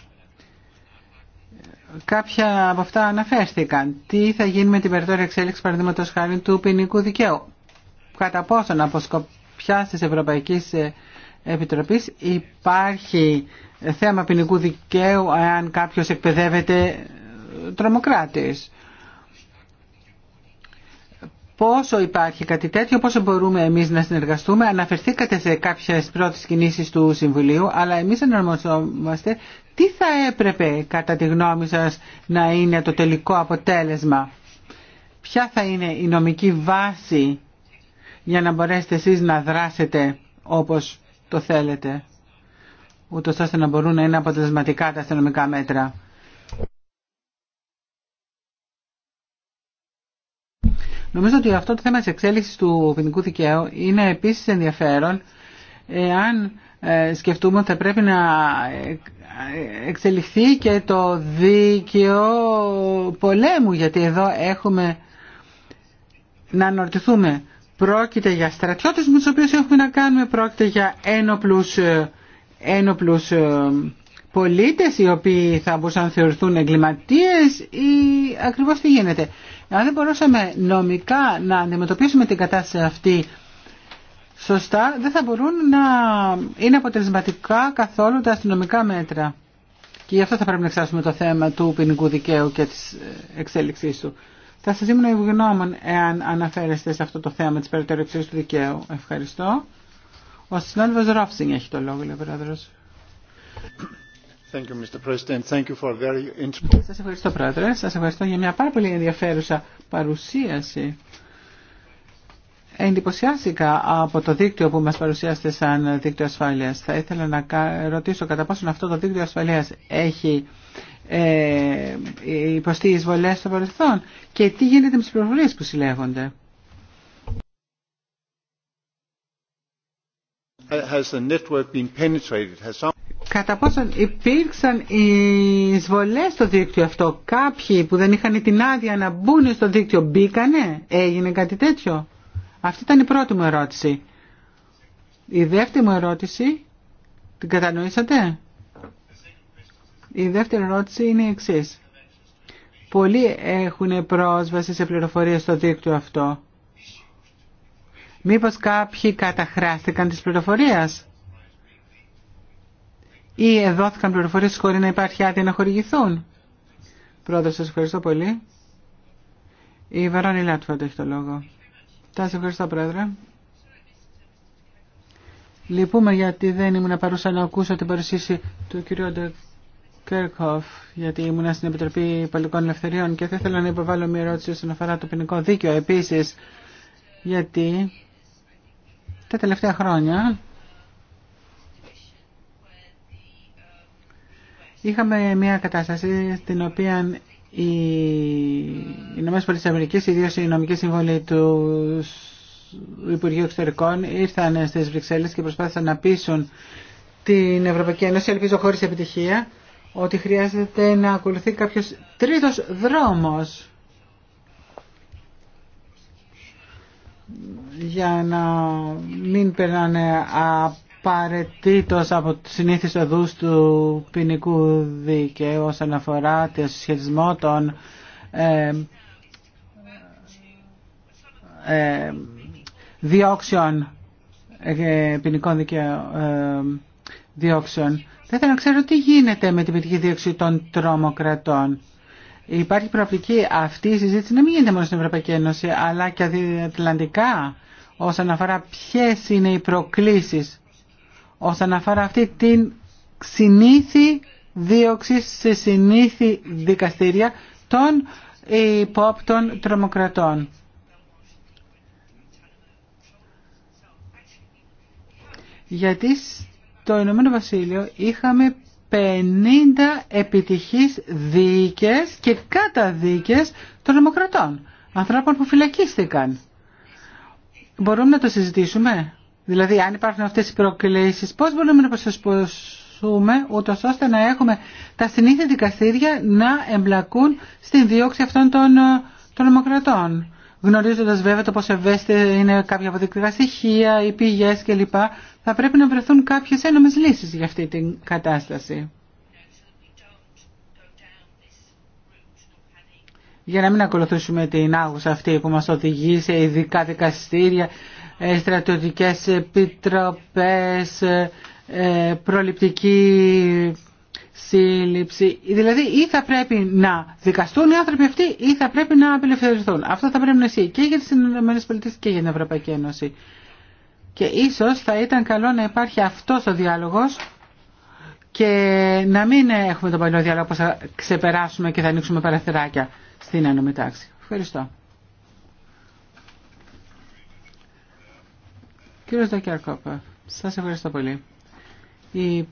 Κάποια από αυτά αναφέρθηκαν. Τι θα γίνει με την περιθώρια εξέλιξη παραδείγματος χάρη του ποινικού δικαίου. Κατά πόσον από της Ευρωπαϊκής ε, Επιτροπής υπάρχει θέμα ποινικού δικαίου αν κάποιος εκπαιδεύεται τρομοκράτης. Πόσο υπάρχει κάτι τέτοιο, πόσο μπορούμε εμείς να συνεργαστούμε. Αναφερθήκατε σε κάποιες πρώτες κινήσεις του Συμβουλίου, αλλά εμείς αναρμοζόμαστε τι θα έπρεπε κατά τη γνώμη σας να είναι το τελικό αποτέλεσμα. Ποια θα είναι η νομική βάση για να μπορέσετε εσείς να δράσετε όπως το θέλετε, ούτως ώστε να μπορούν να είναι αποτελεσματικά τα αστυνομικά μέτρα. Νομίζω ότι αυτό το θέμα της εξέλιξης του ποινικού δικαίου είναι επίσης ενδιαφέρον εάν ε, σκεφτούμε ότι θα πρέπει να ε, εξελιχθεί και το δίκαιο πολέμου γιατί εδώ έχουμε να αναρτηθούμε πρόκειται για στρατιώτες με τους οποίους έχουμε να κάνουμε, πρόκειται για ένοπλους, ε, ένοπλους ε, πολίτες οι οποίοι θα μπορούσαν να θεωρηθούν εγκληματίες ή ακριβώς τι γίνεται. Αν δεν μπορούσαμε νομικά να αντιμετωπίσουμε την κατάσταση αυτή σωστά, δεν θα μπορούν να είναι αποτελεσματικά καθόλου τα αστυνομικά μέτρα. Και γι' αυτό θα πρέπει να εξάσουμε το θέμα του ποινικού δικαίου και της ε, εξέλιξής του. Θα σας ήμουν ευγνώμων εάν αναφέρεστε σε αυτό το θέμα της περιτορυξίας του δικαίου. Ευχαριστώ. Ο συνόλυβος Ρόφσινγκ έχει το λόγο, λέει ο Πρόεδρος. σας ευχαριστώ, Πρόεδρε. Σας ευχαριστώ για μια πάρα πολύ ενδιαφέρουσα παρουσίαση. Εντυπωσιάστηκα από το δίκτυο που μας παρουσιάσετε σαν δίκτυο ασφαλείας. Θα ήθελα να ρωτήσω κατά πόσον αυτό το δίκτυο ασφαλείας έχει ε, υποστεί εισβολές στο παρελθόν και τι γίνεται με τις πληροφορίες που συλλέγονται. Κατά πόσον υπήρξαν οι εισβολές στο δίκτυο αυτό, κάποιοι που δεν είχαν την άδεια να μπουν στο δίκτυο μπήκανε, έγινε κάτι τέτοιο. Αυτή ήταν η πρώτη μου ερώτηση. Η δεύτερη μου ερώτηση, την κατανοήσατε? Η δεύτερη ερώτηση είναι η εξή. Πολλοί έχουν πρόσβαση σε πληροφορίες στο δίκτυο αυτό. Μήπως κάποιοι καταχράστηκαν τις πληροφορίες ή δόθηκαν πληροφορίες σχόλια να υπάρχει άδεια να χορηγηθούν. Πρόεδρε, σας ευχαριστώ πολύ. Η Βαρόνι Λάτφαντ πολυ η λατφα λατφαντ εχει το λόγο. Τα ευχαριστώ, Πρόεδρε. Λυπούμε γιατί δεν ήμουν παρούσα να ακούσω την παρουσίαση του κ. Κέρκοφ, γιατί ήμουν στην Επιτροπή Πολιτικών Ελευθεριών και θα ήθελα να υποβάλω μια ερώτηση όσον αφορά το ποινικό δίκαιο επίσης, γιατί τα τελευταία χρόνια είχαμε μια κατάσταση στην οποία οι Ηνωμένες Πολιτείες Αμερικής, ιδίως η νομικοί συμβολή του Υπουργείου Εξωτερικών, ήρθαν στις Βρυξέλλες και προσπάθησαν να πείσουν την Ευρωπαϊκή Ένωση, ελπίζω χωρίς επιτυχία, ότι χρειάζεται να ακολουθεί κάποιος τρίτος δρόμος για να μην περνάνε απαραίτητος από τους συνήθεις οδούς του ποινικού δίκαιου όσον αφορά το συσχετισμό των ε, ε, διώξεων ε, ποινικών ε, διώξεων θα ήθελα να ξέρω τι γίνεται με την ποιητική δίωξη των τρομοκρατών. Υπάρχει προοπτική αυτή η συζήτηση να μην γίνεται μόνο στην Ευρωπαϊκή Ένωση, αλλά και ατλαντικά, όσον αφορά ποιε είναι οι προκλήσει, όσον αφορά αυτή την συνήθη δίωξη σε συνήθη δικαστήρια των υπόπτων τρομοκρατών. Γιατί το Ηνωμένο Βασίλειο είχαμε 50 επιτυχείς δίκες και καταδίκες των δημοκρατών, ανθρώπων που φυλακίστηκαν. Μπορούμε να το συζητήσουμε. Δηλαδή, αν υπάρχουν αυτές οι προκλήσεις, πώς μπορούμε να προσπαθούμε ούτως ώστε να έχουμε τα συνήθεια δικαστήρια να εμπλακούν στην δίωξη αυτών των, των γνωρίζοντας βέβαια το πόσο ευαίσθητα είναι κάποια αποδεικτικά στοιχεία, οι πηγές κλπ, θα πρέπει να βρεθούν κάποιες ένομες λύσεις για αυτή την κατάσταση. Για να μην ακολουθήσουμε την άγουσα αυτή που μας οδηγεί σε ειδικά δικαστήρια, ε, στρατιωτικές επιτροπές, ε, προληπτική σύλληψη. Δηλαδή ή θα πρέπει να δικαστούν οι άνθρωποι αυτοί ή θα πρέπει να απελευθερωθούν. Αυτό θα πρέπει να ισχύει και για τις ΗΠΑ και για την Ευρωπαϊκή Ένωση. Και ίσως θα ήταν καλό να υπάρχει αυτός ο διάλογος και να μην έχουμε τον παλιό διάλογο που θα ξεπεράσουμε και θα ανοίξουμε παραθυράκια στην ένωμη τάξη. Ευχαριστώ. Κύριος Δακιαρκόπα, σας ευχαριστώ πολύ. Η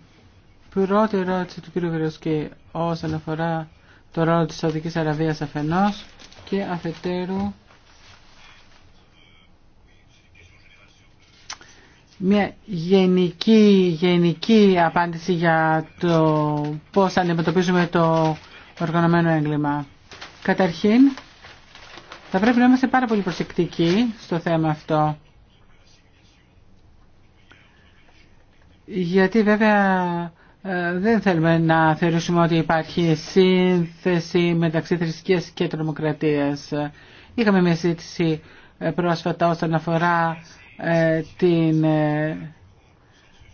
Πρώτη ερώτηση του κ. Βεροσκή όσον αφορά το ρόλο της Σαουδικής Αραβίας αφενός και αφετέρου μια γενική, γενική απάντηση για το πώς αντιμετωπίζουμε το οργανωμένο έγκλημα. Καταρχήν, θα πρέπει να είμαστε πάρα πολύ προσεκτικοί στο θέμα αυτό. Γιατί βέβαια ε, δεν θέλουμε να θεωρήσουμε ότι υπάρχει σύνθεση μεταξύ θρησκείας και τρομοκρατίας. Είχαμε μια συζήτηση ε, πρόσφατα όσον αφορά ε, την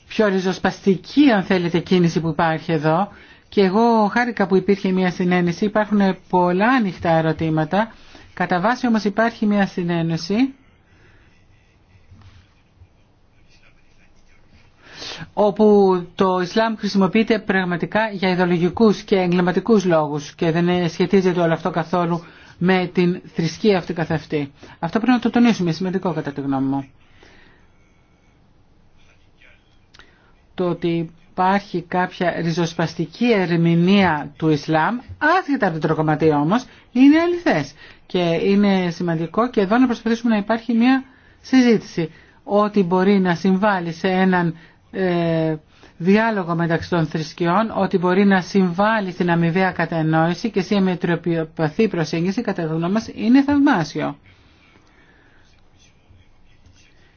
πιο ριζοσπαστική αν θέλετε κίνηση που υπάρχει εδώ και εγώ χάρηκα που υπήρχε μια συνένεση. Υπάρχουν πολλά ανοιχτά ερωτήματα. Κατά βάση όμως υπάρχει μια συνένεση όπου το Ισλάμ χρησιμοποιείται πραγματικά για ιδεολογικούς και εγκληματικούς λόγους και δεν σχετίζεται όλο αυτό καθόλου με την θρησκεία αυτή καθ' Αυτό πρέπει να το τονίσουμε, σημαντικό κατά τη γνώμη μου. Το ότι υπάρχει κάποια ριζοσπαστική ερμηνεία του Ισλάμ, άσχετα από την τροκοματία όμως, είναι αληθές. Και είναι σημαντικό και εδώ να προσπαθήσουμε να υπάρχει μια συζήτηση. Ό,τι μπορεί να συμβάλλει σε έναν ε, διάλογο μεταξύ των θρησκειών ότι μπορεί να συμβάλλει στην αμοιβαία κατανόηση και σε μετριοπαθή προσέγγιση κατά γνώμη μας είναι θαυμάσιο.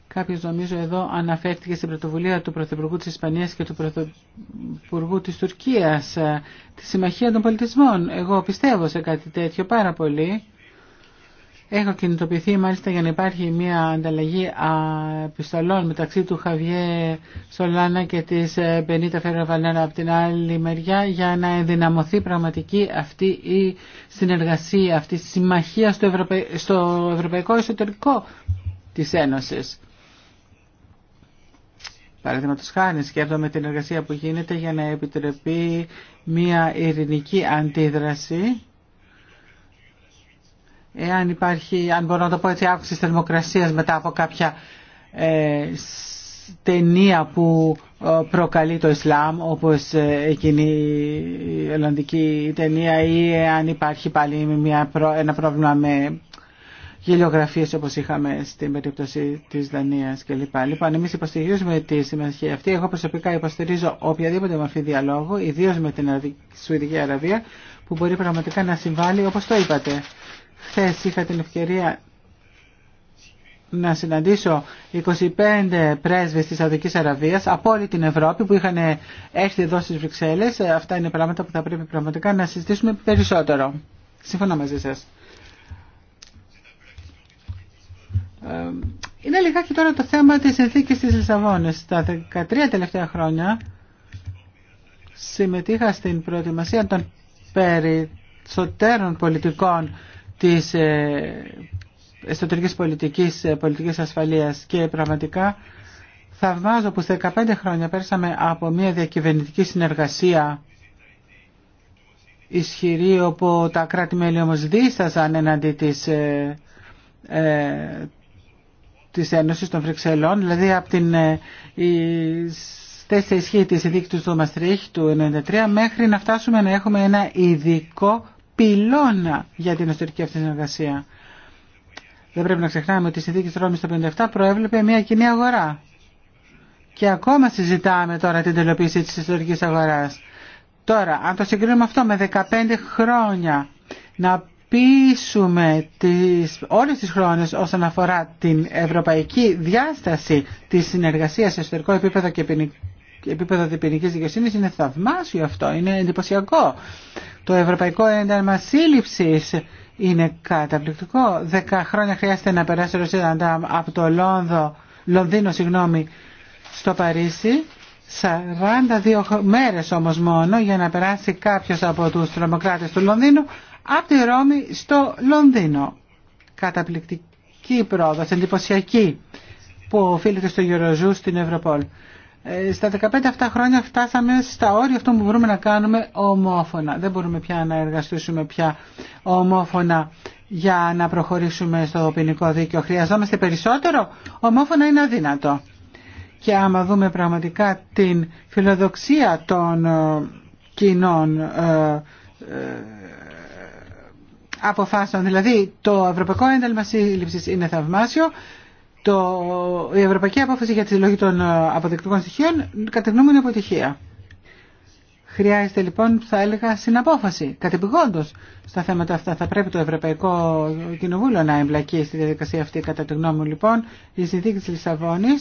Κάποιο νομίζω εδώ αναφέρθηκε στην πρωτοβουλία του Πρωθυπουργού της Ισπανίας και του Πρωθυπουργού της Τουρκίας, ε, τη Συμμαχία των Πολιτισμών. Εγώ πιστεύω σε κάτι τέτοιο πάρα πολύ Έχω κινητοποιηθεί μάλιστα για να υπάρχει μια ανταλλαγή επιστολών μεταξύ του Χαβιέ Σολάνα και της ε, Μπενίτα Φεραβανέρα από την άλλη μεριά για να ενδυναμωθεί πραγματική αυτή η συνεργασία, αυτή η συμμαχία στο, ευρωπαϊκό εσωτερικό της Ένωσης. Παραδείγματο χάρη, σκέφτομαι την εργασία που γίνεται για να επιτρεπεί μια ειρηνική αντίδραση εάν υπάρχει, αν μπορώ να το πω έτσι, αύξηση θερμοκρασίας μετά από κάποια ε, ταινία που ε, προκαλεί το Ισλάμ όπως ε, εκείνη η Ολλανδική ταινία ή αν υπάρχει πάλι μια, ένα πρόβλημα με γελιογραφίες όπως είχαμε στην περίπτωση της Δανίας κλπ. Λοιπόν, εμείς υποστηρίζουμε τη συμμετοχή αυτή. Εγώ προσωπικά υποστηρίζω οποιαδήποτε μορφή διαλόγου, ιδίως με την Σουηδική Αραβία, που μπορεί πραγματικά να συμβάλλει όπως το είπατε Χθε είχα την ευκαιρία να συναντήσω 25 πρέσβες της Σαουδικής Αραβίας από όλη την Ευρώπη που είχαν έρθει εδώ στις Βρυξέλλες. Αυτά είναι πράγματα που θα πρέπει πραγματικά να συζητήσουμε περισσότερο. Συμφωνώ μαζί σας. Ε, είναι λιγάκι τώρα το θέμα της συνθήκης της Λισαβόνης. Τα 13 τελευταία χρόνια συμμετείχα στην προετοιμασία των περισσότερων πολιτικών της ε, εσωτερικής πολιτικής, ε, πολιτικής ασφαλείας και πραγματικά θαυμάζω που σε 15 χρόνια πέρασαμε από μια διακυβερνητική συνεργασία ισχυρή όπου τα κράτη-μέλη όμως δίσταζαν εναντί της, ε, ε της Ένωσης των Βρυξελών, δηλαδή από την ε, θέση ισχύ της ειδίκης του Μαστρίχ του 1993 μέχρι να φτάσουμε να έχουμε ένα ειδικό πυλώνα για την εσωτερική αυτή συνεργασία. Δεν πρέπει να ξεχνάμε ότι η συνθήκη τη Ρώμη το 1957 προέβλεπε μια κοινή αγορά. Και ακόμα συζητάμε τώρα την τελειοποίηση τη ιστορικής αγορά. Τώρα, αν το συγκρίνουμε αυτό με 15 χρόνια, να πείσουμε τις, όλες τις χρόνες όσον αφορά την ευρωπαϊκή διάσταση της συνεργασίας σε εσωτερικό επίπεδο και επίπεδο ποινική δικαιοσύνη είναι θαυμάσιο αυτό, είναι εντυπωσιακό. Το Ευρωπαϊκό Ένταλμα σύλληψη είναι καταπληκτικό. Δέκα χρόνια χρειάζεται να περάσει ο Ρωσίδαντα από το Λονδο, Λονδίνο συγγνώμη, στο Παρίσι. 42 μέρες όμως μόνο για να περάσει κάποιος από τους τρομοκράτες του Λονδίνου από τη Ρώμη στο Λονδίνο. Καταπληκτική πρόοδος, εντυπωσιακή που οφείλεται στο Γεωροζού στην Ευρωπόλ. Ε, στα 15 αυτά χρόνια φτάσαμε στα όρια αυτό που μπορούμε να κάνουμε ομόφωνα. Δεν μπορούμε πια να εργαστούμε πια ομόφωνα για να προχωρήσουμε στο ποινικό δίκαιο. Χρειαζόμαστε περισσότερο. Ομόφωνα είναι αδύνατο. Και άμα δούμε πραγματικά την φιλοδοξία των ε, κοινών ε, αποφάσεων, δηλαδή το Ευρωπαϊκό Ένταλμα Σύλληψης είναι θαυμάσιο, το, η ευρωπαϊκή απόφαση για τη συλλογή των ε, αποδεκτικών στοιχείων κατευνούμενη αποτυχία. Χρειάζεται λοιπόν, θα έλεγα, συναπόφαση. Κατεπηγόντω στα θέματα αυτά θα πρέπει το Ευρωπαϊκό Κοινοβούλιο να εμπλακεί στη διαδικασία αυτή. Κατά τη γνώμη μου, λοιπόν, η συνθήκη τη Λισαβόνη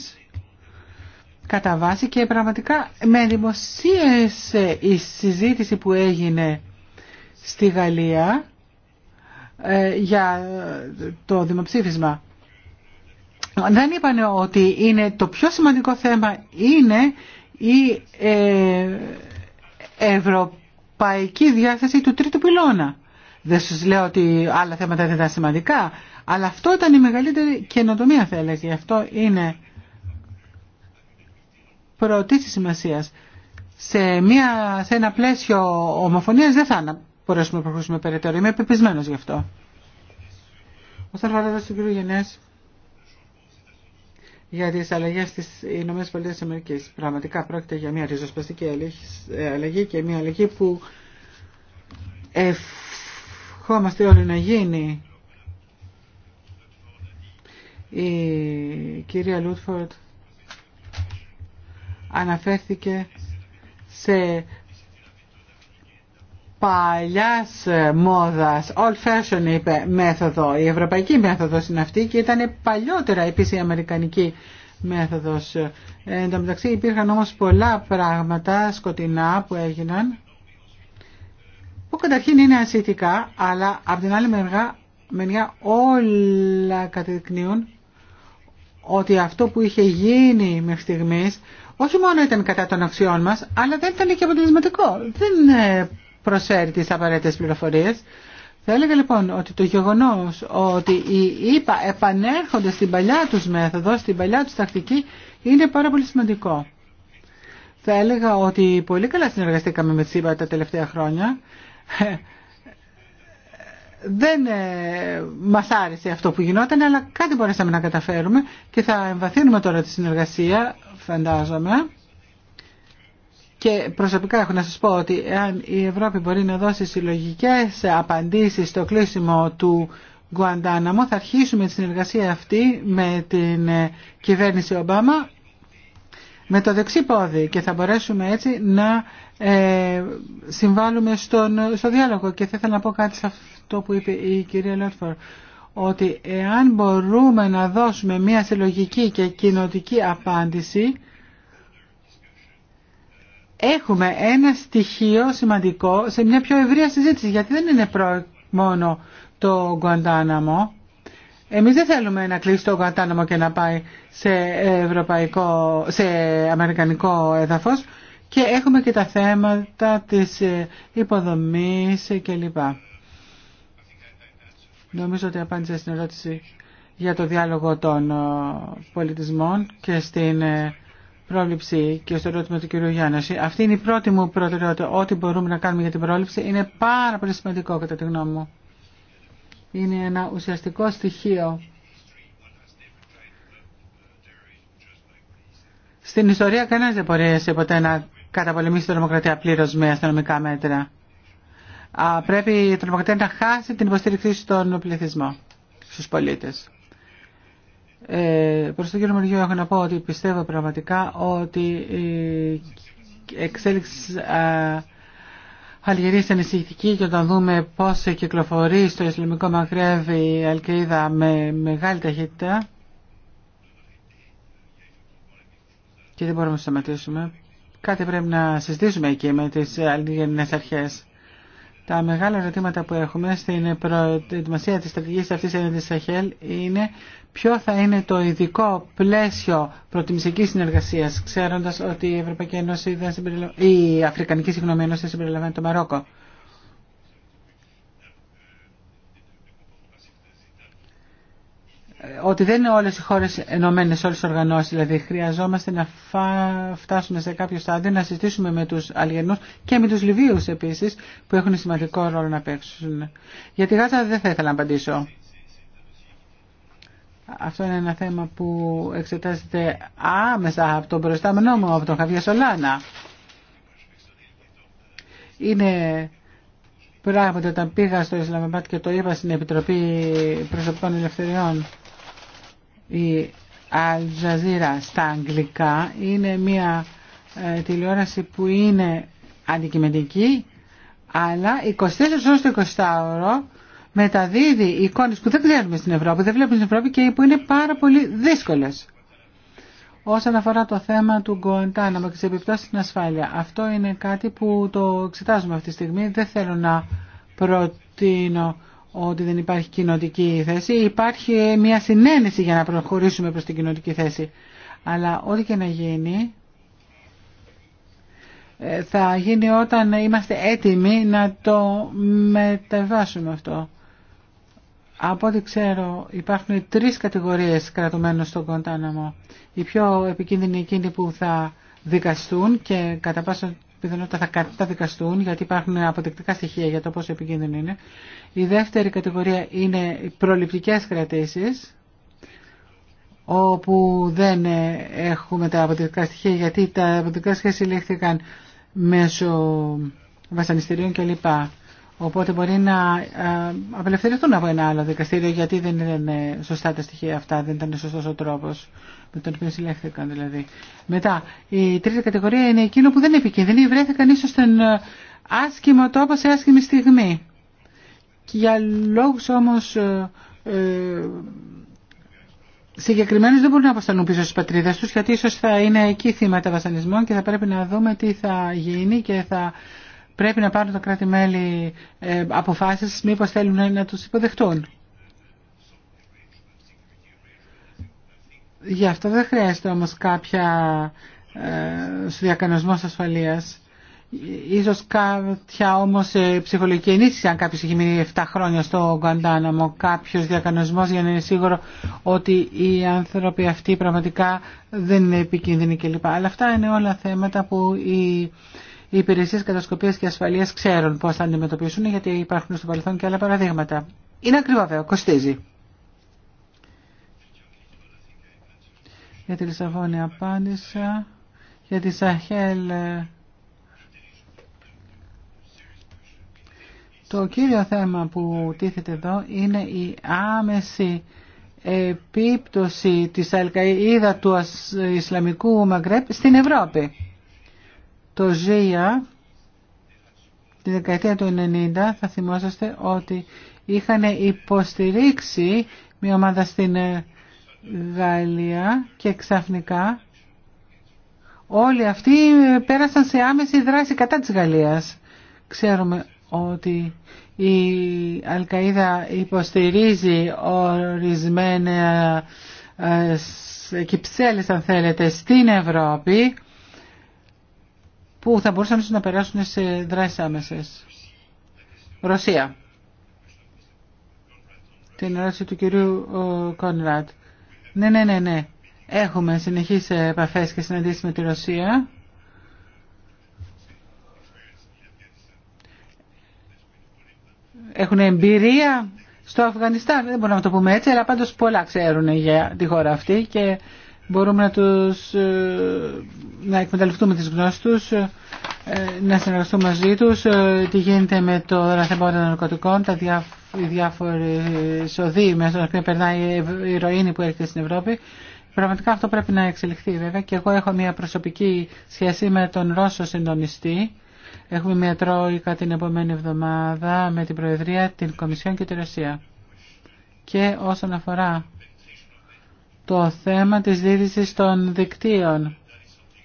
κατά βάση και πραγματικά με δημοσίευσε η συζήτηση που έγινε στη Γαλλία ε, για το δημοψήφισμα δεν είπαν ότι είναι το πιο σημαντικό θέμα είναι η ε, ευρωπαϊκή διάθεση του τρίτου πυλώνα. Δεν σας λέω ότι άλλα θέματα δεν ήταν σημαντικά, αλλά αυτό ήταν η μεγαλύτερη καινοτομία θα έλεγε. αυτό είναι πρωτής σημασίας. Σε, μια, σε ένα πλαίσιο ομοφωνίας δεν θα μπορέσουμε να προχωρήσουμε περαιτέρω. Είμαι επιπισμένος γι' αυτό. Ο του κ για τι αλλαγέ στις ΗΠΑ. Πραγματικά πρόκειται για μια ριζοσπαστική αλλαγή και μια αλλαγή που ευχόμαστε όλοι να γίνει. Η κυρία Λούτφορντ αναφέρθηκε σε παλιάς μόδας, old fashion είπε, μέθοδο. Η ευρωπαϊκή μέθοδος είναι αυτή και ήταν παλιότερα επίσης η αμερικανική μέθοδος. Εν τω μεταξύ υπήρχαν όμως πολλά πράγματα σκοτεινά που έγιναν που καταρχήν είναι ασύτικα αλλά από την άλλη μεριά, όλα κατεδεικνύουν ότι αυτό που είχε γίνει μέχρι στιγμής όχι μόνο ήταν κατά των αξιών μας αλλά δεν ήταν και αποτελεσματικό. Δεν ε, προσφέρει τις απαραίτητες πληροφορίες. Θα έλεγα λοιπόν ότι το γεγονός ότι οι ΙΠΑ επανέρχονται στην παλιά τους μέθοδο, στην παλιά τους τακτική, είναι πάρα πολύ σημαντικό. Θα έλεγα ότι πολύ καλά συνεργαστήκαμε με τις ΣΥΠΑ τα τελευταία χρόνια. Δεν ε, μας άρεσε αυτό που γινόταν, αλλά κάτι μπορέσαμε να καταφέρουμε και θα εμβαθύνουμε τώρα τη συνεργασία, φαντάζομαι. Και προσωπικά έχω να σας πω ότι εάν η Ευρώπη μπορεί να δώσει συλλογικές απαντήσεις στο κλείσιμο του Γκουαντάναμο θα αρχίσουμε τη συνεργασία αυτή με την ε, κυβέρνηση Ομπάμα με το δεξί πόδι και θα μπορέσουμε έτσι να ε, συμβάλλουμε στον, στο διάλογο. Και θα ήθελα να πω κάτι σε αυτό που είπε η κυρία Λόρφορ, ότι εάν μπορούμε να δώσουμε μια συλλογική και κοινοτική απάντηση, έχουμε ένα στοιχείο σημαντικό σε μια πιο ευρεία συζήτηση, γιατί δεν είναι μόνο το Γκουαντάναμο. Εμείς δεν θέλουμε να κλείσει το Γκουαντάναμο και να πάει σε, ευρωπαϊκό, σε αμερικανικό έδαφος και έχουμε και τα θέματα της ε, υποδομής κλπ. Νομίζω ότι απάντησα στην ερώτηση για το διάλογο των ε, πολιτισμών και στην ε, πρόληψη και στο ερώτημα του κ. Γιάνναση, αυτή είναι η πρώτη μου προτεραιότητα. Ό,τι μπορούμε να κάνουμε για την πρόληψη είναι πάρα πολύ σημαντικό κατά τη γνώμη μου. Είναι ένα ουσιαστικό στοιχείο. Στην ιστορία κανένας δεν μπορέσει ποτέ να καταπολεμήσει την τρομοκρατία πλήρως με αστυνομικά μέτρα. πρέπει η τρομοκρατία να χάσει την υποστήριξή στον πληθυσμό, στους πολίτες. Ε, προς τον κύριο έχω να πω ότι πιστεύω πραγματικά ότι η εξέλιξη Αλγερία είναι ανησυχητική και όταν δούμε πώς κυκλοφορεί στο Ισλαμικό Μαγκρέβι η Αλκαίδα με μεγάλη ταχύτητα και δεν μπορούμε να σταματήσουμε. Κάτι πρέπει να συζητήσουμε εκεί με τις αλγερινές αρχές. Τα μεγάλα ερωτήματα που έχουμε στην προετοιμασία της στρατηγικής αυτής της Σαχέλ είναι ποιο θα είναι το ειδικό πλαίσιο προτιμησιακής συνεργασίας, ξέροντας ότι η, Ευρωπαϊκή Ένωση δεν η Αφρικανική Συγγνώμη Ένωση δεν συμπεριλαμβάνει το Μαρόκο. Ε, ότι δεν είναι όλες οι χώρες σε όλες οι οργανώσεις, δηλαδή χρειαζόμαστε να φτάσουμε σε κάποιο στάδιο, να συζητήσουμε με τους Αλγερνούς και με τους Λιβύους επίσης, που έχουν σημαντικό ρόλο να παίξουν. Για τη Γάζα δεν θα ήθελα να απαντήσω. Αυτό είναι ένα θέμα που εξετάζεται άμεσα από τον προϊστάμενό μου, από τον Χαβιά Σολάνα. Είναι Πράγματι, όταν πήγα στο Ισλαμαμπάτ και το είπα στην Επιτροπή Προσωπικών Ελευθεριών, η Αλτζαζίρα στα αγγλικά είναι μια ε, τηλεόραση που είναι αντικειμενική, αλλά 24 ώρες το 24ωρο μεταδίδει εικόνες που δεν ξέρουμε στην Ευρώπη, δεν βλέπουμε στην Ευρώπη και που είναι πάρα πολύ δύσκολες. Όσον αφορά το θέμα του κοντάνα και τι επιπτώσει στην ασφάλεια, αυτό είναι κάτι που το εξετάζουμε αυτή τη στιγμή. Δεν θέλω να προτείνω ότι δεν υπάρχει κοινοτική θέση. Υπάρχει μια συνένεση για να προχωρήσουμε προς την κοινοτική θέση. Αλλά ό,τι και να γίνει, ε, θα γίνει όταν είμαστε έτοιμοι να το μεταβάσουμε αυτό. Από ό,τι ξέρω υπάρχουν τρεις κατηγορίες κρατουμένων στον Κοντάναμο. Οι πιο επικίνδυνοι εκείνοι που θα δικαστούν και κατά πάσα πιθανότητα θα καταδικαστούν γιατί υπάρχουν αποτεκτικά στοιχεία για το πόσο επικίνδυνο είναι. Η δεύτερη κατηγορία είναι οι προληπτικές κρατήσεις όπου δεν ε, έχουμε τα αποδεικτικά στοιχεία γιατί τα αποδεικτικά στοιχεία συλλήφθηκαν μέσω βασανιστήριων κλπ. Οπότε μπορεί να ε, απελευθερωθούν από ένα άλλο δικαστήριο γιατί δεν ήταν σωστά τα στοιχεία αυτά, δεν ήταν σωστός ο τρόπος με τον οποίο συλλέχθηκαν δηλαδή. Μετά, η τρίτη κατηγορία είναι εκείνο που δεν επικίνδυνε, βρέθηκαν ίσως στον ε, άσχημο τόπο σε άσχημη στιγμή. Και για λόγους όμως ε, ε συγκεκριμένους δεν μπορούν να αποστανούν πίσω στις πατρίδες τους γιατί ίσως θα είναι εκεί θύματα βασανισμών και θα πρέπει να δούμε τι θα γίνει και θα πρέπει να πάρουν τα κράτη-μέλη ε, αποφάσεις μήπως θέλουν να τους υποδεχτούν. Γι' αυτό δεν χρειάζεται όμως κάποια ε, ασφαλείας. Ίσως κάποια όμως ε, ψυχολογική ενίσχυση αν κάποιος έχει μείνει 7 χρόνια στο Γκαντάναμο, κάποιος διακανοσμό για να είναι σίγουρο ότι οι άνθρωποι αυτοί πραγματικά δεν είναι επικίνδυνοι κλπ. Αλλά αυτά είναι όλα θέματα που οι οι υπηρεσίε κατασκοπία και ασφαλεία ξέρουν πώ θα αντιμετωπίσουν, γιατί υπάρχουν στο παρελθόν και άλλα παραδείγματα. Είναι ακριβό βέβαια, κοστίζει. Για τη Λισαβόνη απάντησα. Για τη Σαχέλ. Ε, το κύριο θέμα που τίθεται εδώ είναι η άμεση επίπτωση της Αλκαίδα του Ισλαμικού Μαγκρέπ στην Ευρώπη. Το ΖΕΙΑ τη δεκαετία του 90 θα θυμόσαστε ότι είχαν υποστηρίξει μια ομάδα στην ε, Γαλλία και ξαφνικά όλοι αυτοί ε, πέρασαν σε άμεση δράση κατά της Γαλλίας. Ξέρουμε ότι η Αλκαίδα υποστηρίζει ορισμένα ε, κυψέλες αν θέλετε στην Ευρώπη που θα μπορούσαν να περάσουν σε δράσεις άμεσε. Ρωσία. Την ερώτηση του κυρίου Κόνραντ. Ναι, ναι, ναι, ναι. Έχουμε συνεχείς επαφές και συναντήσεις με τη Ρωσία. Έχουν εμπειρία στο Αφγανιστάν, δεν μπορούμε να το πούμε έτσι, αλλά πάντως πολλά ξέρουν για τη χώρα αυτή και μπορούμε να, τους, ε, να εκμεταλλευτούμε τις γνώσεις τους, ε, να συνεργαστούμε μαζί τους, ε, τι γίνεται με το θέμα των ναρκωτικών, τα διά, οι διάφορες οδοί μέσα στον περνάει η ηρωίνη που έρχεται στην Ευρώπη. Πραγματικά αυτό πρέπει να εξελιχθεί βέβαια και εγώ έχω μια προσωπική σχέση με τον Ρώσο συντονιστή. Έχουμε μια τρόικα την επόμενη εβδομάδα με την Προεδρία, την Κομισιόν και τη Ρωσία. Και όσον αφορά το θέμα της δίδυσης των δικτύων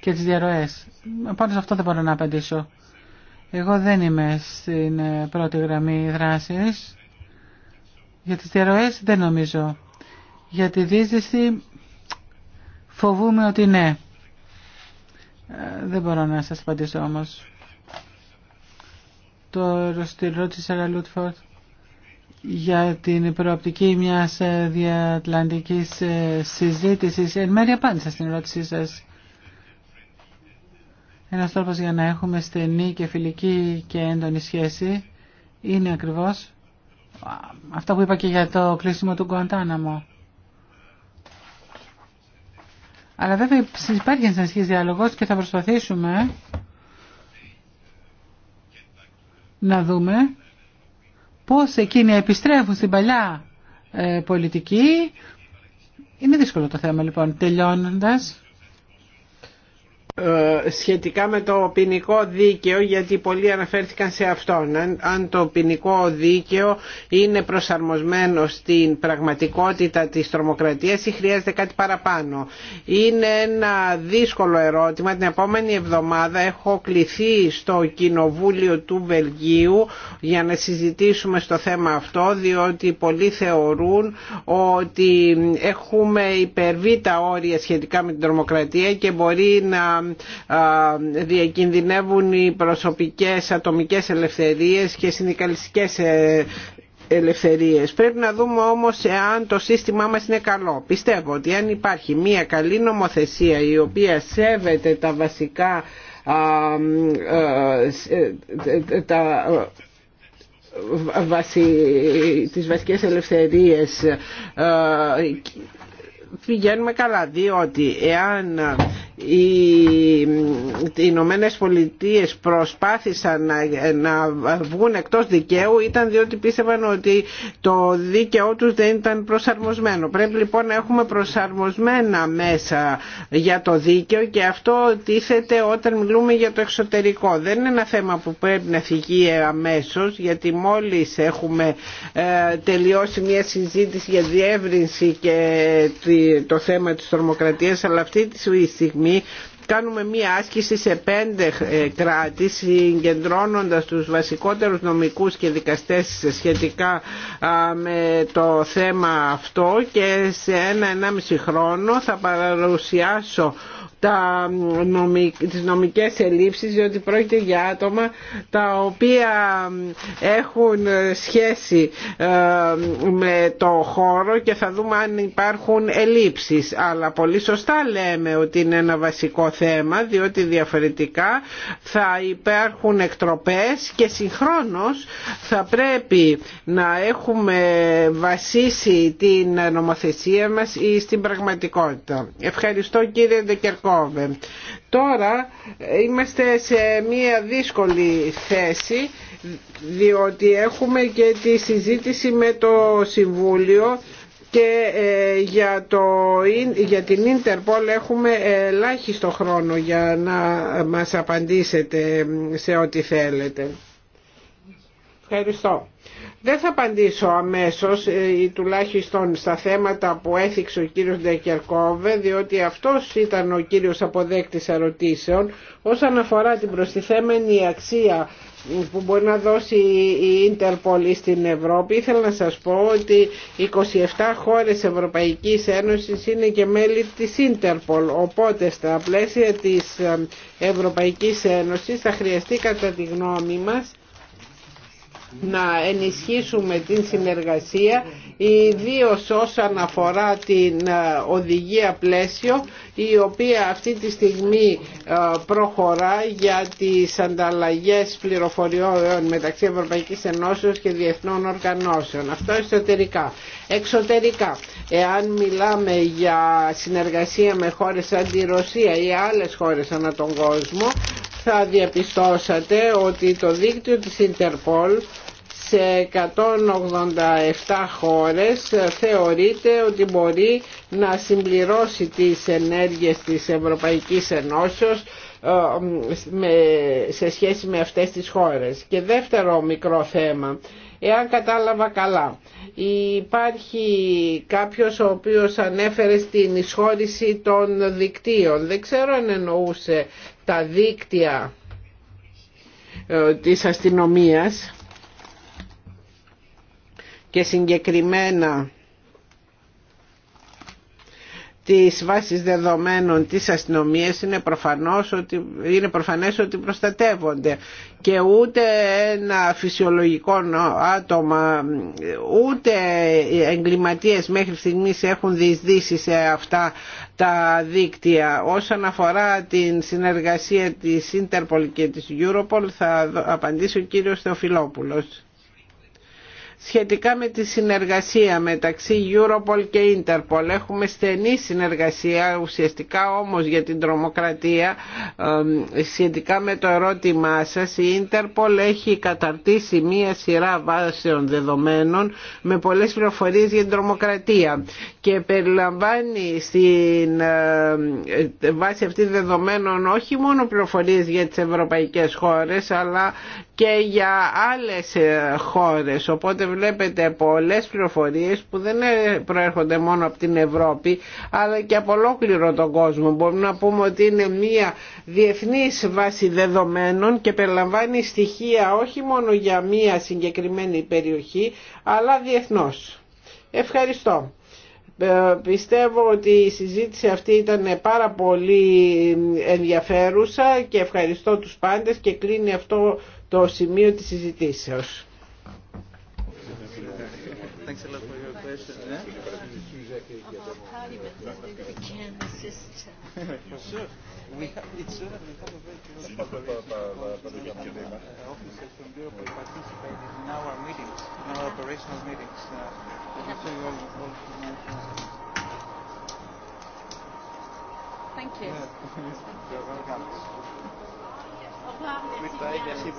και της διαρροές. Πάνω σε αυτό δεν μπορώ να απαντήσω. Εγώ δεν είμαι στην πρώτη γραμμή δράσης. Για τις διαρροές δεν νομίζω. Για τη δίδυση φοβούμαι ότι ναι. Ε, δεν μπορώ να σας απαντήσω όμως. Το ερώτηση Σαρα Λούτφορτ για την προοπτική μιας ε, διατλαντικής ε, συζήτησης. Εν μέρει απάντησα στην ερώτησή σας. Ένας τρόπος για να έχουμε στενή και φιλική και έντονη σχέση είναι ακριβώς αυτό που είπα και για το κλείσιμο του Γκουαντάναμο. Αλλά βέβαια υπάρχει ένας διάλογος και θα προσπαθήσουμε να δούμε πώς εκείνοι επιστρέφουν στην παλιά ε, πολιτική. Είναι δύσκολο το θέμα λοιπόν. Τελειώνοντας, ε, σχετικά με το ποινικό δίκαιο γιατί πολλοί αναφέρθηκαν σε αυτόν αν το ποινικό δίκαιο είναι προσαρμοσμένο στην πραγματικότητα της τρομοκρατίας ή χρειάζεται κάτι παραπάνω είναι ένα δύσκολο ερώτημα την επόμενη εβδομάδα έχω κληθεί στο κοινοβούλιο του Βελγίου για να συζητήσουμε στο θέμα αυτό διότι πολλοί θεωρούν ότι έχουμε υπερβεί τα όρια σχετικά με την τρομοκρατία και μπορεί να διακινδυνεύουν οι προσωπικές ατομικές ελευθερίες και συνδικαλιστικές ε, ελευθερίες. Πρέπει να δούμε όμως εάν το σύστημά μας είναι καλό. Πιστεύω ότι αν υπάρχει μια καλή νομοθεσία η οποία σέβεται τα βασικά ε, ε, τα βασι, τις βασικές ελευθερίες πηγαίνουμε καλά διότι εάν οι Ηνωμένε Πολιτείε προσπάθησαν να, βγουν εκτός δικαίου ήταν διότι πίστευαν ότι το δίκαιό τους δεν ήταν προσαρμοσμένο. Πρέπει λοιπόν να έχουμε προσαρμοσμένα μέσα για το δίκαιο και αυτό τίθεται όταν μιλούμε για το εξωτερικό. Δεν είναι ένα θέμα που πρέπει να φυγεί αμέσως γιατί μόλις έχουμε ε, τελειώσει μια συζήτηση για διεύρυνση και το θέμα της τρομοκρατίας αλλά αυτή τη στιγμή κάνουμε μία άσκηση σε πέντε ε, κράτη συγκεντρώνοντα τους βασικότερους νομικούς και δικαστές σχετικά με το θέμα αυτό και σε ένα ενάμιση χρόνο θα παρουσιάσω τα, τις νομικές ελλείψεις διότι πρόκειται για άτομα τα οποία έχουν σχέση ε, με το χώρο και θα δούμε αν υπάρχουν ελλείψεις αλλά πολύ σωστά λέμε ότι είναι ένα βασικό θέμα διότι διαφορετικά θα υπάρχουν εκτροπές και συγχρόνως θα πρέπει να έχουμε βασίσει την νομοθεσία μας στην πραγματικότητα. Ευχαριστώ κύριε Ντεκερκό. Τώρα είμαστε σε μια δύσκολη θέση διότι έχουμε και τη συζήτηση με το Συμβούλιο και ε, για, το, για την Ίντερπολ έχουμε ελάχιστο χρόνο για να μας απαντήσετε σε ό,τι θέλετε. Ευχαριστώ. Δεν θα απαντήσω αμέσως ε, ή τουλάχιστον στα θέματα που έθιξε ο κύριος Ντεκερκόβε διότι αυτός ήταν ο κύριος αποδέκτης ερωτήσεων όσον αφορά την προστιθέμενη αξία που μπορεί να δώσει η Ιντερπολ στην Ευρώπη. Ήθελα να σας πω ότι 27 χώρες Ευρωπαϊκής Ένωσης είναι και μέλη της Ιντερπολ. Οπότε στα πλαίσια της ε, Ευρωπαϊκής Ένωσης θα χρειαστεί κατά τη γνώμη μας να ενισχύσουμε την συνεργασία ιδίω όσον αφορά την ε, οδηγία πλαίσιο η οποία αυτή τη στιγμή ε, προχωρά για τις ανταλλαγές πληροφοριών μεταξύ Ευρωπαϊκής Ενώσεως και διεθνών οργανώσεων. Αυτό εσωτερικά. Εξωτερικά, εάν μιλάμε για συνεργασία με χώρες σαν τη Ρωσία ή άλλες χώρες ανά τον κόσμο, θα διαπιστώσατε ότι το δίκτυο της Interpol σε 187 χώρες θεωρείται ότι μπορεί να συμπληρώσει τις ενέργειες της Ευρωπαϊκής Ενώσεως ε, σε σχέση με αυτές τις χώρες. Και δεύτερο μικρό θέμα, εάν κατάλαβα καλά, υπάρχει κάποιος ο οποίος ανέφερε στην εισχώρηση των δικτύων. Δεν ξέρω αν εννοούσε τα δίκτυα ε, της αστυνομίας και συγκεκριμένα τις βάσεις δεδομένων της αστυνομίας είναι, προφανώς ότι, είναι προφανές ότι προστατεύονται και ούτε ένα φυσιολογικό άτομα ούτε εγκληματίες μέχρι στιγμής έχουν διεισδύσει σε αυτά τα δίκτυα. Όσον αφορά την συνεργασία της Interpol και της Europol θα απαντήσει ο κύριος Θεοφιλόπουλος σχετικά με τη συνεργασία μεταξύ Europol και Interpol. Έχουμε στενή συνεργασία ουσιαστικά όμως για την τρομοκρατία σχετικά με το ερώτημά σας. Η Interpol έχει καταρτήσει μία σειρά βάσεων δεδομένων με πολλές πληροφορίες για την τρομοκρατία και περιλαμβάνει στην ε, ε, βάση αυτή δεδομένων όχι μόνο πληροφορίες για τις ευρωπαϊκές χώρες αλλά και για άλλες ε, χώρες. Οπότε βλέπετε πολλές πληροφορίες που δεν προέρχονται μόνο από την Ευρώπη αλλά και από ολόκληρο τον κόσμο. Μπορούμε να πούμε ότι είναι μια διεθνής βάση δεδομένων και περιλαμβάνει στοιχεία όχι μόνο για μια συγκεκριμένη περιοχή αλλά διεθνώς. Ευχαριστώ. Ε, πιστεύω ότι η συζήτηση αυτή ήταν πάρα πολύ ενδιαφέρουσα και ευχαριστώ τους πάντες και κλείνει αυτό το σημείο της συζητήσεως. Ευχαριστώ, Πρόεδρε,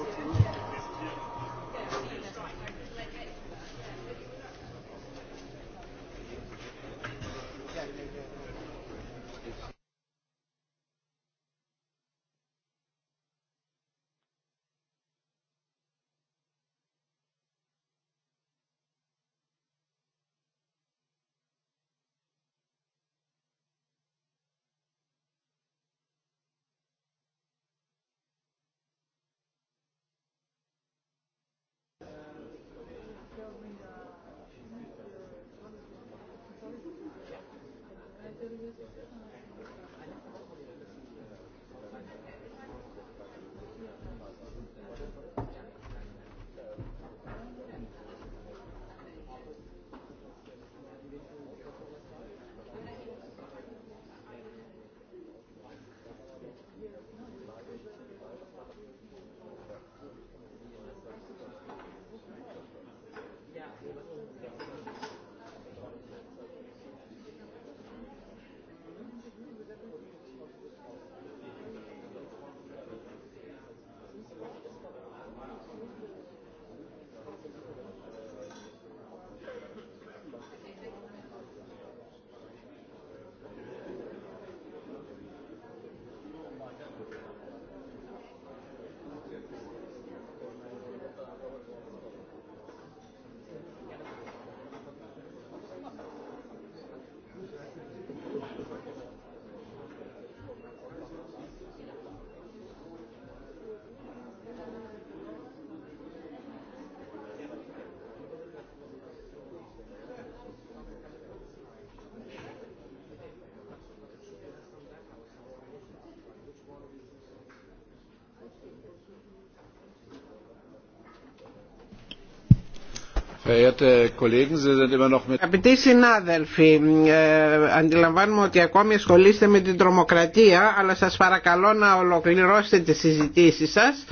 Αγαπητοί συνάδελφοι, ε, αντιλαμβάνουμε ότι ακόμη ασχολείστε με την τρομοκρατία, αλλά σας παρακαλώ να ολοκληρώσετε τις συζητήσεις σας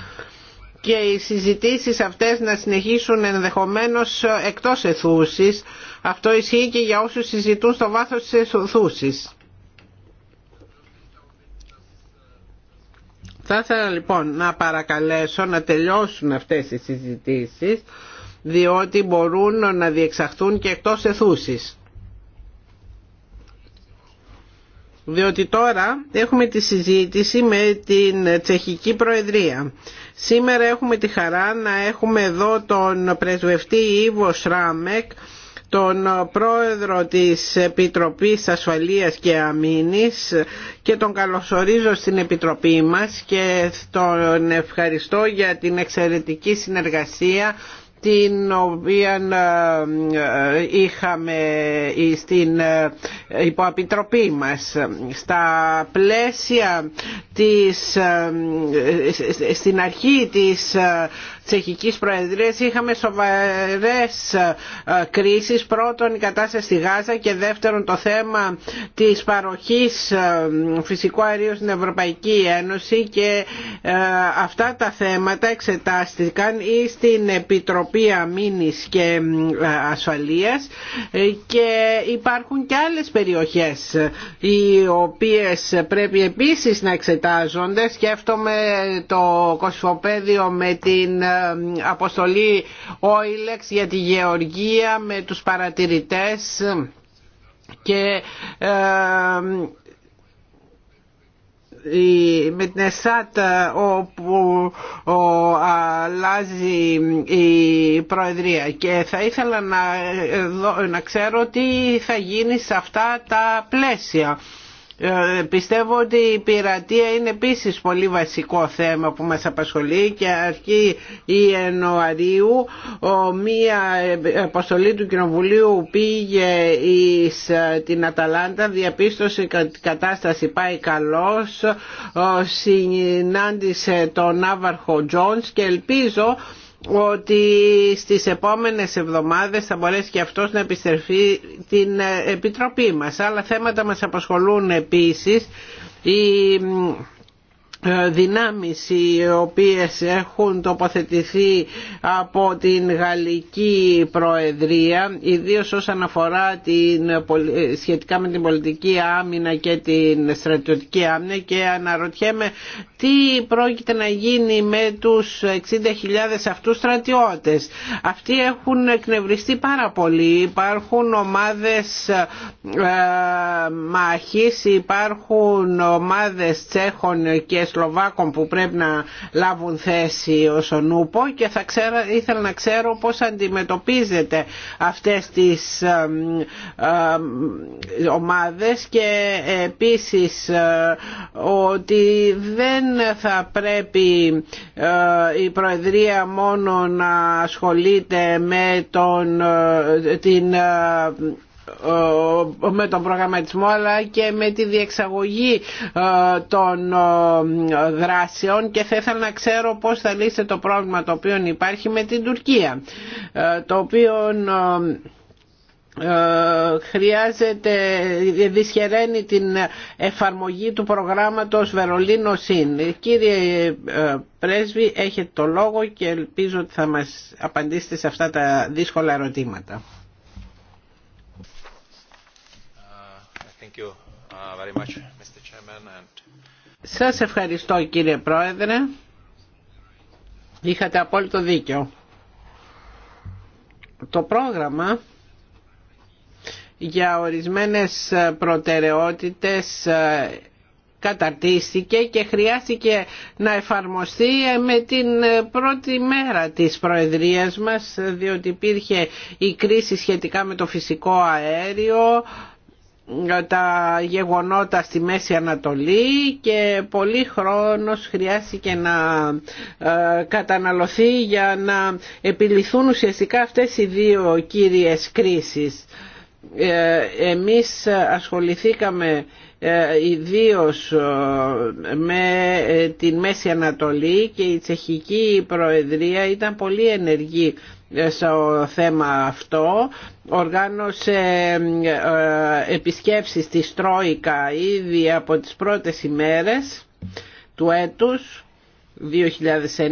και οι συζητήσεις αυτές να συνεχίσουν ενδεχομένως εκτός εθούσης. Αυτό ισχύει και για όσους συζητούν στο βάθος της εθούσης. Θα ήθελα λοιπόν να παρακαλέσω να τελειώσουν αυτές οι συζητήσεις διότι μπορούν να διεξαχθούν και εκτός εθούσης. διότι τώρα έχουμε τη συζήτηση με την Τσεχική Προεδρία. Σήμερα έχουμε τη χαρά να έχουμε εδώ τον πρεσβευτή Ιβο Σράμεκ, τον πρόεδρο της Επιτροπής Ασφαλείας και Αμήνης και τον καλωσορίζω στην Επιτροπή μας και τον ευχαριστώ για την εξαιρετική συνεργασία την οποία ε, ε, είχαμε ε, στην υποαπιτροπή μας στα πλαίσια της στην αρχή της Τσεχικής Προεδρίας είχαμε σοβαρές ε, κρίσεις. Πρώτον η κατάσταση στη Γάζα και δεύτερον το θέμα της παροχής ε, φυσικού αερίου στην Ευρωπαϊκή Ένωση και ε, αυτά τα θέματα εξετάστηκαν ή στην Επιτροπή Αμήνης και Ασφαλείας και υπάρχουν και άλλες περιοχές οι οποίες πρέπει επίσης να εξετάζονται. Σκέφτομαι το κοσφοπέδιο με την ε, αποστολή Όιλεξ για τη γεωργία με τους παρατηρητές και ε, με την ΕΣΑΤ ε, όπου αλλάζει η Προεδρία και θα ήθελα να, να ξέρω τι θα γίνει σε αυτά τα πλαίσια ε, πιστεύω ότι η πειρατεία είναι επίσης πολύ βασικό θέμα που μας απασχολεί και αρχή Ιανουαρίου μία ε, αποστολή του Κοινοβουλίου πήγε εις ε, την Αταλάντα διαπίστωσε η κατάσταση πάει καλώς συνάντησε τον Άβαρχο Τζόνς και ελπίζω ότι στις επόμενες εβδομάδες θα μπορέσει και αυτός να επιστρεφεί την Επιτροπή μας. Άλλα θέματα μας απασχολούν επίσης. Η δυνάμεις οι οποίες έχουν τοποθετηθεί από την Γαλλική Προεδρία ιδίως όσον αφορά την, σχετικά με την πολιτική άμυνα και την στρατιωτική άμυνα και αναρωτιέμαι τι πρόκειται να γίνει με τους 60.000 αυτούς στρατιώτες. Αυτοί έχουν εκνευριστεί πάρα πολύ. Υπάρχουν ομάδες ε, μαχής, υπάρχουν ομάδες τσέχων και Σλοβάκων που πρέπει να λάβουν θέση ως ο νουπο και θα ξέρω, ήθελα να ξέρω πώς αντιμετωπίζετε αυτές τις ομάδες και επίσης ε, ότι δεν θα πρέπει ε, η Προεδρία μόνο να ασχολείται με τον, ε, την ε, με τον προγραμματισμό αλλά και με τη διεξαγωγή ε, των ε, δράσεων και θα ήθελα να ξέρω πώς θα λύσετε το πρόβλημα το οποίο υπάρχει με την Τουρκία το οποίο χρειάζεται, δυσχεραίνει την εφαρμογή του προγράμματος Βερολίνο ΣΥΝ. Κύριε Πρέσβη, έχετε το λόγο και ελπίζω ότι θα μας απαντήσετε σε αυτά τα δύσκολα ερωτήματα. Uh, Σας ευχαριστώ κύριε Πρόεδρε. Είχατε απόλυτο δίκιο. Το πρόγραμμα για ορισμένες προτεραιότητες ε, καταρτίστηκε και χρειάστηκε να εφαρμοστεί ε, με την ε, πρώτη μέρα της Προεδρίας μας διότι υπήρχε η κρίση σχετικά με το φυσικό αέριο τα γεγονότα στη Μέση Ανατολή και πολύ χρόνος χρειάστηκε να ε, καταναλωθεί για να επιληθούν ουσιαστικά αυτές οι δύο κύριες κρίσεις. Ε, εμείς ασχοληθήκαμε ε, ιδίως με την Μέση Ανατολή και η Τσεχική Προεδρία ήταν πολύ ενεργή στο θέμα αυτό οργάνωσε ε, επισκέψεις της Τρόικα ήδη από τις πρώτες ημέρες του έτους 2009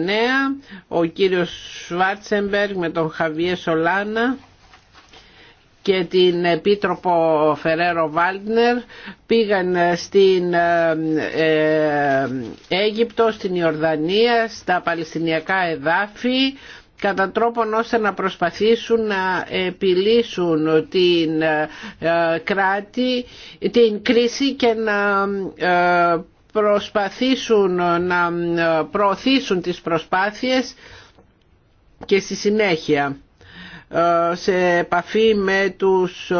ο κύριος Σβάρτσεμπεργκ με τον Χαβιέ Σολάνα και την Επίτροπο Φερέρο Βάλτνερ πήγαν στην ε, ε, Αίγυπτο, στην Ιορδανία, στα Παλαιστινιακά εδάφη κατά τρόπον ώστε να προσπαθήσουν να επιλύσουν την, ε, κράτη, την κρίση και να ε, προσπαθήσουν να ε, προωθήσουν τις προσπάθειες και στη συνέχεια σε επαφή με τους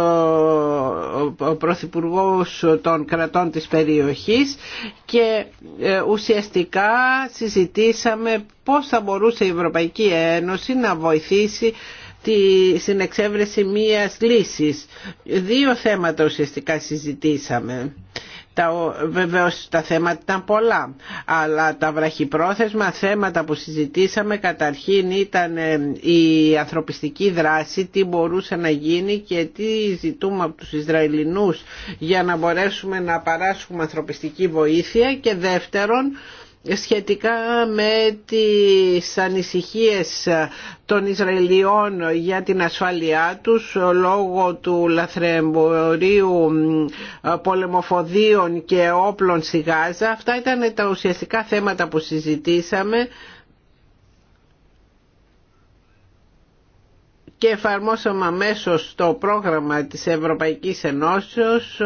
πρωθυπουργούς των κρατών της περιοχής και ε, ουσιαστικά συζητήσαμε πώς θα μπορούσε η Ευρωπαϊκή Ένωση να βοηθήσει τη εξέβρεση μίας λύσης. Δύο θέματα ουσιαστικά συζητήσαμε. Τα, βεβαίως τα θέματα ήταν πολλά, αλλά τα βραχυπρόθεσμα θέματα που συζητήσαμε καταρχήν ήταν ε, η ανθρωπιστική δράση, τι μπορούσε να γίνει και τι ζητούμε από τους Ισραηλινούς για να μπορέσουμε να παράσχουμε ανθρωπιστική βοήθεια και δεύτερον σχετικά με τις ανησυχίες των Ισραηλιών για την ασφάλειά τους λόγω του λαθρεμπορίου ε, πολεμοφοδίων και όπλων στη Γάζα. Αυτά ήταν τα ουσιαστικά θέματα που συζητήσαμε. και εφαρμόσαμε αμέσω το πρόγραμμα της Ευρωπαϊκής Ενώσεως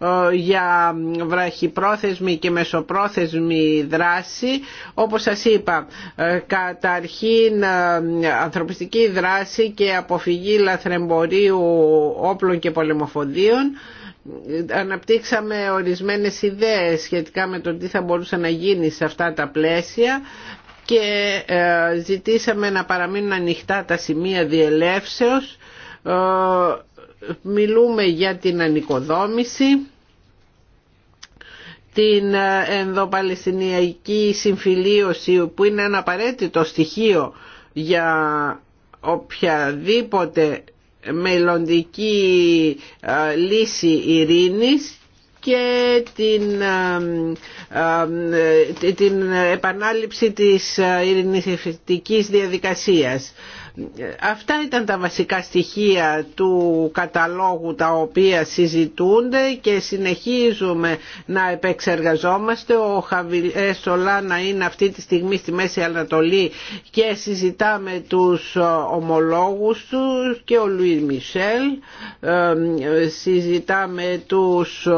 ε, για βραχυπρόθεσμη και μεσοπρόθεσμη δράση. Όπως σας είπα, ε, καταρχήν ε, ανθρωπιστική δράση και αποφυγή λαθρεμπορίου όπλων και πολεμοφοδίων αναπτύξαμε ορισμένες ιδέες σχετικά με το τι θα μπορούσε να γίνει σε αυτά τα πλαίσια και ζητήσαμε να παραμείνουν ανοιχτά τα σημεία διελεύσεως μιλούμε για την ανοικοδόμηση την ενδοπαλαισθηνιακή συμφιλίωση που είναι ένα απαραίτητο στοιχείο για οποιαδήποτε μελλοντική λύση ειρήνης και την, ε, την επανάληψη της ειρηνιστικής διαδικασίας. Αυτά ήταν τα βασικά στοιχεία του καταλόγου τα οποία συζητούνται και συνεχίζουμε να επεξεργαζόμαστε. Ο Χαβιλέ Σολάνα είναι αυτή τη στιγμή στη Μέση Ανατολή και συζητάμε τους ομολόγους του και ο Λουί Μισελ, ε, συζητάμε τους ε,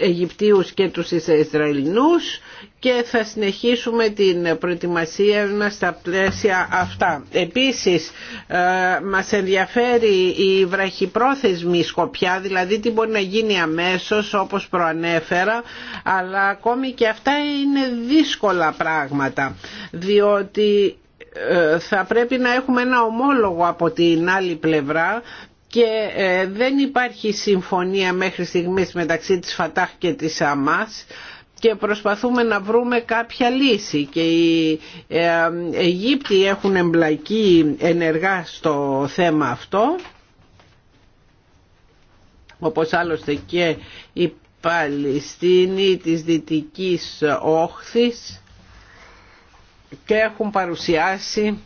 Αιγυπτίους και τους Ισραηλινούς και θα συνεχίσουμε την προετοιμασία μας στα πλαίσια αυτά. Επίσης ε, μας ενδιαφέρει η βραχυπρόθεσμη σκοπιά, δηλαδή τι μπορεί να γίνει αμέσως όπως προανέφερα, αλλά ακόμη και αυτά είναι δύσκολα πράγματα, διότι ε, θα πρέπει να έχουμε ένα ομόλογο από την άλλη πλευρά και ε, δεν υπάρχει συμφωνία μέχρι στιγμής μεταξύ της Φατάχ και της Αμάς και προσπαθούμε να βρούμε κάποια λύση και οι ε, Αιγύπτιοι έχουν εμπλακεί ενεργά στο θέμα αυτό όπως άλλωστε και η Παλαιστίνη της Δυτικής Όχθης και έχουν παρουσιάσει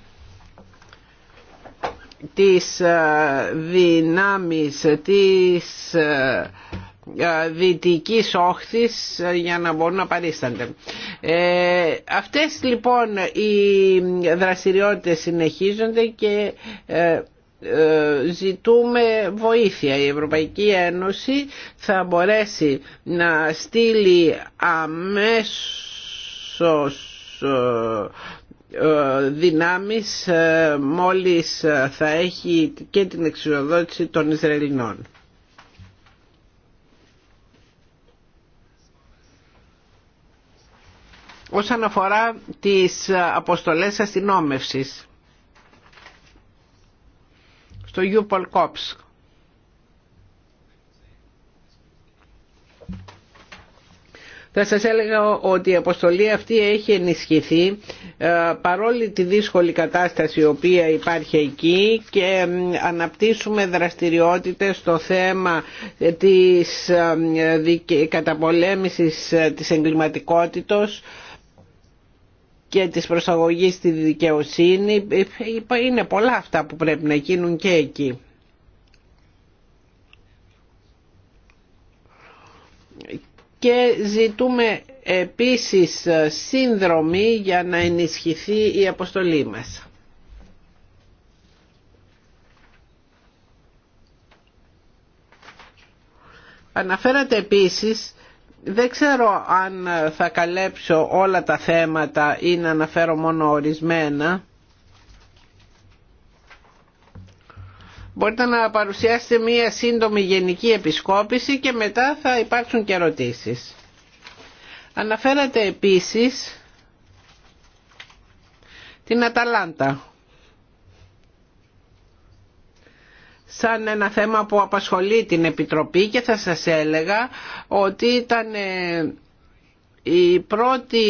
τις ε, δυνάμεις της ε, ε, δυτικής όχθης για να μπορούν να παρίστανται. Ε, αυτές λοιπόν οι δραστηριότητες συνεχίζονται και ε, ζητούμε βοήθεια. Η Ευρωπαϊκή Ένωση θα μπορέσει να στείλει αμέσως ε, δυνάμεις ε, μόλις ε, θα έχει και την εξουσιοδότηση των Ισραηλινών. Όσον αφορά τις αποστολές αστυνόμευσης στο Ιούπολ Θα σας έλεγα ότι η αποστολή αυτή έχει ενισχυθεί παρόλη τη δύσκολη κατάσταση η οποία υπάρχει εκεί και αναπτύσσουμε δραστηριότητες στο θέμα της καταπολέμησης της εγκληματικότητος και της προσαγωγής στη δικαιοσύνη. Είναι πολλά αυτά που πρέπει να γίνουν και εκεί. και ζητούμε επίσης σύνδρομη για να ενισχυθεί η αποστολή μας. Αναφέρατε επίσης, δεν ξέρω αν θα καλέψω όλα τα θέματα ή να αναφέρω μόνο ορισμένα, Μπορείτε να παρουσιάσετε μία σύντομη γενική επισκόπηση και μετά θα υπάρξουν και ερωτήσεις. Αναφέρατε επίσης την Αταλάντα. σαν ένα θέμα που απασχολεί την Επιτροπή και θα σας έλεγα ότι ήταν ε, η πρώτη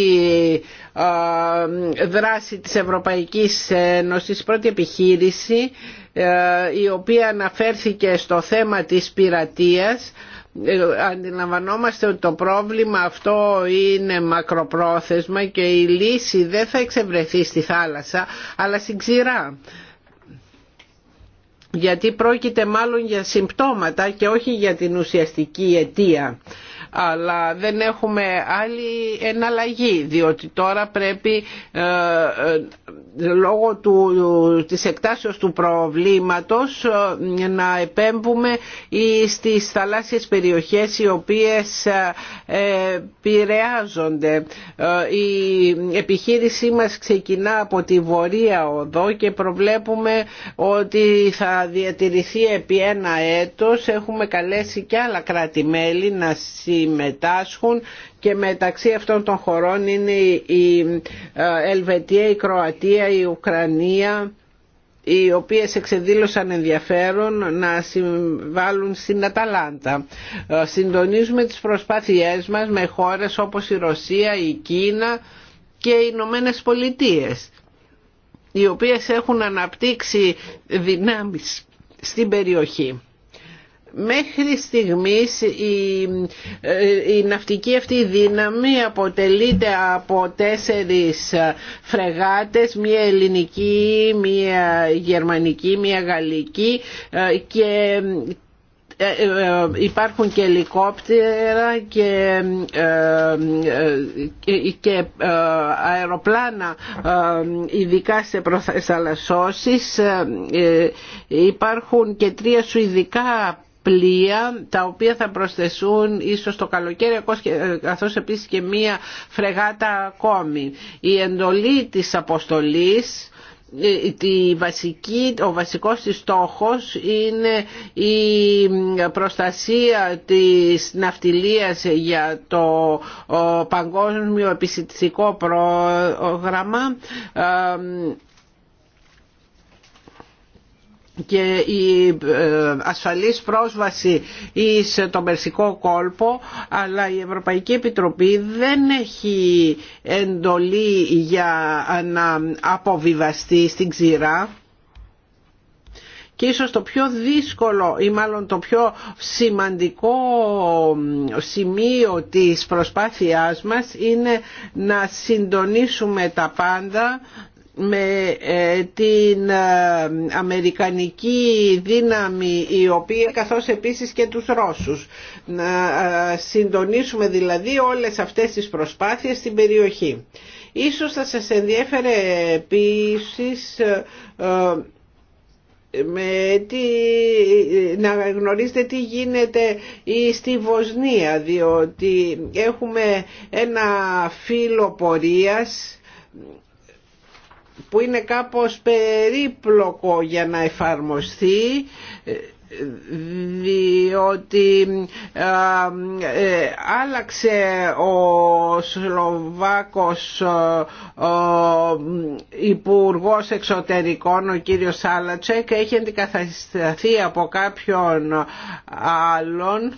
ε, δράση της Ευρωπαϊκής Ένωσης, η πρώτη επιχείρηση ε, η οποία αναφέρθηκε στο θέμα της πειρατείας ε, αντιλαμβανόμαστε ότι το πρόβλημα αυτό είναι μακροπρόθεσμα και η λύση δεν θα εξευρεθεί στη θάλασσα αλλά στην ξηρά γιατί πρόκειται μάλλον για συμπτώματα και όχι για την ουσιαστική αιτία αλλά δεν έχουμε άλλη εναλλαγή διότι τώρα πρέπει ε, ε, λόγω του, της εκτάσεως του προβλήματος ε, να επέμβουμε στις θαλάσσιες περιοχές οι οποίες επηρεάζονται. Η επιχείρησή μας ξεκινά από τη Βορεία Οδό και προβλέπουμε ότι θα διατηρηθεί επί ένα έτος. Έχουμε καλέσει και άλλα να συμμετάσχουν και μεταξύ αυτών των χωρών είναι η ε, Ελβετία, η Κροατία, η Ουκρανία οι οποίες εξεδήλωσαν ενδιαφέρον να συμβάλλουν στην Αταλάντα. Ε, συντονίζουμε τις προσπάθειές μας με χώρες όπως η Ρωσία, η Κίνα και οι Ηνωμένε Πολιτείε, οι οποίες έχουν αναπτύξει δυνάμεις στην περιοχή. Μέχρι στιγμής η, ε, η ναυτική αυτή δύναμη αποτελείται από τέσσερις φρεγάτες, μία ελληνική, μία γερμανική, μία γαλλική ε, και ε, υπάρχουν και ελικόπτερα και, και αεροπλάνα ειδικά σε προθαλασσώσεις υπάρχουν και τρία σουηδικά πλοία τα οποία θα προσθεσούν ίσως το καλοκαίρι καθώς επίσης και μία φρεγάτα ακόμη. Η εντολή της αποστολής ε, τη βασική, ο βασικός της στόχος είναι η προστασία της ναυτιλίας για το παγκόσμιο επιστημικό πρόγραμμα ε, και η ε, ασφαλής πρόσβαση εις τον Περσικό κόλπο αλλά η Ευρωπαϊκή Επιτροπή δεν έχει εντολή για να αποβιβαστεί στην ξηρά και ίσως το πιο δύσκολο ή μάλλον το πιο σημαντικό σημείο της προσπάθειάς μας είναι να συντονίσουμε τα πάντα, με ε, την ε, Αμερικανική δύναμη η οποία καθώς επίσης και τους Ρώσους να ε, συντονίσουμε δηλαδή όλες αυτές τις προσπάθειες στην περιοχή. Ίσως θα σας ενδιέφερε επίσης με τι, να γνωρίζετε τι γίνεται στη Βοσνία διότι έχουμε ένα φύλλο πορείας που είναι κάπως περίπλοκο για να εφαρμοστεί διότι ε, άλλαξε ο Σλοβάκος Υπουργός Εξωτερικών ο κύριος Σάλατσεκ έχει αντικαθασταθεί από κάποιον άλλον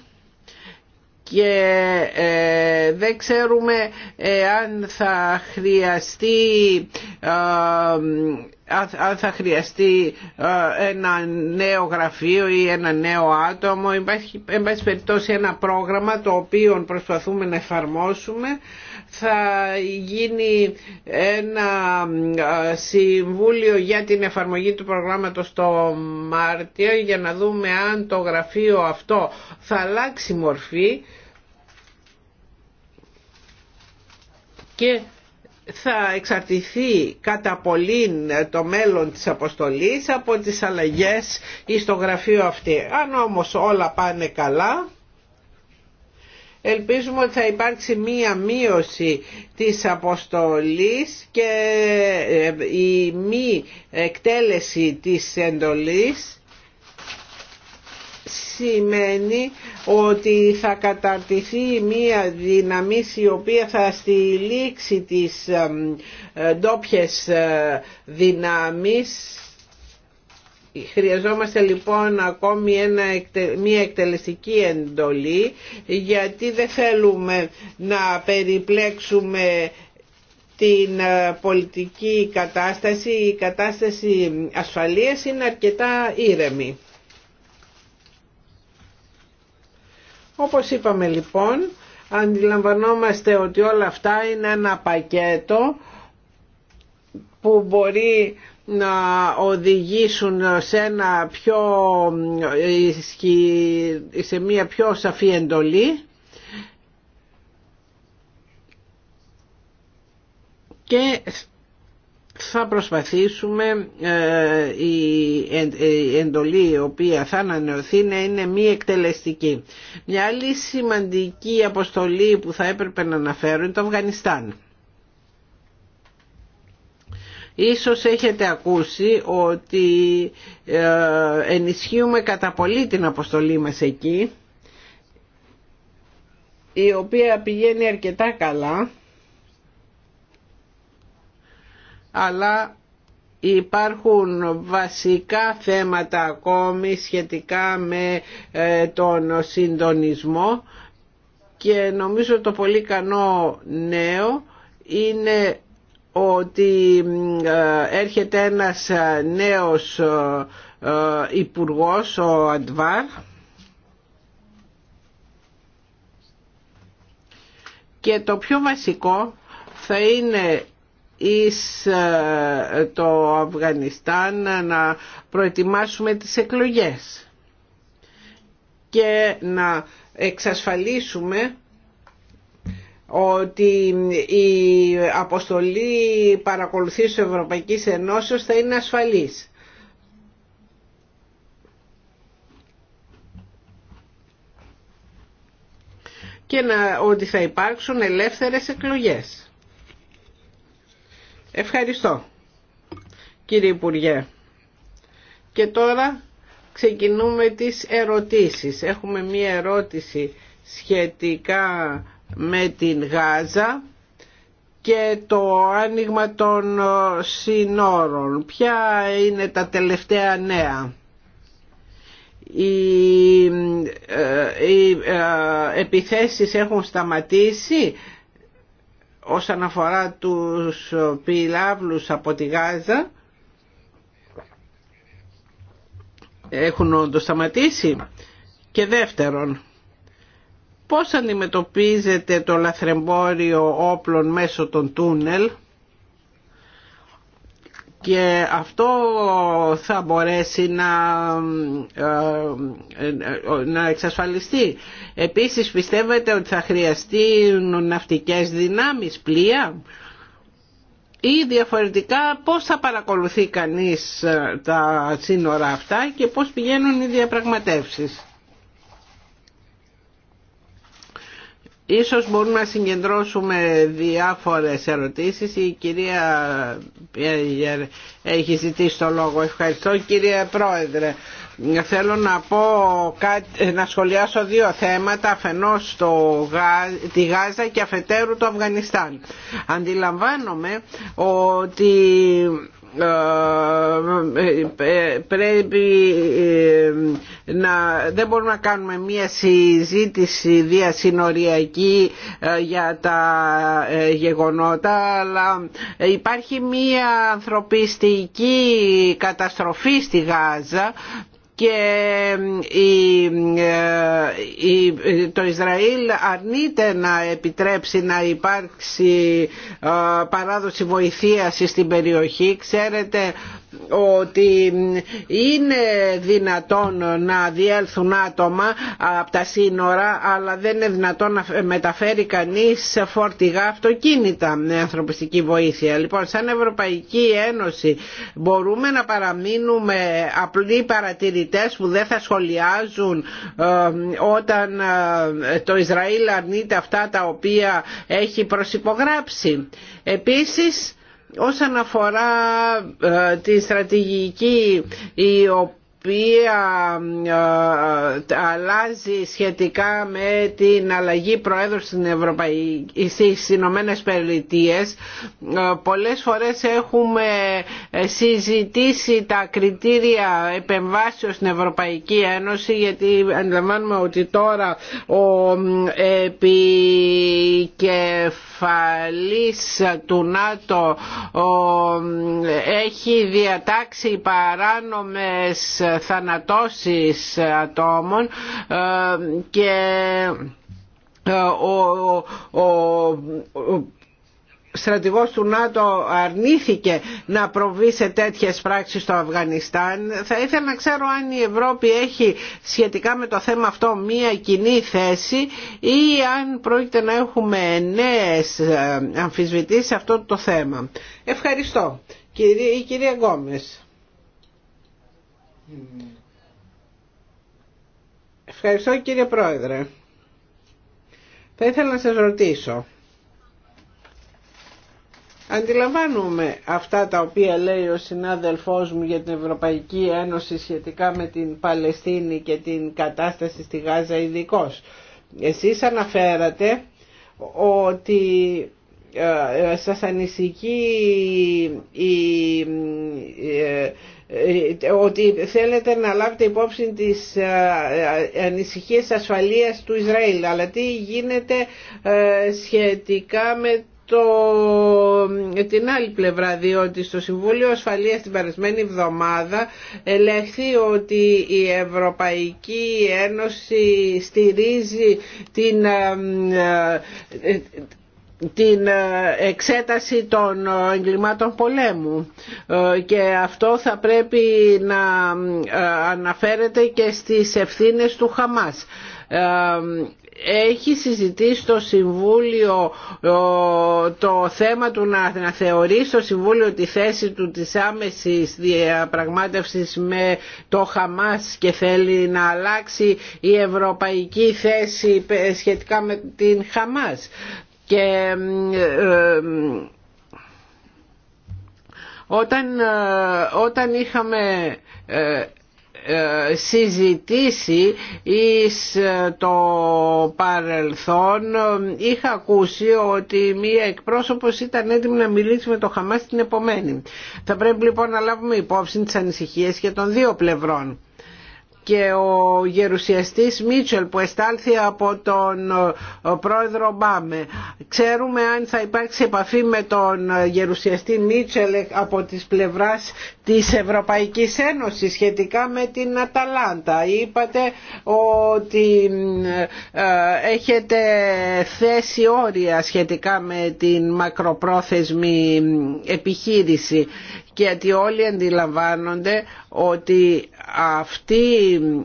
και ε, δεν ξέρουμε ε, αν θα χρειαστεί ε, αν θα χρειαστεί ένα νέο γραφείο ή ένα νέο άτομο υπάρχει εν πάση περιπτώσει ένα πρόγραμμα το οποίο προσπαθούμε να εφαρμόσουμε θα γίνει ένα ε, συμβούλιο για την εφαρμογή του προγράμματος το Μάρτιο για να δούμε αν το γραφείο αυτό θα αλλάξει μορφή και θα εξαρτηθεί κατά πολύ το μέλλον της αποστολής από τις αλλαγές στο γραφείο αυτή. Αν όμως όλα πάνε καλά Ελπίζουμε ότι θα υπάρξει μία μείωση της αποστολής και ε, η μη εκτέλεση της εντολής σημαίνει ότι θα καταρτηθεί μία δύναμη η οποία θα στηλίξει τις ε, ντόπιε ε, δυνάμεις Χρειαζόμαστε λοιπόν ακόμη μια εκτελεστική εντολή γιατί δεν θέλουμε να περιπλέξουμε την ε, πολιτική κατάσταση. Η κατάσταση ασφαλείας είναι αρκετά ήρεμη. Όπως είπαμε λοιπόν, αντιλαμβανόμαστε ότι όλα αυτά είναι ένα πακέτο που μπορεί να οδηγήσουν σε, πιο, μια πιο σαφή εντολή και θα προσπαθήσουμε ε, ε, η εντολή η οποία θα ανανεωθεί να είναι μη εκτελεστική. Μια άλλη σημαντική αποστολή που θα έπρεπε να αναφέρω είναι το Αφγανιστάν. Ίσως έχετε ακούσει ότι ε, ενισχύουμε κατά πολύ την αποστολή μας εκεί η οποία πηγαίνει αρκετά καλά αλλά υπάρχουν βασικά θέματα ακόμη σχετικά με ε, τον συντονισμό και νομίζω το πολύ κανό νέο είναι ότι ε, έρχεται ένας ε, νέος ε, υπουργός, ο Αντβάρ, και το πιο βασικό θα είναι εις το Αφγανιστάν να προετοιμάσουμε τις εκλογές και να εξασφαλίσουμε ότι η αποστολή παρακολουθήσεως της Ευρωπαϊκής Ενώσεως θα είναι ασφαλής. και να, ότι θα υπάρξουν ελεύθερες εκλογές. Ευχαριστώ, κύριε Υπουργέ. Και τώρα ξεκινούμε τις ερωτήσεις. Έχουμε μία ερώτηση σχετικά με την Γάζα και το άνοιγμα των ε, συνόρων. Ποια είναι τα τελευταία νέα. Ε, οι, οι ε, επιθέσεις έχουν σταματήσει όσον αφορά τους πυλάβλους από τη Γάζα. Έχουν όντως σταματήσει. Και δεύτερον, Πώς αντιμετωπίζετε το λαθρεμπόριο όπλων μέσω των τούνελ και αυτό θα μπορέσει να, ε, να εξασφαλιστεί. Επίσης πιστεύετε ότι θα χρειαστεί ναυτικές δυνάμεις, πλοία ή διαφορετικά πώς θα παρακολουθεί κανείς ε, τα σύνορα αυτά και πώς πηγαίνουν οι διαπραγματεύσεις. Ίσως μπορούμε να συγκεντρώσουμε διάφορες ερωτήσεις. Η κυρία έχει ζητήσει το λόγο. Ευχαριστώ κυρία Πρόεδρε. Θέλω να, πω να σχολιάσω δύο θέματα, αφενός το, τη Γάζα και αφετέρου το Αφγανιστάν. Αντιλαμβάνομαι ότι πρέπει ε, να δεν μπορούμε να κάνουμε μια συζήτηση διασυνοριακή ε, για τα ε, γεγονότα αλλά υπάρχει μια ανθρωπιστική καταστροφή στη Γάζα και ε, το Ισραήλ αρνείται να επιτρέψει να υπάρξει ε, παράδοση βοηθείας στην περιοχή. Ξέρετε ότι είναι δυνατόν να διέλθουν άτομα από τα σύνορα αλλά δεν είναι δυνατόν να μεταφέρει κανείς σε φορτηγά αυτοκίνητα με ανθρωπιστική βοήθεια. Λοιπόν, σαν Ευρωπαϊκή Ένωση μπορούμε να παραμείνουμε απλοί παρατηρητές που δεν θα σχολιάζουν ε, όταν ε, το Ισραήλ αρνείται αυτά τα οποία έχει προσυπογράψει. Επίσης Όσον αφορά ε, τη στρατηγική η οποία ε, ε, αλλάζει σχετικά με την αλλαγή Προέδρου στην ευρωπαϊκή στις Ηνωμένες ε, Πολλές φορές έχουμε συζητήσει τα κριτήρια επεμβάσεως στην Ευρωπαϊκή Ένωση γιατί αντιλαμβάνουμε ότι τώρα ο επικεφ επικεφαλής του ΝΑΤΟ έχει διατάξει παράνομες θανατώσεις ατόμων ε, και ε, ο, στρατηγός του ΝΑΤΟ αρνήθηκε να προβεί σε τέτοιες πράξεις στο Αφγανιστάν. Θα ήθελα να ξέρω αν η Ευρώπη έχει σχετικά με το θέμα αυτό μία κοινή θέση ή αν πρόκειται να έχουμε νέες ε, αμφισβητήσεις σε αυτό το θέμα. Ευχαριστώ. Η κυρία Γκόμες. Ευχαριστώ κύριε Πρόεδρε. Θα ήθελα να σας ρωτήσω Αντιλαμβάνουμε αυτά τα οποία λέει ο συνάδελφός μου για την Ευρωπαϊκή Ένωση σχετικά με την Παλαιστίνη και την κατάσταση στη Γάζα ειδικώ. Εσείς αναφέρατε ότι ε, ε, σας ανησυχεί η, ε, ότι θέλετε να λάβετε υπόψη τις ανησυχίες ασφαλείας του Ισραήλ αλλά τι γίνεται σχετικά με το, την άλλη πλευρά διότι στο Συμβούλιο Ασφαλείας την περασμένη εβδομάδα ελέγχθη ότι η Ευρωπαϊκή Ένωση στηρίζει την ε, την ε, εξέταση των εγκλημάτων πολέμου ε, και αυτό θα πρέπει να αναφέρεται και στις ευθύνες του Χαμάς έχει συζητήσει στο Συμβούλιο το θέμα του να θεωρεί στο Συμβούλιο τη θέση του της άμεσης διαπραγμάτευσης με το Χαμάς και θέλει να αλλάξει η ευρωπαϊκή θέση σχετικά με την Χαμάς. Και ε, ε, όταν, ε, όταν είχαμε ε, συζητήσει εις ε, το παρελθόν είχα ακούσει ότι μία εκπρόσωπος ήταν έτοιμη να μιλήσει με το Χαμάς την επομένη. Θα πρέπει λοιπόν να λάβουμε υπόψη τις ανησυχίες και των δύο πλευρών και ο γερουσιαστής Μίτσελ που εστάλθη από τον ε, πρόεδρο Μπάμε. Ξέρουμε αν θα υπάρξει επαφή με τον ε, γερουσιαστή Μίτσελ από τις πλευράς της Ευρωπαϊκής Ένωσης σχετικά με την Αταλάντα. Είπατε ότι ε, έχετε θέσει όρια σχετικά με την μακροπρόθεσμη επιχείρηση γιατί όλοι αντιλαμβάνονται ότι αυτή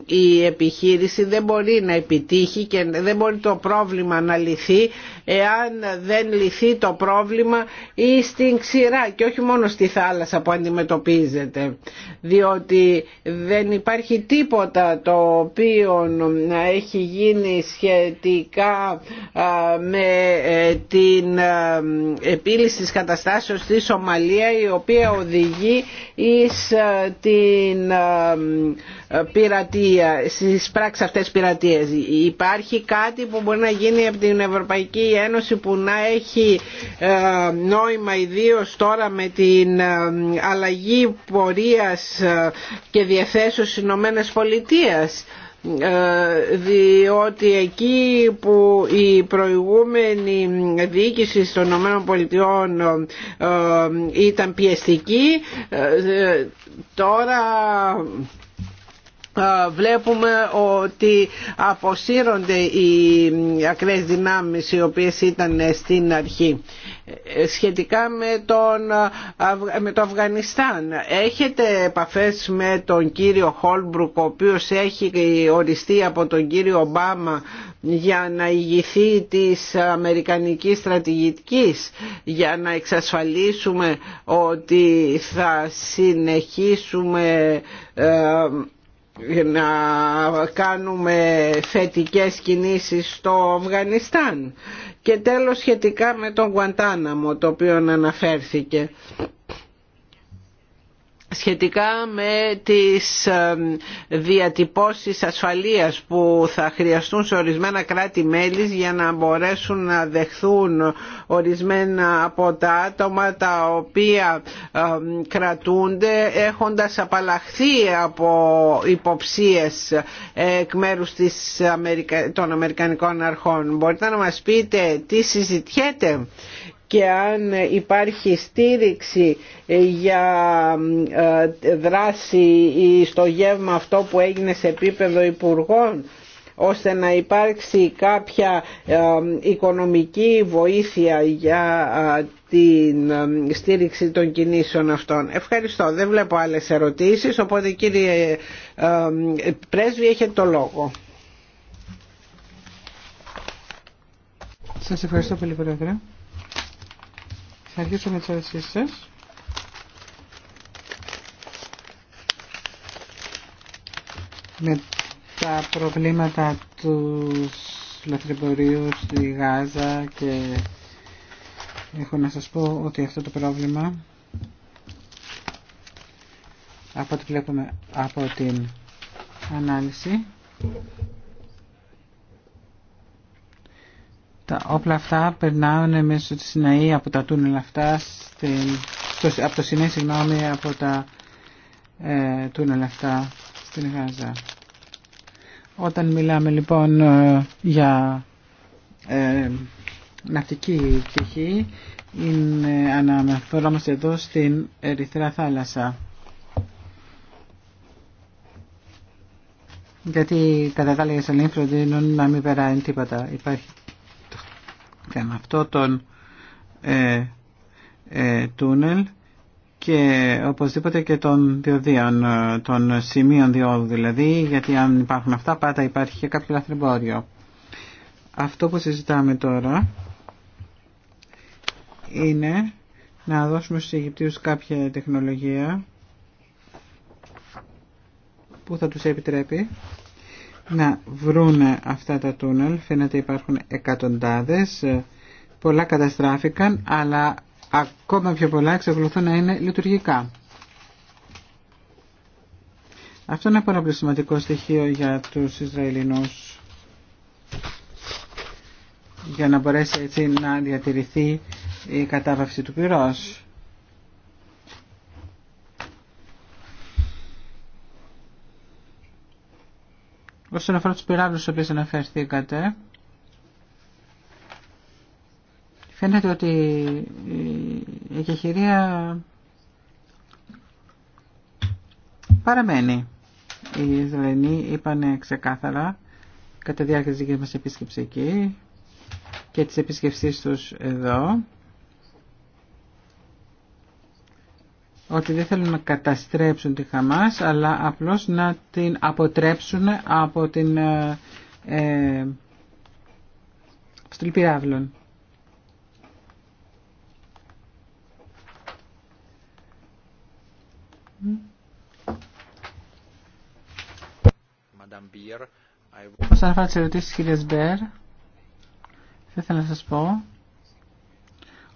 η επιχείρηση δεν μπορεί να επιτύχει και δεν μπορεί το πρόβλημα να λυθεί εάν δεν λυθεί το πρόβλημα ή στην ξηρά και όχι μόνο στη θάλασσα που αντιμετωπίζεται διότι δεν υπάρχει τίποτα το οποίο να έχει γίνει σχετικά με ε, την ε, επίλυση της καταστάσεως στη Σομαλία η οποία οδηγεί οδηγεί εις ε, την ε, ε, πειρατεία, στις πράξεις αυτές πειρατείες. Υπάρχει κάτι που μπορεί να γίνει από την Ευρωπαϊκή Ένωση που να έχει νόημα ιδίω τώρα με την αλλαγή πορείας και διαθέσεως Ηνωμένες Πολιτείας. Ε, διότι εκεί που η προηγούμενη διοίκηση των ΗΠΑ ε, ήταν πιεστική ε, τώρα βλέπουμε ότι αποσύρονται οι ακραίες δυνάμεις οι οποίες ήταν στην αρχή ε, σχετικά με, τον, με το Αφγανιστάν έχετε επαφές με τον κύριο Χόλμπρουκ ο οποίος έχει οριστεί από τον κύριο Ομπάμα για να ηγηθεί της αμερικανικής στρατηγικής για να εξασφαλίσουμε ότι θα συνεχίσουμε ε, να κάνουμε θετικές κινήσεις στο Αφγανιστάν. Και τέλος σχετικά με τον Γουαντάναμο το οποίο αναφέρθηκε σχετικά με τις διατυπώσεις ασφαλείας που θα χρειαστούν σε ορισμένα κράτη-μέλη για να μπορέσουν να δεχθούν ορισμένα από τα άτομα τα οποία κρατούνται έχοντας απαλλαχθεί από υποψίες εκ μέρους των Αμερικανικών αρχών. Μπορείτε να μας πείτε τι συζητιέται και αν υπάρχει στήριξη ε, για ε, δράση στο γεύμα αυτό που έγινε σε επίπεδο υπουργών ώστε να υπάρξει κάποια ε, οικονομική βοήθεια για την στήριξη των κινήσεων αυτών. Ευχαριστώ. Δεν βλέπω άλλες ερωτήσεις, οπότε κύριε Πρέσβη έχετε το λόγο. Σας ευχαριστώ πολύ, Πρόεδρε. Θα αρχίσω με τις ερωτήσει Με τα προβλήματα του λαθρεμπορίου στη Γάζα και έχω να σας πω ότι αυτό το πρόβλημα από ό,τι βλέπουμε από την ανάλυση Τα όπλα αυτά περνάνε μέσω της Σιναή από τα τούνελ αυτά, στην, από το ΣΥΝΕ, συγγνώμη, από τα ε, τούνελ αυτά στην Γάζα. Όταν μιλάμε λοιπόν ε, για ε, ναυτική πτυχή, είναι, αναφερόμαστε εδώ στην Ερυθρά θάλασσα. Γιατί κατά τα άλλα για να μην περάει τίποτα. Υπάρχει με αυτό τον ε, ε, τούνελ και οπωσδήποτε και των διοδίων, ε, των σημείων διόδου δηλαδή, γιατί αν υπάρχουν αυτά πάντα υπάρχει και κάποιο λαθρεμπόριο. Αυτό που συζητάμε τώρα είναι να δώσουμε στους Αιγυπτίους κάποια τεχνολογία που θα τους επιτρέπει να βρούνε αυτά τα τούνελ. Φαίνεται υπάρχουν εκατοντάδες. Πολλά καταστράφηκαν, αλλά ακόμα πιο πολλά εξακολουθούν να είναι λειτουργικά. Αυτό είναι ένα πολύ σημαντικό στοιχείο για τους Ισραηλινούς για να μπορέσει έτσι να διατηρηθεί η κατάβαυση του πυρός. Όσον αφορά τους πυράβλους στους οποίους αναφερθήκατε, φαίνεται ότι η εκεχηρία παραμένει. Οι Ισραηλοί είπαν ξεκάθαρα κατά τη διάρκεια της δικής μας επίσκεψης εκεί και της επίσκεψής τους εδώ ότι δεν θέλουν να καταστρέψουν τη Χαμάς αλλά απλώς να την αποτρέψουν από την ε, Όπω ε, πυράβλων. Όσον αφορά τις ερωτήσεις της Μπέρ, θα ήθελα να σας πω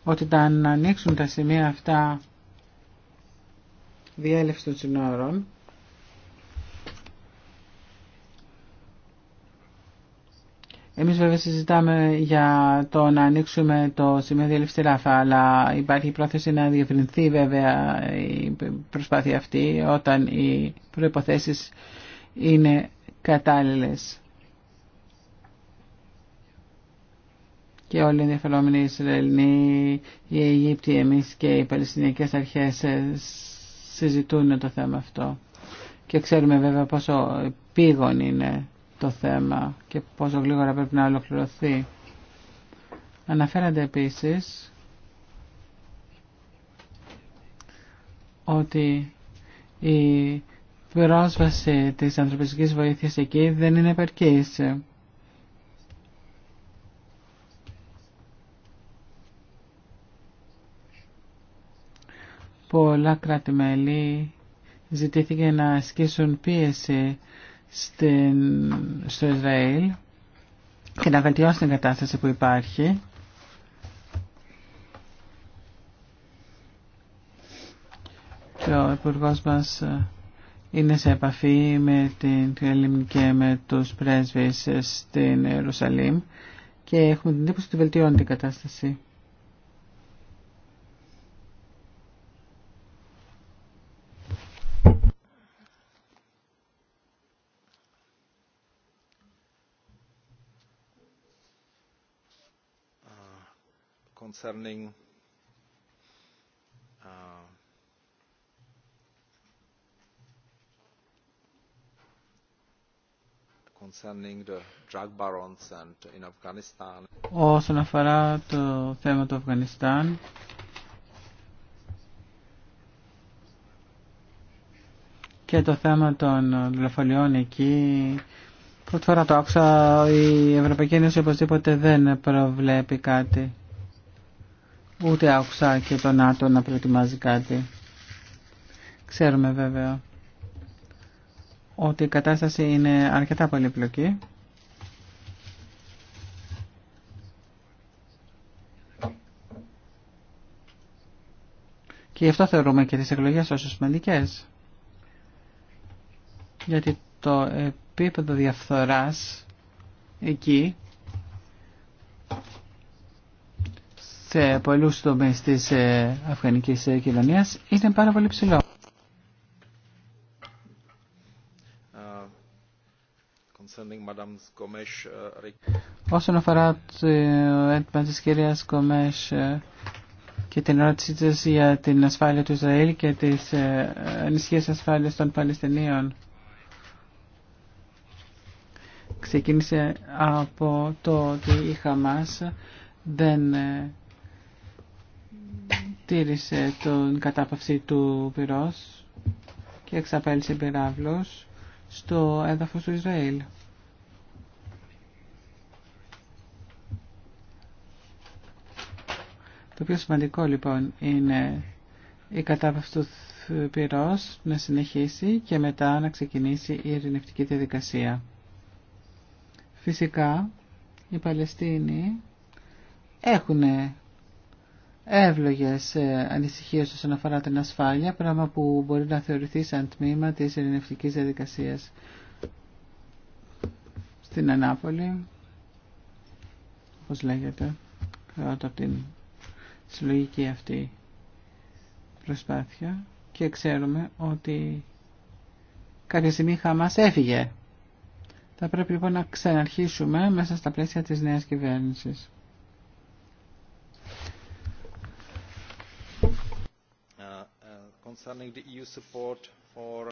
ότι τα να ανοίξουν τα σημεία αυτά διέλευση των συνόρων Εμείς βέβαια συζητάμε για το να ανοίξουμε το σημείο διέλευση ράφα, αλλά υπάρχει πρόθεση να διευρυνθεί βέβαια η προσπάθεια αυτή όταν οι προϋποθέσεις είναι κατάλληλες. και όλοι οι ενδιαφερόμενοι Ισραηλοί, οι Αιγύπτιοι εμείς και οι Παλαιστινιακές αρχές συζητούν το θέμα αυτό. Και ξέρουμε βέβαια πόσο πήγον είναι το θέμα και πόσο γλίγορα πρέπει να ολοκληρωθεί. Αναφέρατε επίσης ότι η πρόσβαση της ανθρωπιστικής βοήθειας εκεί δεν είναι επαρκής. πολλά κράτη-μέλη ζητήθηκε να ασκήσουν πίεση στο Ισραήλ και να βελτιώσουν την κατάσταση που υπάρχει. Και ο υπουργό μα ε, είναι σε επαφή με την Ελληνική και με τους πρέσβεις στην Ιερουσαλήμ και έχουμε την εντύπωση ότι βελτιώνει την κατάσταση. concerning uh, concerning the drug barons and in Afghanistan. Όσον αφορά το θέμα του Αφγανιστάν, και το θέμα των δολοφονιών εκεί. Πρώτη φορά το άκουσα, η Ευρωπαϊκή Ένωση οπωσδήποτε δεν προβλέπει κάτι. Ούτε άκουσα και το ΝΑΤΟ να προετοιμάζει κάτι. Ξέρουμε βέβαια ότι η κατάσταση είναι αρκετά πολύπλοκη. Και γι' αυτό θεωρούμε και τις εκλογές όσο σημαντικέ. Γιατί το επίπεδο διαφθοράς εκεί σε πολλούς τομείς της ε, αφγανικής ε, κοινωνίας είναι πάρα πολύ ψηλό. Uh, uh, Όσον αφορά το ε, έντυπα της κυρίας Κομές και την ερώτησή της για την ασφάλεια του Ισραήλ και τις ενισχύσει ασφάλειας των Παλαιστινίων ξεκίνησε από το ότι η Χαμάς δεν τήρησε τον κατάπαυση του πυρός και εξαπέλυσε πυράβλος στο έδαφος του Ισραήλ. Το πιο σημαντικό λοιπόν είναι η κατάπαυση του πυρός να συνεχίσει και μετά να ξεκινήσει η ειρηνευτική διαδικασία. Φυσικά οι Παλαιστίνοι έχουν εύλογες ε, ανησυχίε όσον αφορά την ασφάλεια, πράγμα που μπορεί να θεωρηθεί σαν τμήμα της ειρηνευτικής διαδικασία στην Ανάπολη, Όπω λέγεται, κάτω από την συλλογική αυτή προσπάθεια και ξέρουμε ότι κάποια στιγμή η έφυγε. Θα πρέπει λοιπόν να ξαναρχίσουμε μέσα στα πλαίσια της νέας κυβέρνησης. concerning the EU support for...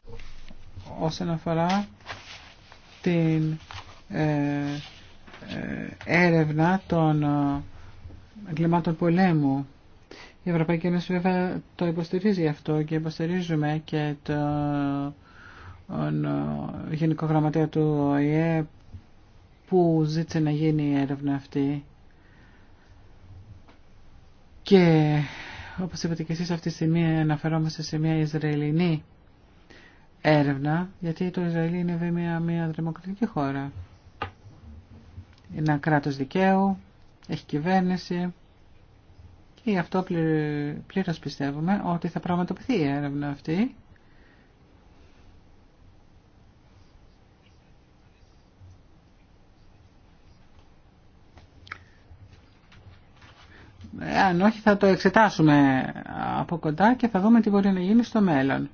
Όσον αφορά την ε, ε έρευνα των ε, εγκλημάτων πολέμου. Η Ευρωπαϊκή Ένωση βέβαια το υποστηρίζει αυτό και υποστηρίζουμε και το ε, Γενικό Γραμματέα του ΟΗΕ που ζήτησε να γίνει η έρευνα αυτή. Και όπως είπατε και εσείς αυτή τη στιγμή αναφερόμαστε σε μια Ισραηλινή έρευνα, γιατί το Ισραήλ είναι βέβαια μια δημοκρατική χώρα. Είναι ένα κράτος δικαίου, έχει κυβέρνηση και γι' αυτό πλήρως πιστεύουμε ότι θα πραγματοποιηθεί η έρευνα αυτή Αν όχι θα το εξετάσουμε από κοντά και θα δούμε τι μπορεί να γίνει στο μέλλον.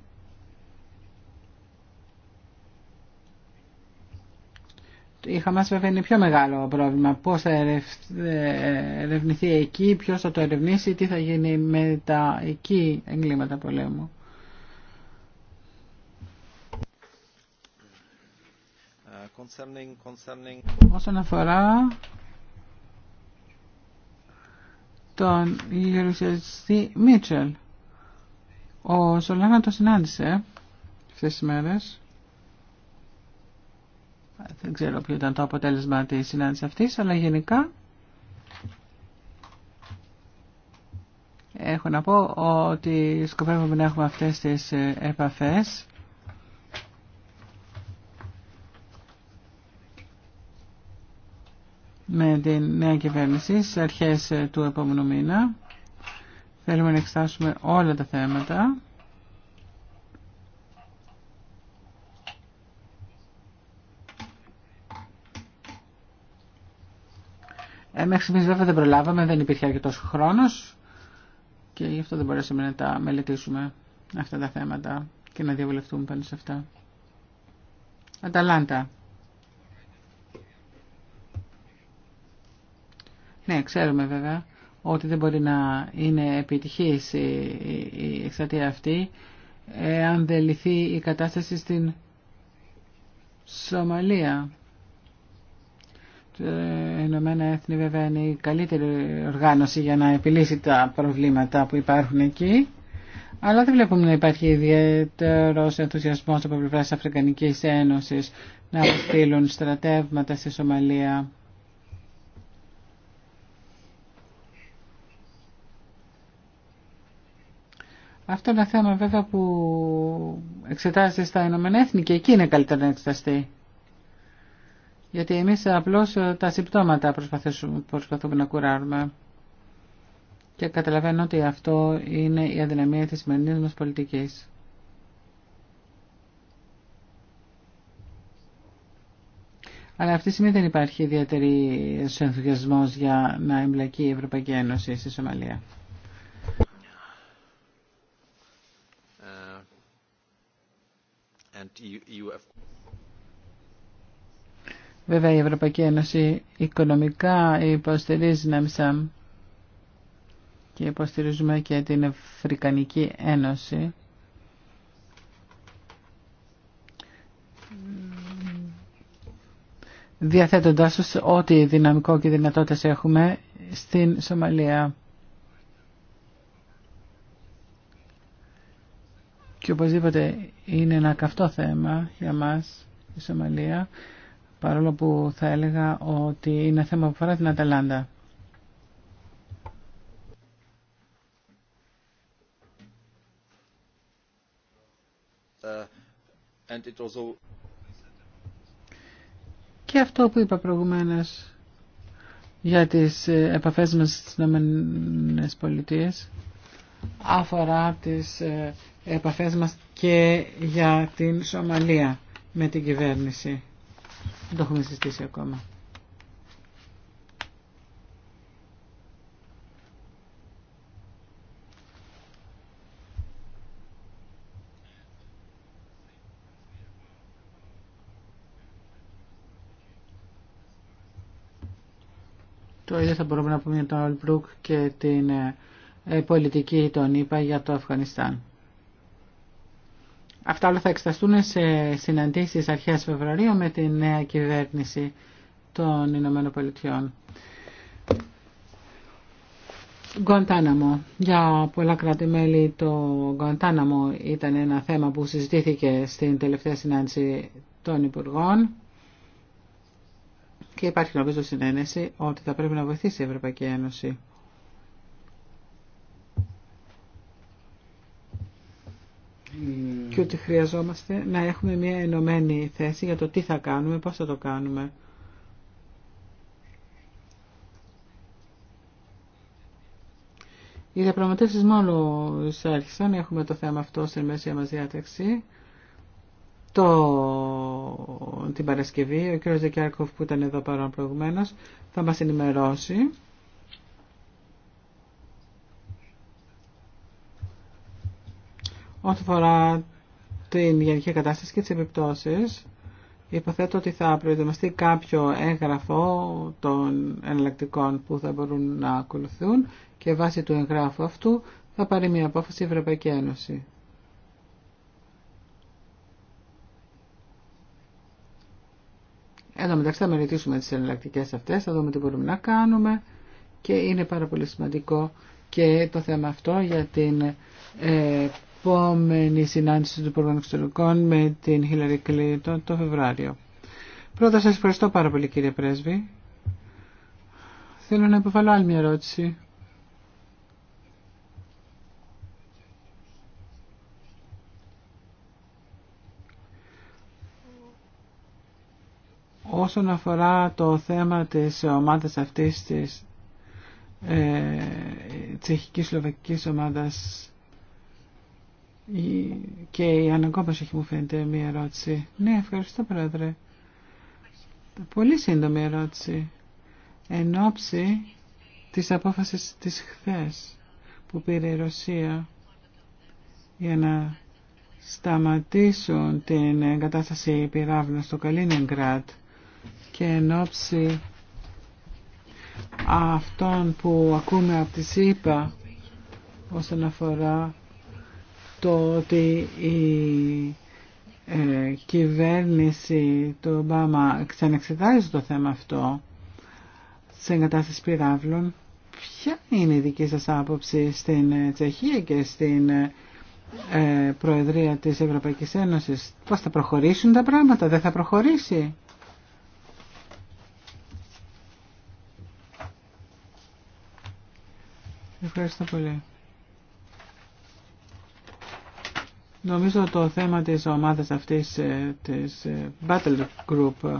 Η Χαμάς βέβαια είναι πιο μεγάλο πρόβλημα. Πώς θα ερευνηθεί εκεί, ποιος θα το ερευνήσει, τι θα γίνει με τα εκεί εγκλήματα πολέμου. Ε, concerning, concerning... Όσον αφορά τον γερουσιαστή Μίτσελ. Ο Σολάνα το συνάντησε αυτές τις μέρες. Δεν ξέρω ποιο ήταν το αποτέλεσμα της συνάντησης αυτή, αλλά γενικά έχω να πω ότι σκοπεύουμε να έχουμε αυτές τις ε, επαφές με την νέα κυβέρνηση στις αρχές ε, του επόμενου μήνα. Θέλουμε να εξετάσουμε όλα τα θέματα. Ε, μέχρι στιγμής βέβαια δεν προλάβαμε, δεν υπήρχε αρκετό χρόνος και γι' αυτό δεν μπορέσαμε να τα μελετήσουμε αυτά τα θέματα και να διαβουλευτούμε πάνω σε αυτά. Αταλάντα. Ναι, ξέρουμε βέβαια ότι δεν μπορεί να είναι επιτυχής η εξατία αυτή αν δεν λυθεί η κατάσταση στην Σομαλία. Το Ηνωμένα Έθνη βέβαια είναι η καλύτερη οργάνωση για να επιλύσει τα προβλήματα που υπάρχουν εκεί. Αλλά δεν βλέπουμε να υπάρχει ιδιαίτερο ενθουσιασμό από πλευρά τη Αφρικανική Ένωση να στείλουν στρατεύματα στη Σομαλία. Αυτό είναι ένα θέμα βέβαια που εξετάζεται στα Ηνωμένα Έθνη και εκεί είναι καλύτερο να εξεταστεί. Γιατί εμείς απλώς ε, τα συμπτώματα προσπαθούμε να κουράρουμε. Και καταλαβαίνω ότι αυτό είναι η αδυναμία της σημερινής μας πολιτικής. Αλλά αυτή τη στιγμή δεν υπάρχει ιδιαίτερη ενθουσιασμό για να εμπλακεί η Ευρωπαϊκή Ένωση στη Σομαλία. E e Βέβαια η Ευρωπαϊκή Ένωση οικονομικά υποστηρίζει ΝΕΜΣΑΜ και υποστηρίζουμε και την Αφρικανική Ένωση. διαθέτοντάς ό,τι δυναμικό και δυνατότητες έχουμε στην Σομαλία. και οπωσδήποτε είναι ένα καυτό θέμα για μας η Σομαλία παρόλο που θα έλεγα ότι είναι θέμα που αφορά την Αταλάντα. Και αυτό που είπα προηγουμένως για τις ε, επαφές μας στις Ηνωμένες αφορά τις ε, επαφές μας και για την Σομαλία με την κυβέρνηση. Δεν το έχουμε συζητήσει ακόμα. Το ίδιο θα μπορούμε να πούμε για τον Ολμπρουκ και την ε, πολιτική τον είπα για το Αφγανιστάν. Αυτά όλα θα εξεταστούν σε συναντήσεις αρχές Φεβρουαρίου με τη νέα κυβέρνηση των Ηνωμένων Πολιτειών. Γκοντάναμο. Για πολλά κράτη-μέλη το Γκοντάναμο ήταν ένα θέμα που συζητήθηκε στην τελευταία συνάντηση των Υπουργών και υπάρχει νομίζω συνένεση ότι θα πρέπει να βοηθήσει η Ευρωπαϊκή Ένωση. και ότι χρειαζόμαστε να έχουμε μια ενωμένη θέση για το τι θα κάνουμε, πώς θα το κάνουμε. Οι διαπραγματεύσει μόνο άρχισαν, έχουμε το θέμα αυτό στην μέση μας διάταξη. Το... Την Παρασκευή, ο κ. Δεκιάρκοφ που ήταν εδώ παρόν προηγουμένως, θα μας ενημερώσει. Ό,τι φορά την γενική κατάσταση και τις επιπτώσεις, υποθέτω ότι θα προετοιμαστεί κάποιο έγγραφο των εναλλακτικών που θα μπορούν να ακολουθούν και βάσει του εγγράφου αυτού θα πάρει μια απόφαση η Ευρωπαϊκή Ένωση. Εδώ μεταξύ θα μελετήσουμε τις εναλλακτικές αυτές, θα δούμε τι μπορούμε να κάνουμε και είναι πάρα πολύ σημαντικό και το θέμα αυτό για την ε, επόμενη συνάντηση του Υπουργού Εξωτερικών με την Χίλαρη Κλίντον το Φεβράριο. Πρώτα σας ευχαριστώ πάρα πολύ κύριε Πρέσβη. Θέλω να υποβάλω άλλη μια ερώτηση. όσον αφορά το θέμα της ομάδας αυτής της ε, τσεχικής-σλοβακικής ομάδας και η Αναγκόμπας έχει μου φαίνεται μία ερώτηση. Ναι, ευχαριστώ πρόεδρε. Πολύ σύντομη ερώτηση. Εν ώψη της απόφασης της χθες που πήρε η Ρωσία για να σταματήσουν την εγκατάσταση πυράβλων στο Καλίνιγκρατ και εν ώψη αυτών που ακούμε από τη ΣΥΠΑ όσον αφορά το ότι η ε, κυβέρνηση του Ομπάμα ξανεξετάζει το θέμα αυτό σε εγκατάσταση πυράβλων. Ποια είναι η δική σας άποψη στην ε, Τσεχία και στην ε, ε, Προεδρία της Ευρωπαϊκής Ένωσης. Πώς θα προχωρήσουν τα πράγματα, δεν θα προχωρήσει. Ευχαριστώ πολύ. Νομίζω το θέμα της ομάδας αυτής ε, της ε, Battle Group ε,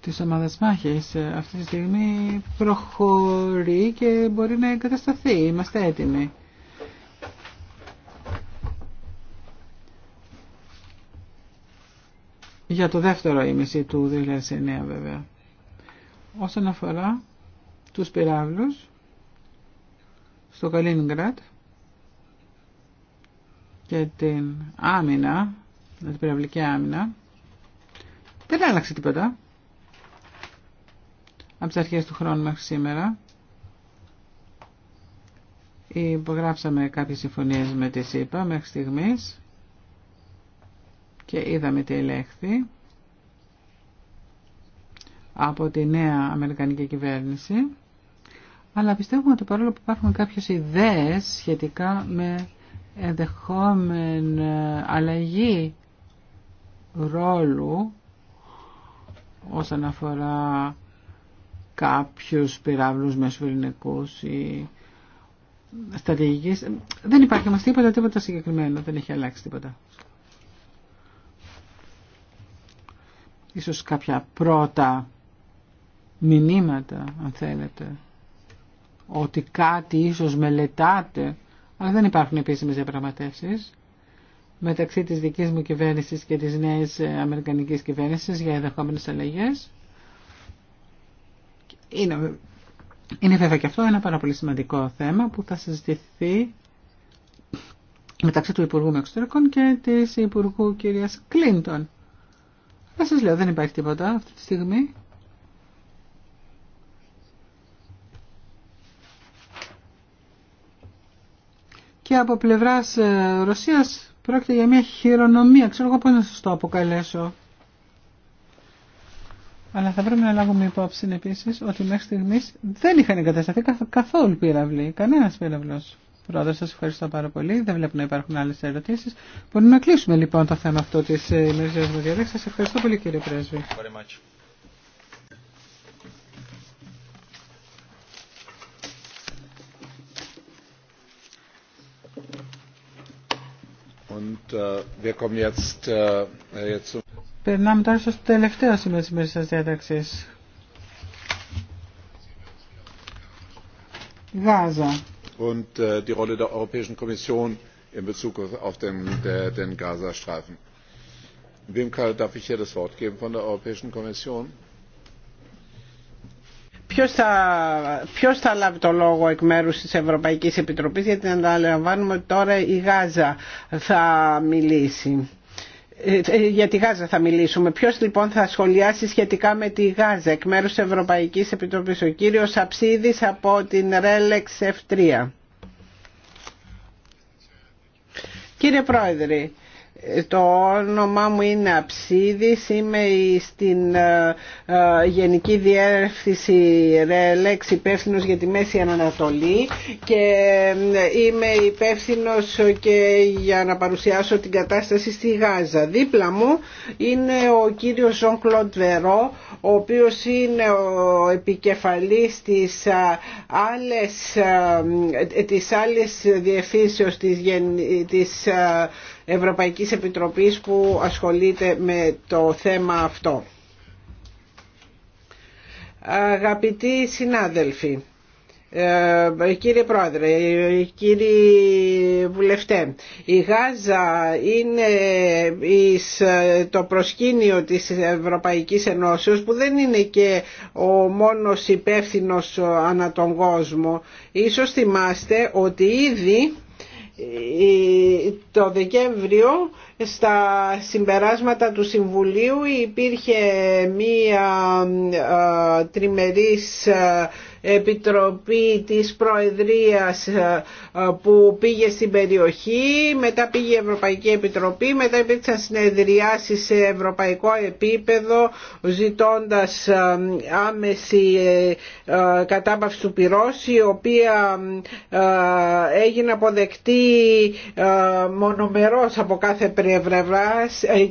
της ομάδας μάχης αυτή τη στιγμή προχωρεί και μπορεί να εγκατασταθεί. Είμαστε έτοιμοι. Για το δεύτερο ήμιση του 2009 βέβαια. Όσον αφορά τους πυράβλους στο Καλίνγκρατ, και την άμυνα, δηλαδή την πυραυλική άμυνα, δεν άλλαξε τίποτα από τις αρχές του χρόνου μέχρι σήμερα. Υπογράψαμε κάποιες συμφωνίες με τη ΣΥΠΑ μέχρι στιγμής και είδαμε τι ελέγχθη από τη νέα Αμερικανική κυβέρνηση. Αλλά πιστεύουμε ότι παρόλο που υπάρχουν κάποιες ιδέες σχετικά με ενδεχόμενη αλλαγή ρόλου όσον αφορά κάποιους πυράβλους μεσοβελληνικούς ή στρατηγικής. Δεν υπάρχει όμως τίποτα, τίποτα συγκεκριμένο, δεν έχει αλλάξει τίποτα. Ίσως κάποια πρώτα μηνύματα, αν θέλετε, ότι κάτι ίσως μελετάτε αλλά δεν υπάρχουν επίσημες διαπραγματεύσει μεταξύ της δικής μου κυβέρνησης και της νέας ε, Αμερικανικής κυβέρνησης για ενδεχόμενες αλλαγές. Είναι, είναι βέβαια και αυτό ένα πάρα πολύ σημαντικό θέμα που θα συζητηθεί μεταξύ του Υπουργού με και της Υπουργού κυρίας Κλίντον. Δεν σας λέω, δεν υπάρχει τίποτα αυτή τη στιγμή. και από πλευράς ε, Ρωσίας πρόκειται για μια χειρονομία. Ξέρω εγώ πώς να σας το αποκαλέσω. Αλλά θα πρέπει να λάβουμε υπόψη επίση ότι μέχρι στιγμή δεν είχαν εγκατασταθεί καθόλου πύραυλοι. Κανένα πύραυλο. Πρόεδρε, σα ευχαριστώ πάρα πολύ. Δεν βλέπω να υπάρχουν άλλε ερωτήσει. Μπορούμε να κλείσουμε λοιπόν το θέμα αυτό τη ε, ημερησία μου διαδέξη. Σα ευχαριστώ πολύ κύριε Πρέσβη. Περνάμε τώρα στο τελευταίο σημείο της ημέρας σας διάταξης. Γάζα. Und äh, die Rolle der Europäischen Kommission in Bezug auf den, der, den Gazastreifen. Wem darf ich hier das Wort geben von der Europäischen Kommission? ποιος θα, θα λάβει το λόγο εκ μέρους της Ευρωπαϊκής Επιτροπής γιατί αναλαμβάνουμε ότι τώρα η Γάζα θα μιλήσει ε, ε, για τη Γάζα θα μιλήσουμε. Ποιος λοιπόν θα σχολιάσει σχετικά με τη Γάζα εκ μέρους της Ευρωπαϊκής Επιτροπής, ο κύριος Αψίδης από την Ρέλεξ F3. Κύριε Πρόεδρε, το όνομά μου είναι Αψίδης, είμαι στην ε, ε, Γενική Διεύθυνση ΡΕΛΕΞ υπεύθυνο για τη Μέση Ανατολή και ε, είμαι υπεύθυνο και για να παρουσιάσω την κατάσταση στη Γάζα. Δίπλα μου είναι ο κύριος Ζων Κλοντ Βερό, ο οποίος είναι ο επικεφαλής της άλλης, της άλλης διευθύνσεως της, της Ευρωπαϊκής Επιτροπής που ασχολείται με το θέμα αυτό. Αγαπητοί συνάδελφοι, ε, κύριε Πρόεδρε, κύριοι βουλευτέ, η Γάζα είναι ε, το προσκήνιο της Ευρωπαϊκής Ενώσεως που δεν είναι και ο μόνος υπεύθυνος ανά τον κόσμο. Ίσως θυμάστε ότι ήδη το Δεκέμβριο στα συμπεράσματα του Συμβουλίου υπήρχε μία τριμερής επιτροπή της Προεδρίας ε, ε, που πήγε στην περιοχή, μετά πήγε η Ευρωπαϊκή Επιτροπή, μετά υπήρξαν συνεδριάσεις σε ευρωπαϊκό επίπεδο ζητώντας ε, άμεση κατάπαυση του πυρός η οποία έγινε αποδεκτή μονομερός από κάθε πλευρά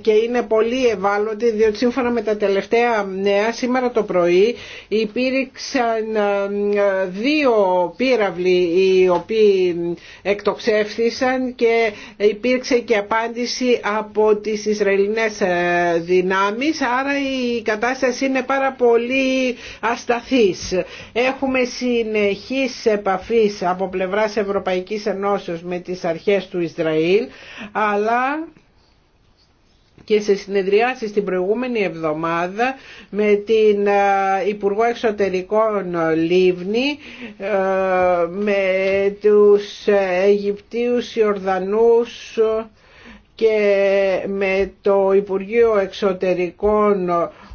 και είναι πολύ ευάλωτη διότι σύμφωνα με τα τελευταία νέα σήμερα το πρωί υπήρξαν δύο πύραυλοι οι οποίοι εκτοξεύθησαν και υπήρξε και απάντηση από τις Ισραηλινές ε, δυνάμεις άρα η κατάσταση είναι πάρα πολύ ασταθής. Έχουμε συνεχείς επαφής από πλευράς Ευρωπαϊκής Ενώσεως με τις αρχές του Ισραήλ αλλά και σε συνεδριάσεις την προηγούμενη εβδομάδα με την ε, Υπουργό Εξωτερικών Λίβνη, ε, με τους Αιγυπτίους, Ιορδανούς και με το Υπουργείο Εξωτερικών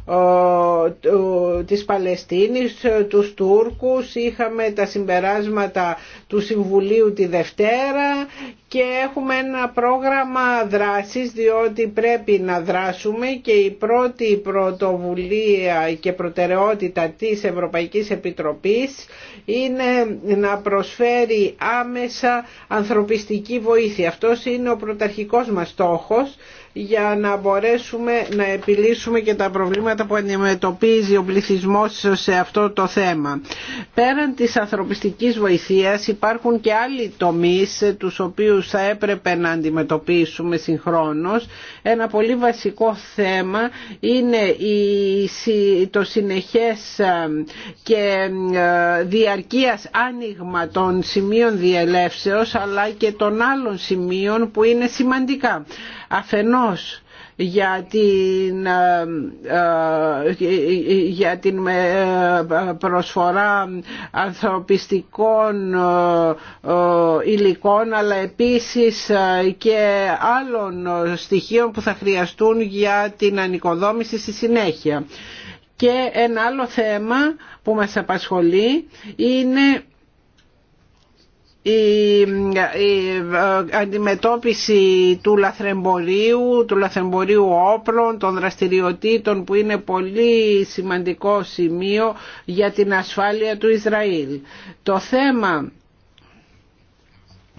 ε, της Παλαιστίνης, ε, τους Τούρκους, είχαμε τα συμπεράσματα του Συμβουλίου τη Δευτέρα και έχουμε ένα πρόγραμμα δράσης διότι πρέπει να δράσουμε και η πρώτη πρωτοβουλία και προτεραιότητα της Ευρωπαϊκής Επιτροπής είναι να προσφέρει άμεσα ανθρωπιστική βοήθεια. Αυτός είναι ο πρωταρχικός μας στόχος για να μπορέσουμε να επιλύσουμε και τα προβλήματα που αντιμετωπίζει ο πληθυσμός σε αυτό το θέμα. Πέραν της ανθρωπιστικής βοηθείας υπάρχουν και άλλοι τομείς ε, τους οποίους θα έπρεπε να αντιμετωπίσουμε συγχρόνως. Ένα πολύ βασικό θέμα είναι το συνεχές ε, και ε, διαρκείας άνοιγμα των σημείων διελεύσεως αλλά και των άλλων σημείων που είναι σημαντικά αφενός για την, ε, ε, για την ε, προσφορά ανθρωπιστικών υλικών αλλά επίσης και άλλων στοιχείων που θα χρειαστούν για την ανοικοδόμηση στη συνέχεια. Και ένα άλλο θέμα που μας απασχολεί είναι η ε, αντιμετώπιση του λαθρεμπορίου, του λαθρεμπορίου όπλων, των δραστηριοτήτων που είναι πολύ σημαντικό σημείο για την ασφάλεια του Ισραήλ. Το θέμα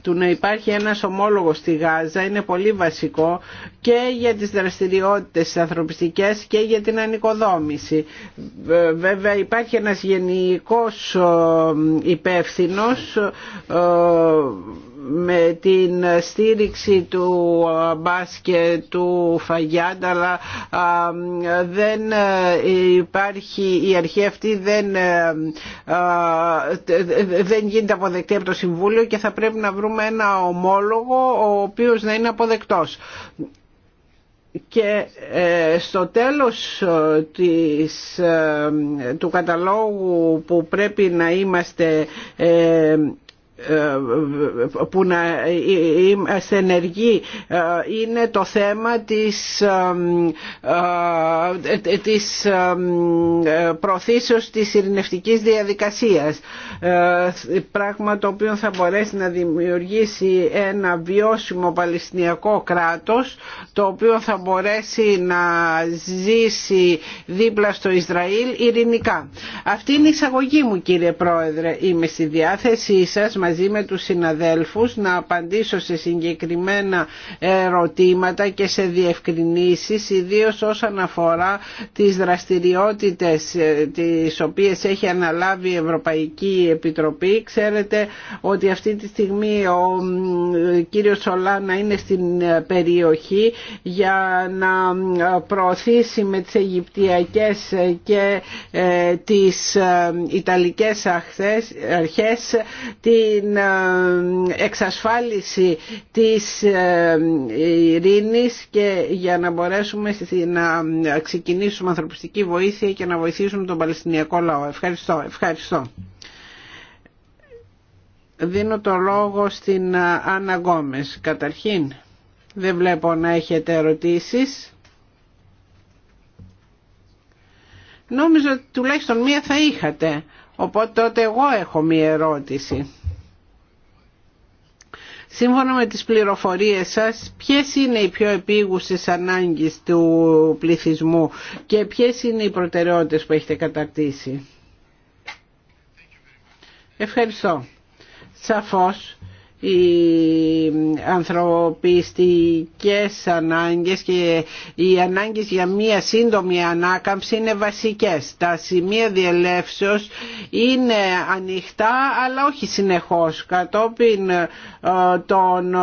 του να υπάρχει ένας ομόλογος στη Γάζα είναι πολύ βασικό και για τις δραστηριότητες τις ανθρωπιστικές και για την ανοικοδόμηση. Βέβαια υπάρχει ένας γενικός ε, υπεύθυνος ε, με την στήριξη του Μπάσκετ του Φαγιάντα δεν ε, υπάρχει η αρχή αυτή δεν, ε, δεν γίνεται αποδεκτή από το Συμβούλιο και θα πρέπει να βρούμε ένα ομόλογο ο οποίος να είναι αποδεκτός και ε, στο τέλος της, του καταλόγου που πρέπει να είμαστε που να είμαστε ενεργοί ε, είναι το θέμα της, ε, ε, της προθήσεως της ειρηνευτικής διαδικασίας πράγμα το οποίο θα μπορέσει να δημιουργήσει ένα βιώσιμο παλαιστινιακό κράτος το οποίο θα μπορέσει να ζήσει δίπλα στο Ισραήλ ειρηνικά. Αυτή είναι η εισαγωγή μου κύριε Πρόεδρε. Είμαι στη διάθεσή σας μαζί μαζί με τους συναδέλφους να απαντήσω σε συγκεκριμένα ερωτήματα και σε διευκρινήσεις ιδίως όσον αφορά τις δραστηριότητες ε, τις οποίες έχει αναλάβει η Ευρωπαϊκή Επιτροπή. Ξέρετε ότι αυτή τη στιγμή ο κύριος Σολάνα είναι στην ε, περιοχή για να ε, προωθήσει με τις Αιγυπτιακές και τις Ιταλικές αρχές τη την ε, εξασφάλιση της ε, ειρήνης και για να μπορέσουμε να ξεκινήσουμε ανθρωπιστική βοήθεια και να βοηθήσουμε τον Παλαιστινιακό λαό. Ευχαριστώ. Ευχαριστώ. Δίνω το λόγο στην ε, Άννα Γκόμες. Καταρχήν δεν βλέπω να έχετε ερωτήσεις. Νόμιζα ότι τουλάχιστον μία θα είχατε. Οπότε τότε εγώ έχω μία ερώτηση σύμφωνα με τις πληροφορίες σας ποιες είναι οι πιο επίγουσες ανάγκες του πληθυσμού και ποιες είναι οι προτεραιότητες που έχετε καταρτήσει. Ευχαριστώ. Σαφώς οι ανθρωπιστικές ανάγκες και οι ανάγκες για μία σύντομη ανάκαμψη είναι βασικές. Τα σημεία διελεύσεως είναι ανοιχτά αλλά όχι συνεχώς. Κατόπιν ε, των,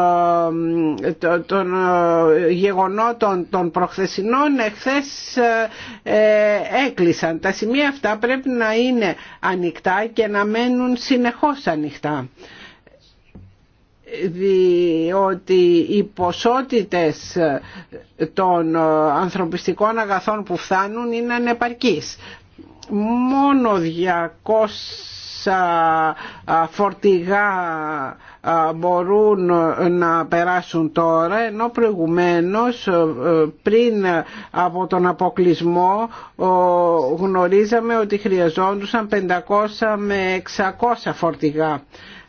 ε, των ε, γεγονότων των προχθεσινών εχθές έκλεισαν. Τα σημεία αυτά πρέπει να είναι ανοιχτά και να μένουν συνεχώς ανοιχτά διότι οι ποσότητες των ανθρωπιστικών αγαθών που φτάνουν είναι ανεπαρκείς. Μόνο 200 φορτηγά μπορούν να περάσουν τώρα ενώ προηγουμένως πριν από τον αποκλεισμό γνωρίζαμε ότι χρειαζόντουσαν 500 με 600 φορτηγά.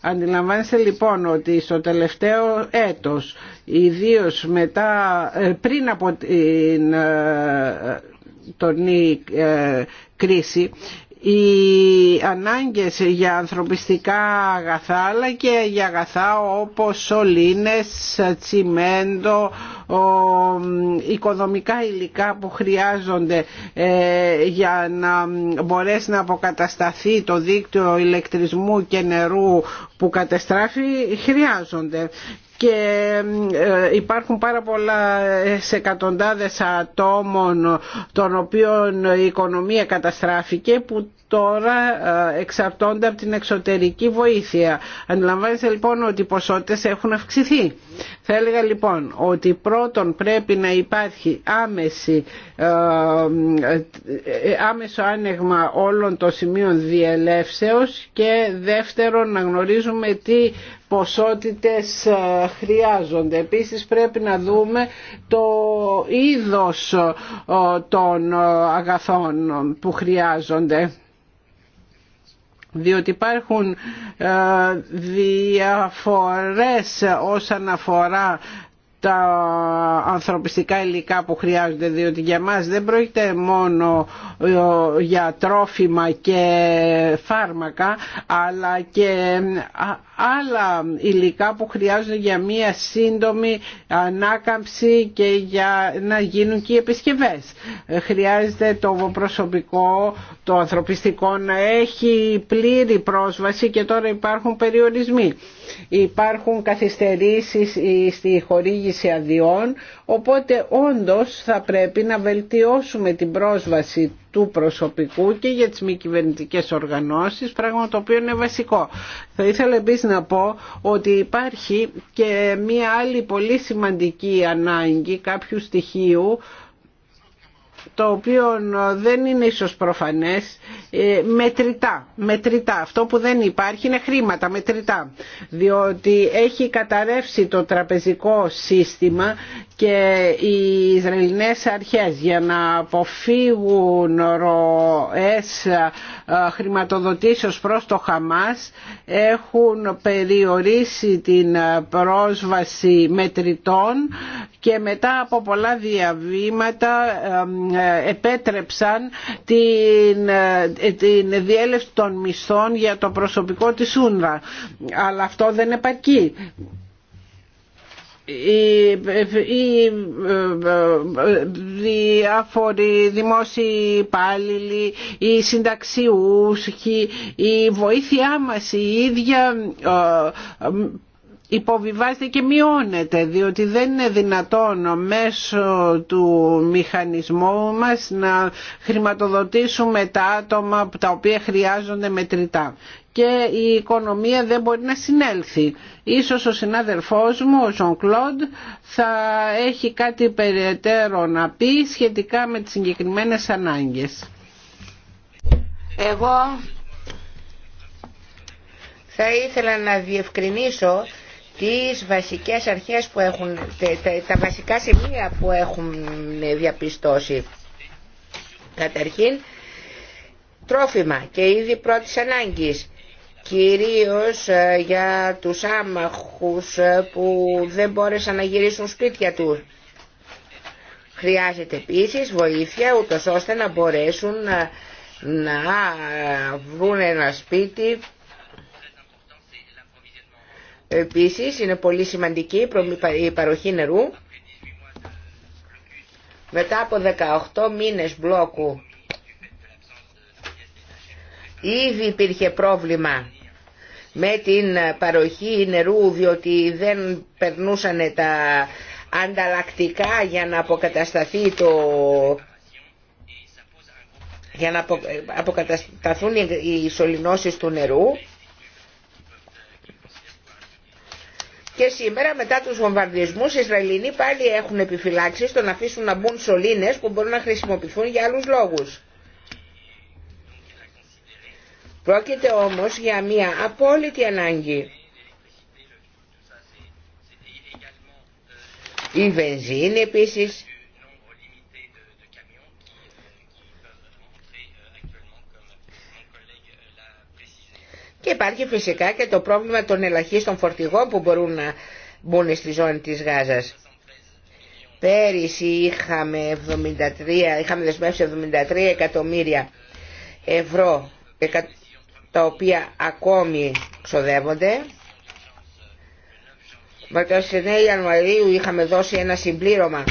Αντιλαμβάνεστε λοιπόν ότι στο τελευταίο έτος, ιδίως μετά, ε, πριν από την ε, ε, τον κρίση οι ανάγκες για ανθρωπιστικά αγαθά αλλά και για αγαθά όπως σωλήνες, τσιμέντο, οικοδομικά υλικά που χρειάζονται ε, για να μπορέσει να αποκατασταθεί το δίκτυο ηλεκτρισμού και νερού που κατεστράφει χρειάζονται και ε, υπάρχουν πάρα πολλά σε εκατοντάδες ατόμων των οποίων η οικονομία καταστράφηκε που τώρα ε, εξαρτώνται από την εξωτερική βοήθεια. Αντιλαμβάνεστε λοιπόν ότι οι ποσότητες έχουν αυξηθεί. Θα έλεγα λοιπόν ότι πρώτον πρέπει να υπάρχει άμεση, ε, ε, άμεσο άνοιγμα όλων των σημείων διελεύσεως και δεύτερον να γνωρίζουμε τι ποσότητες χρειάζονται. Επίσης πρέπει να δούμε το είδος των αγαθών που χρειάζονται διότι υπάρχουν ε, διαφορές όσον αφορά τα ανθρωπιστικά υλικά που χρειάζονται διότι για μας δεν πρόκειται μόνο ε, για τρόφιμα και φάρμακα αλλά και ε, άλλα υλικά που χρειάζονται για μία σύντομη ανάκαμψη και για να γίνουν και οι επισκευές. Ε, χρειάζεται το προσωπικό, το ανθρωπιστικό να έχει πλήρη πρόσβαση και τώρα υπάρχουν περιορισμοί. Υπάρχουν καθυστερήσεις στη χορήγηση αδειών οπότε όντως θα πρέπει να βελτιώσουμε την πρόσβαση του προσωπικού και για τις μη κυβερνητικέ οργανώσεις, πράγμα το οποίο είναι βασικό. Θα ήθελα επίσης να πω ότι υπάρχει και μία άλλη πολύ σημαντική ανάγκη κάποιου στοιχείου το οποίο δεν είναι ίσως προφανές, ε, μετρητά. μετρητά. Αυτό που δεν υπάρχει είναι χρήματα, μετρητά. Διότι έχει καταρρεύσει το τραπεζικό σύστημα και οι Ισραηλινές αρχές για να αποφύγουν ροές ε, χρηματοδοτήσεως προς το Χαμάς έχουν περιορίσει την πρόσβαση μετρητών και μετά από πολλά διαβήματα ε, επέτρεψαν την, ε, την διέλευση των μισθών για το προσωπικό της Ούνρα. Αλλά αυτό δεν επαρκεί οι ε, διάφοροι δημόσιοι υπάλληλοι, οι συνταξιούχοι, η βοήθειά μας η ίδια υποβιβάζεται και μειώνεται διότι δεν είναι δυνατόν μέσω του μηχανισμού μας να χρηματοδοτήσουμε τα άτομα τα οποία χρειάζονται μετρητά και η οικονομία δεν μπορεί να συνέλθει. Ίσως ο συνάδελφός μου, ο Ζων Κλοντ, θα έχει κάτι περαιτέρω να πει σχετικά με τις συγκεκριμένες ανάγκες. Εγώ θα ήθελα να διευκρινίσω τις βασικές αρχές που έχουν, τα, βασικά σημεία που έχουν ε, διαπιστώσει. Καταρχήν, τρόφιμα και είδη πρώτης ανάγκης, κυρίως ε, για τους άμαχους ε, που δεν μπόρεσαν να γυρίσουν σπίτια τους. Χρειάζεται επίσης βοήθεια ούτως ώστε να μπορέσουν να βρουν ένα σπίτι Επίσης είναι πολύ σημαντική η παροχή νερού. Μετά από 18 μήνες μπλόκου ήδη υπήρχε πρόβλημα με την παροχή νερού διότι δεν περνούσαν τα ανταλλακτικά για να αποκατασταθεί το για να αποκατασταθούν οι σωληνώσεις του νερού Και σήμερα μετά τους βομβαρδισμούς οι Ισραηλινοί πάλι έχουν επιφυλάξει στο να αφήσουν να μπουν σωλήνες που μπορούν να χρησιμοποιηθούν για άλλους λόγους. Πρόκειται όμως για μια απόλυτη ανάγκη. Η βενζίνη επίσης Και υπάρχει φυσικά και το πρόβλημα των ελαχίστων φορτηγών που μπορούν να μπουν στη ζώνη της Γάζας. Πέρυσι είχαμε, 73, είχαμε δεσμεύσει 73 εκατομμύρια ευρώ τα οποία ακόμη ξοδεύονται. Με το 9 Ιανουαρίου είχαμε δώσει ένα συμπλήρωμα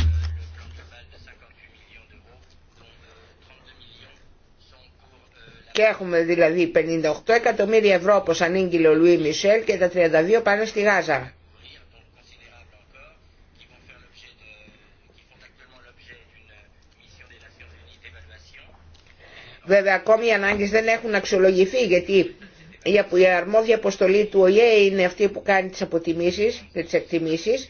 Και έχουμε δηλαδή 58 εκατομμύρια ευρώ όπως ανήγγειλε ο Λουί Μισελ και τα 32 πάνε στη Γάζα. Βέβαια ακόμη οι ανάγκες δεν έχουν αξιολογηθεί γιατί η αρμόδια αποστολή του ΟΗΕ είναι αυτή που κάνει τις αποτιμήσεις και τις εκτιμήσεις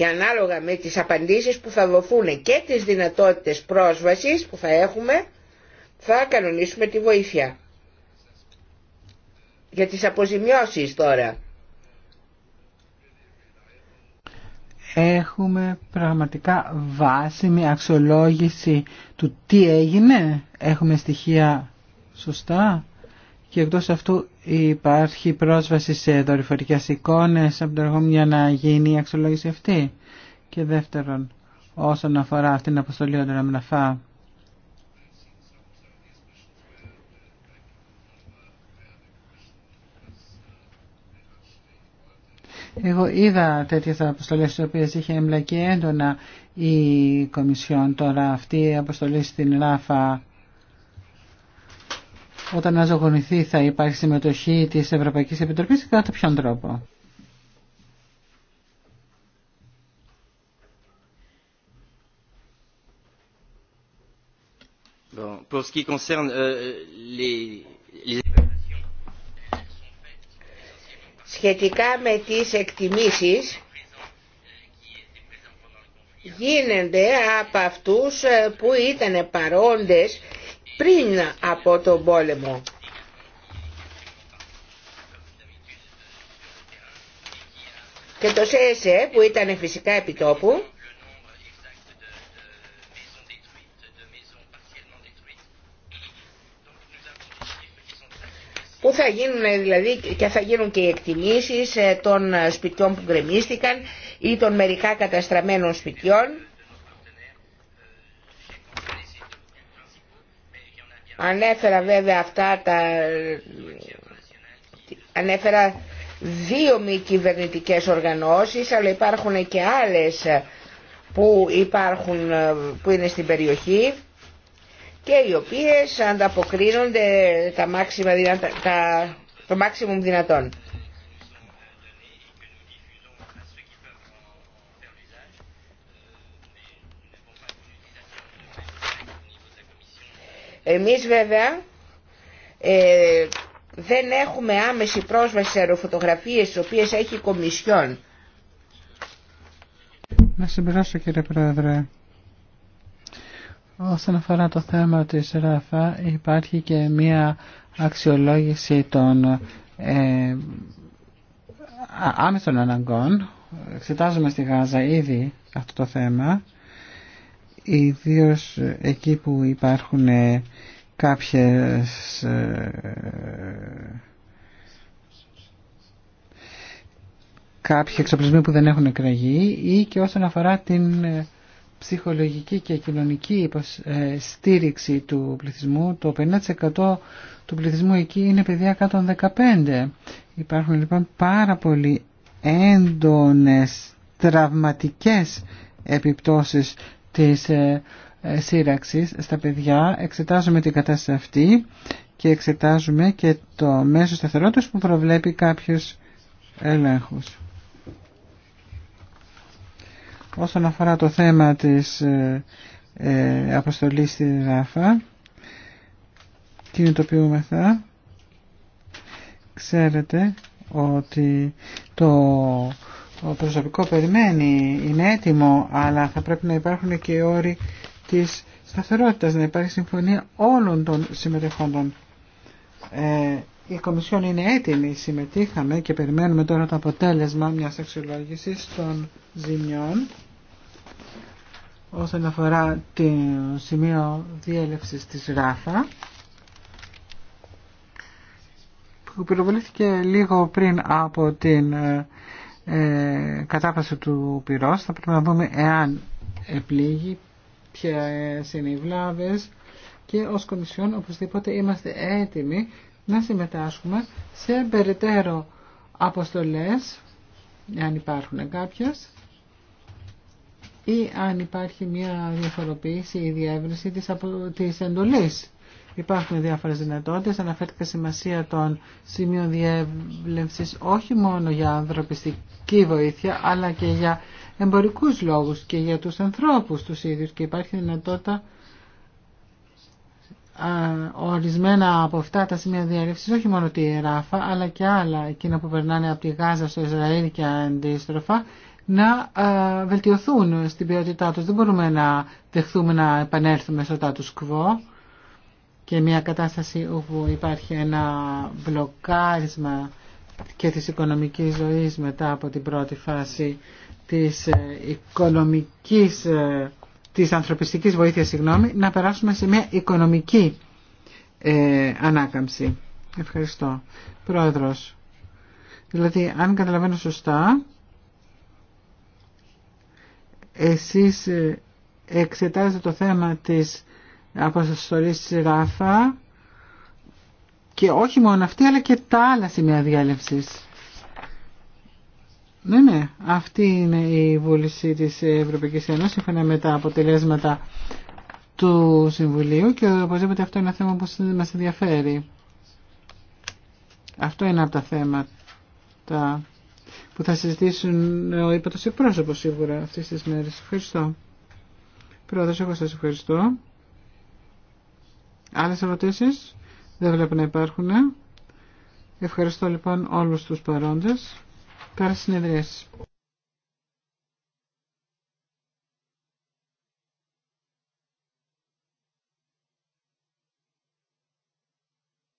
και ανάλογα με τις απαντήσεις που θα δοθούν και τις δυνατότητες πρόσβασης που θα έχουμε θα κανονίσουμε τη βοήθεια. Για τις αποζημιώσεις τώρα. Έχουμε πραγματικά βάσιμη αξιολόγηση του τι έγινε. Έχουμε στοιχεία σωστά. Και εκτός αυτού υπάρχει πρόσβαση σε δορυφορικές εικόνες από τον για να γίνει η αξιολόγηση αυτή. Και δεύτερον, όσον αφορά αυτήν την αποστολή των Αμναφά, Εγώ είδα τέτοιες αποστολές στις οποίες είχε εμπλακεί έντονα η Κομισιόν τώρα αυτή η αποστολή στην Ράφα όταν αναζωογονηθεί θα υπάρχει συμμετοχή της Ευρωπαϊκής Επιτροπής κατά ποιον τρόπο. Euh, Σχετικά με τις εκτιμήσεις γίνονται από αυτούς ε, που ήταν παρόντες πριν από τον πόλεμο. Και το ΣΕΣΕ που ήταν φυσικά επιτόπου που θα γίνουν δηλαδή και θα γίνουν και οι εκτιμήσεις ε, των σπιτιών που γκρεμίστηκαν ή των μερικά καταστραμμένων σπιτιών Ανέφερα βέβαια αυτά τα... Ανέφερα δύο μη κυβερνητικέ οργανώσεις, αλλά υπάρχουν και άλλες που, υπάρχουν, που είναι στην περιοχή και οι οποίες ανταποκρίνονται τα, το μάξιμουμ δυνατόν. Εμείς βέβαια ε, δεν έχουμε άμεση πρόσβαση σε αεροφωτογραφίες τις οποίες έχει η Κομισιόν. Να συμπληρώσω κύριε Πρόεδρε. Όσον αφορά το θέμα της ΡΑΦΑ υπάρχει και μία αξιολόγηση των ε, άμεσων αναγκών. Εξετάζουμε στη Γάζα ήδη αυτό το θέμα ιδίως εκεί που υπάρχουν ε, κάποιες ε, κάποιοι εξοπλισμοί που δεν έχουν εκραγεί ή και όσον αφορά την ε, ψυχολογική και κοινωνική στήριξη του πληθυσμού. Το 50% του πληθυσμού εκεί είναι παιδιά 115. 15. Υπάρχουν λοιπόν πάρα πολύ έντονες τραυματικές επιπτώσεις της ε, ε, σύραξης στα παιδιά. Εξετάζουμε την κατάσταση αυτή και εξετάζουμε και το μέσο σταθερότητας που προβλέπει κάποιος ελέγχους. Όσον αφορά το θέμα της ε, ε, αποστολής στη Ράφα, κινητοποιούμεθα, ξέρετε ότι το ο προσωπικό περιμένει, είναι έτοιμο, αλλά θα πρέπει να υπάρχουν και οι όροι της σταθερότητας, να υπάρχει συμφωνία όλων των συμμετεχόντων. Ε, η Κομισιόν είναι έτοιμη, συμμετείχαμε και περιμένουμε τώρα το αποτέλεσμα μιας αξιολόγησης των ζημιών όσον αφορά το σημείο διέλευσης της ράφα που πυροβολήθηκε λίγο πριν από την ε, ε, του πυρός. Θα πρέπει να δούμε εάν επλήγει, ποιε είναι οι βλάβες και ως Κομισιόν οπωσδήποτε είμαστε έτοιμοι να συμμετάσχουμε σε περαιτέρω αποστολές, αν υπάρχουν κάποιες, ή αν υπάρχει μια διαφοροποίηση ή διεύρυνση της, απο... της εντολής. Υπάρχουν διάφορες δυνατότητες, αναφέρθηκα σημασία των σημείων διεύλευσης όχι μόνο για ανθρωπιστική βοήθεια, αλλά και για εμπορικούς λόγους και για τους ανθρώπους τους ίδιους και υπάρχει δυνατότητα ορισμένα από αυτά τα σημεία διαρρεύσης, όχι μόνο τη Ράφα, αλλά και άλλα, εκείνα που περνάνε από τη Γάζα στο Ισραήλ και αντίστροφα, να βελτιωθούν στην ποιότητά τους. Δεν μπορούμε να δεχθούμε να επανέλθουμε στο τάτους κβό και μια κατάσταση όπου υπάρχει ένα μπλοκάρισμα και της οικονομικής ζωής μετά από την πρώτη φάση της ε, οικονομικής ε, της ανθρωπιστικής βοήθειας συγγνώμη, να περάσουμε σε μια οικονομική ε, ανάκαμψη. Ευχαριστώ. Πρόεδρος. Δηλαδή, αν καταλαβαίνω σωστά, εσείς εξετάζετε το θέμα της αποστολή τη Ράφα και όχι μόνο αυτή αλλά και τα άλλα σημεία διάλευσης. Ναι, ναι, αυτή είναι η βούληση της Ευρωπαϊκής Ένωσης σύμφωνα με τα αποτελέσματα του Συμβουλίου και οπωσδήποτε αυτό είναι ένα θέμα που μας ενδιαφέρει. Αυτό είναι από τα θέματα που θα συζητήσουν ο υπότος εκπρόσωπος σίγουρα αυτές τις μέρες. Ευχαριστώ. Πρόεδρος, εγώ σας ευχαριστώ. Άλλες ερωτήσεις δεν βλέπω να υπάρχουν. Ευχαριστώ λοιπόν όλους τους παρόντες. Καλή συνεδρίαση.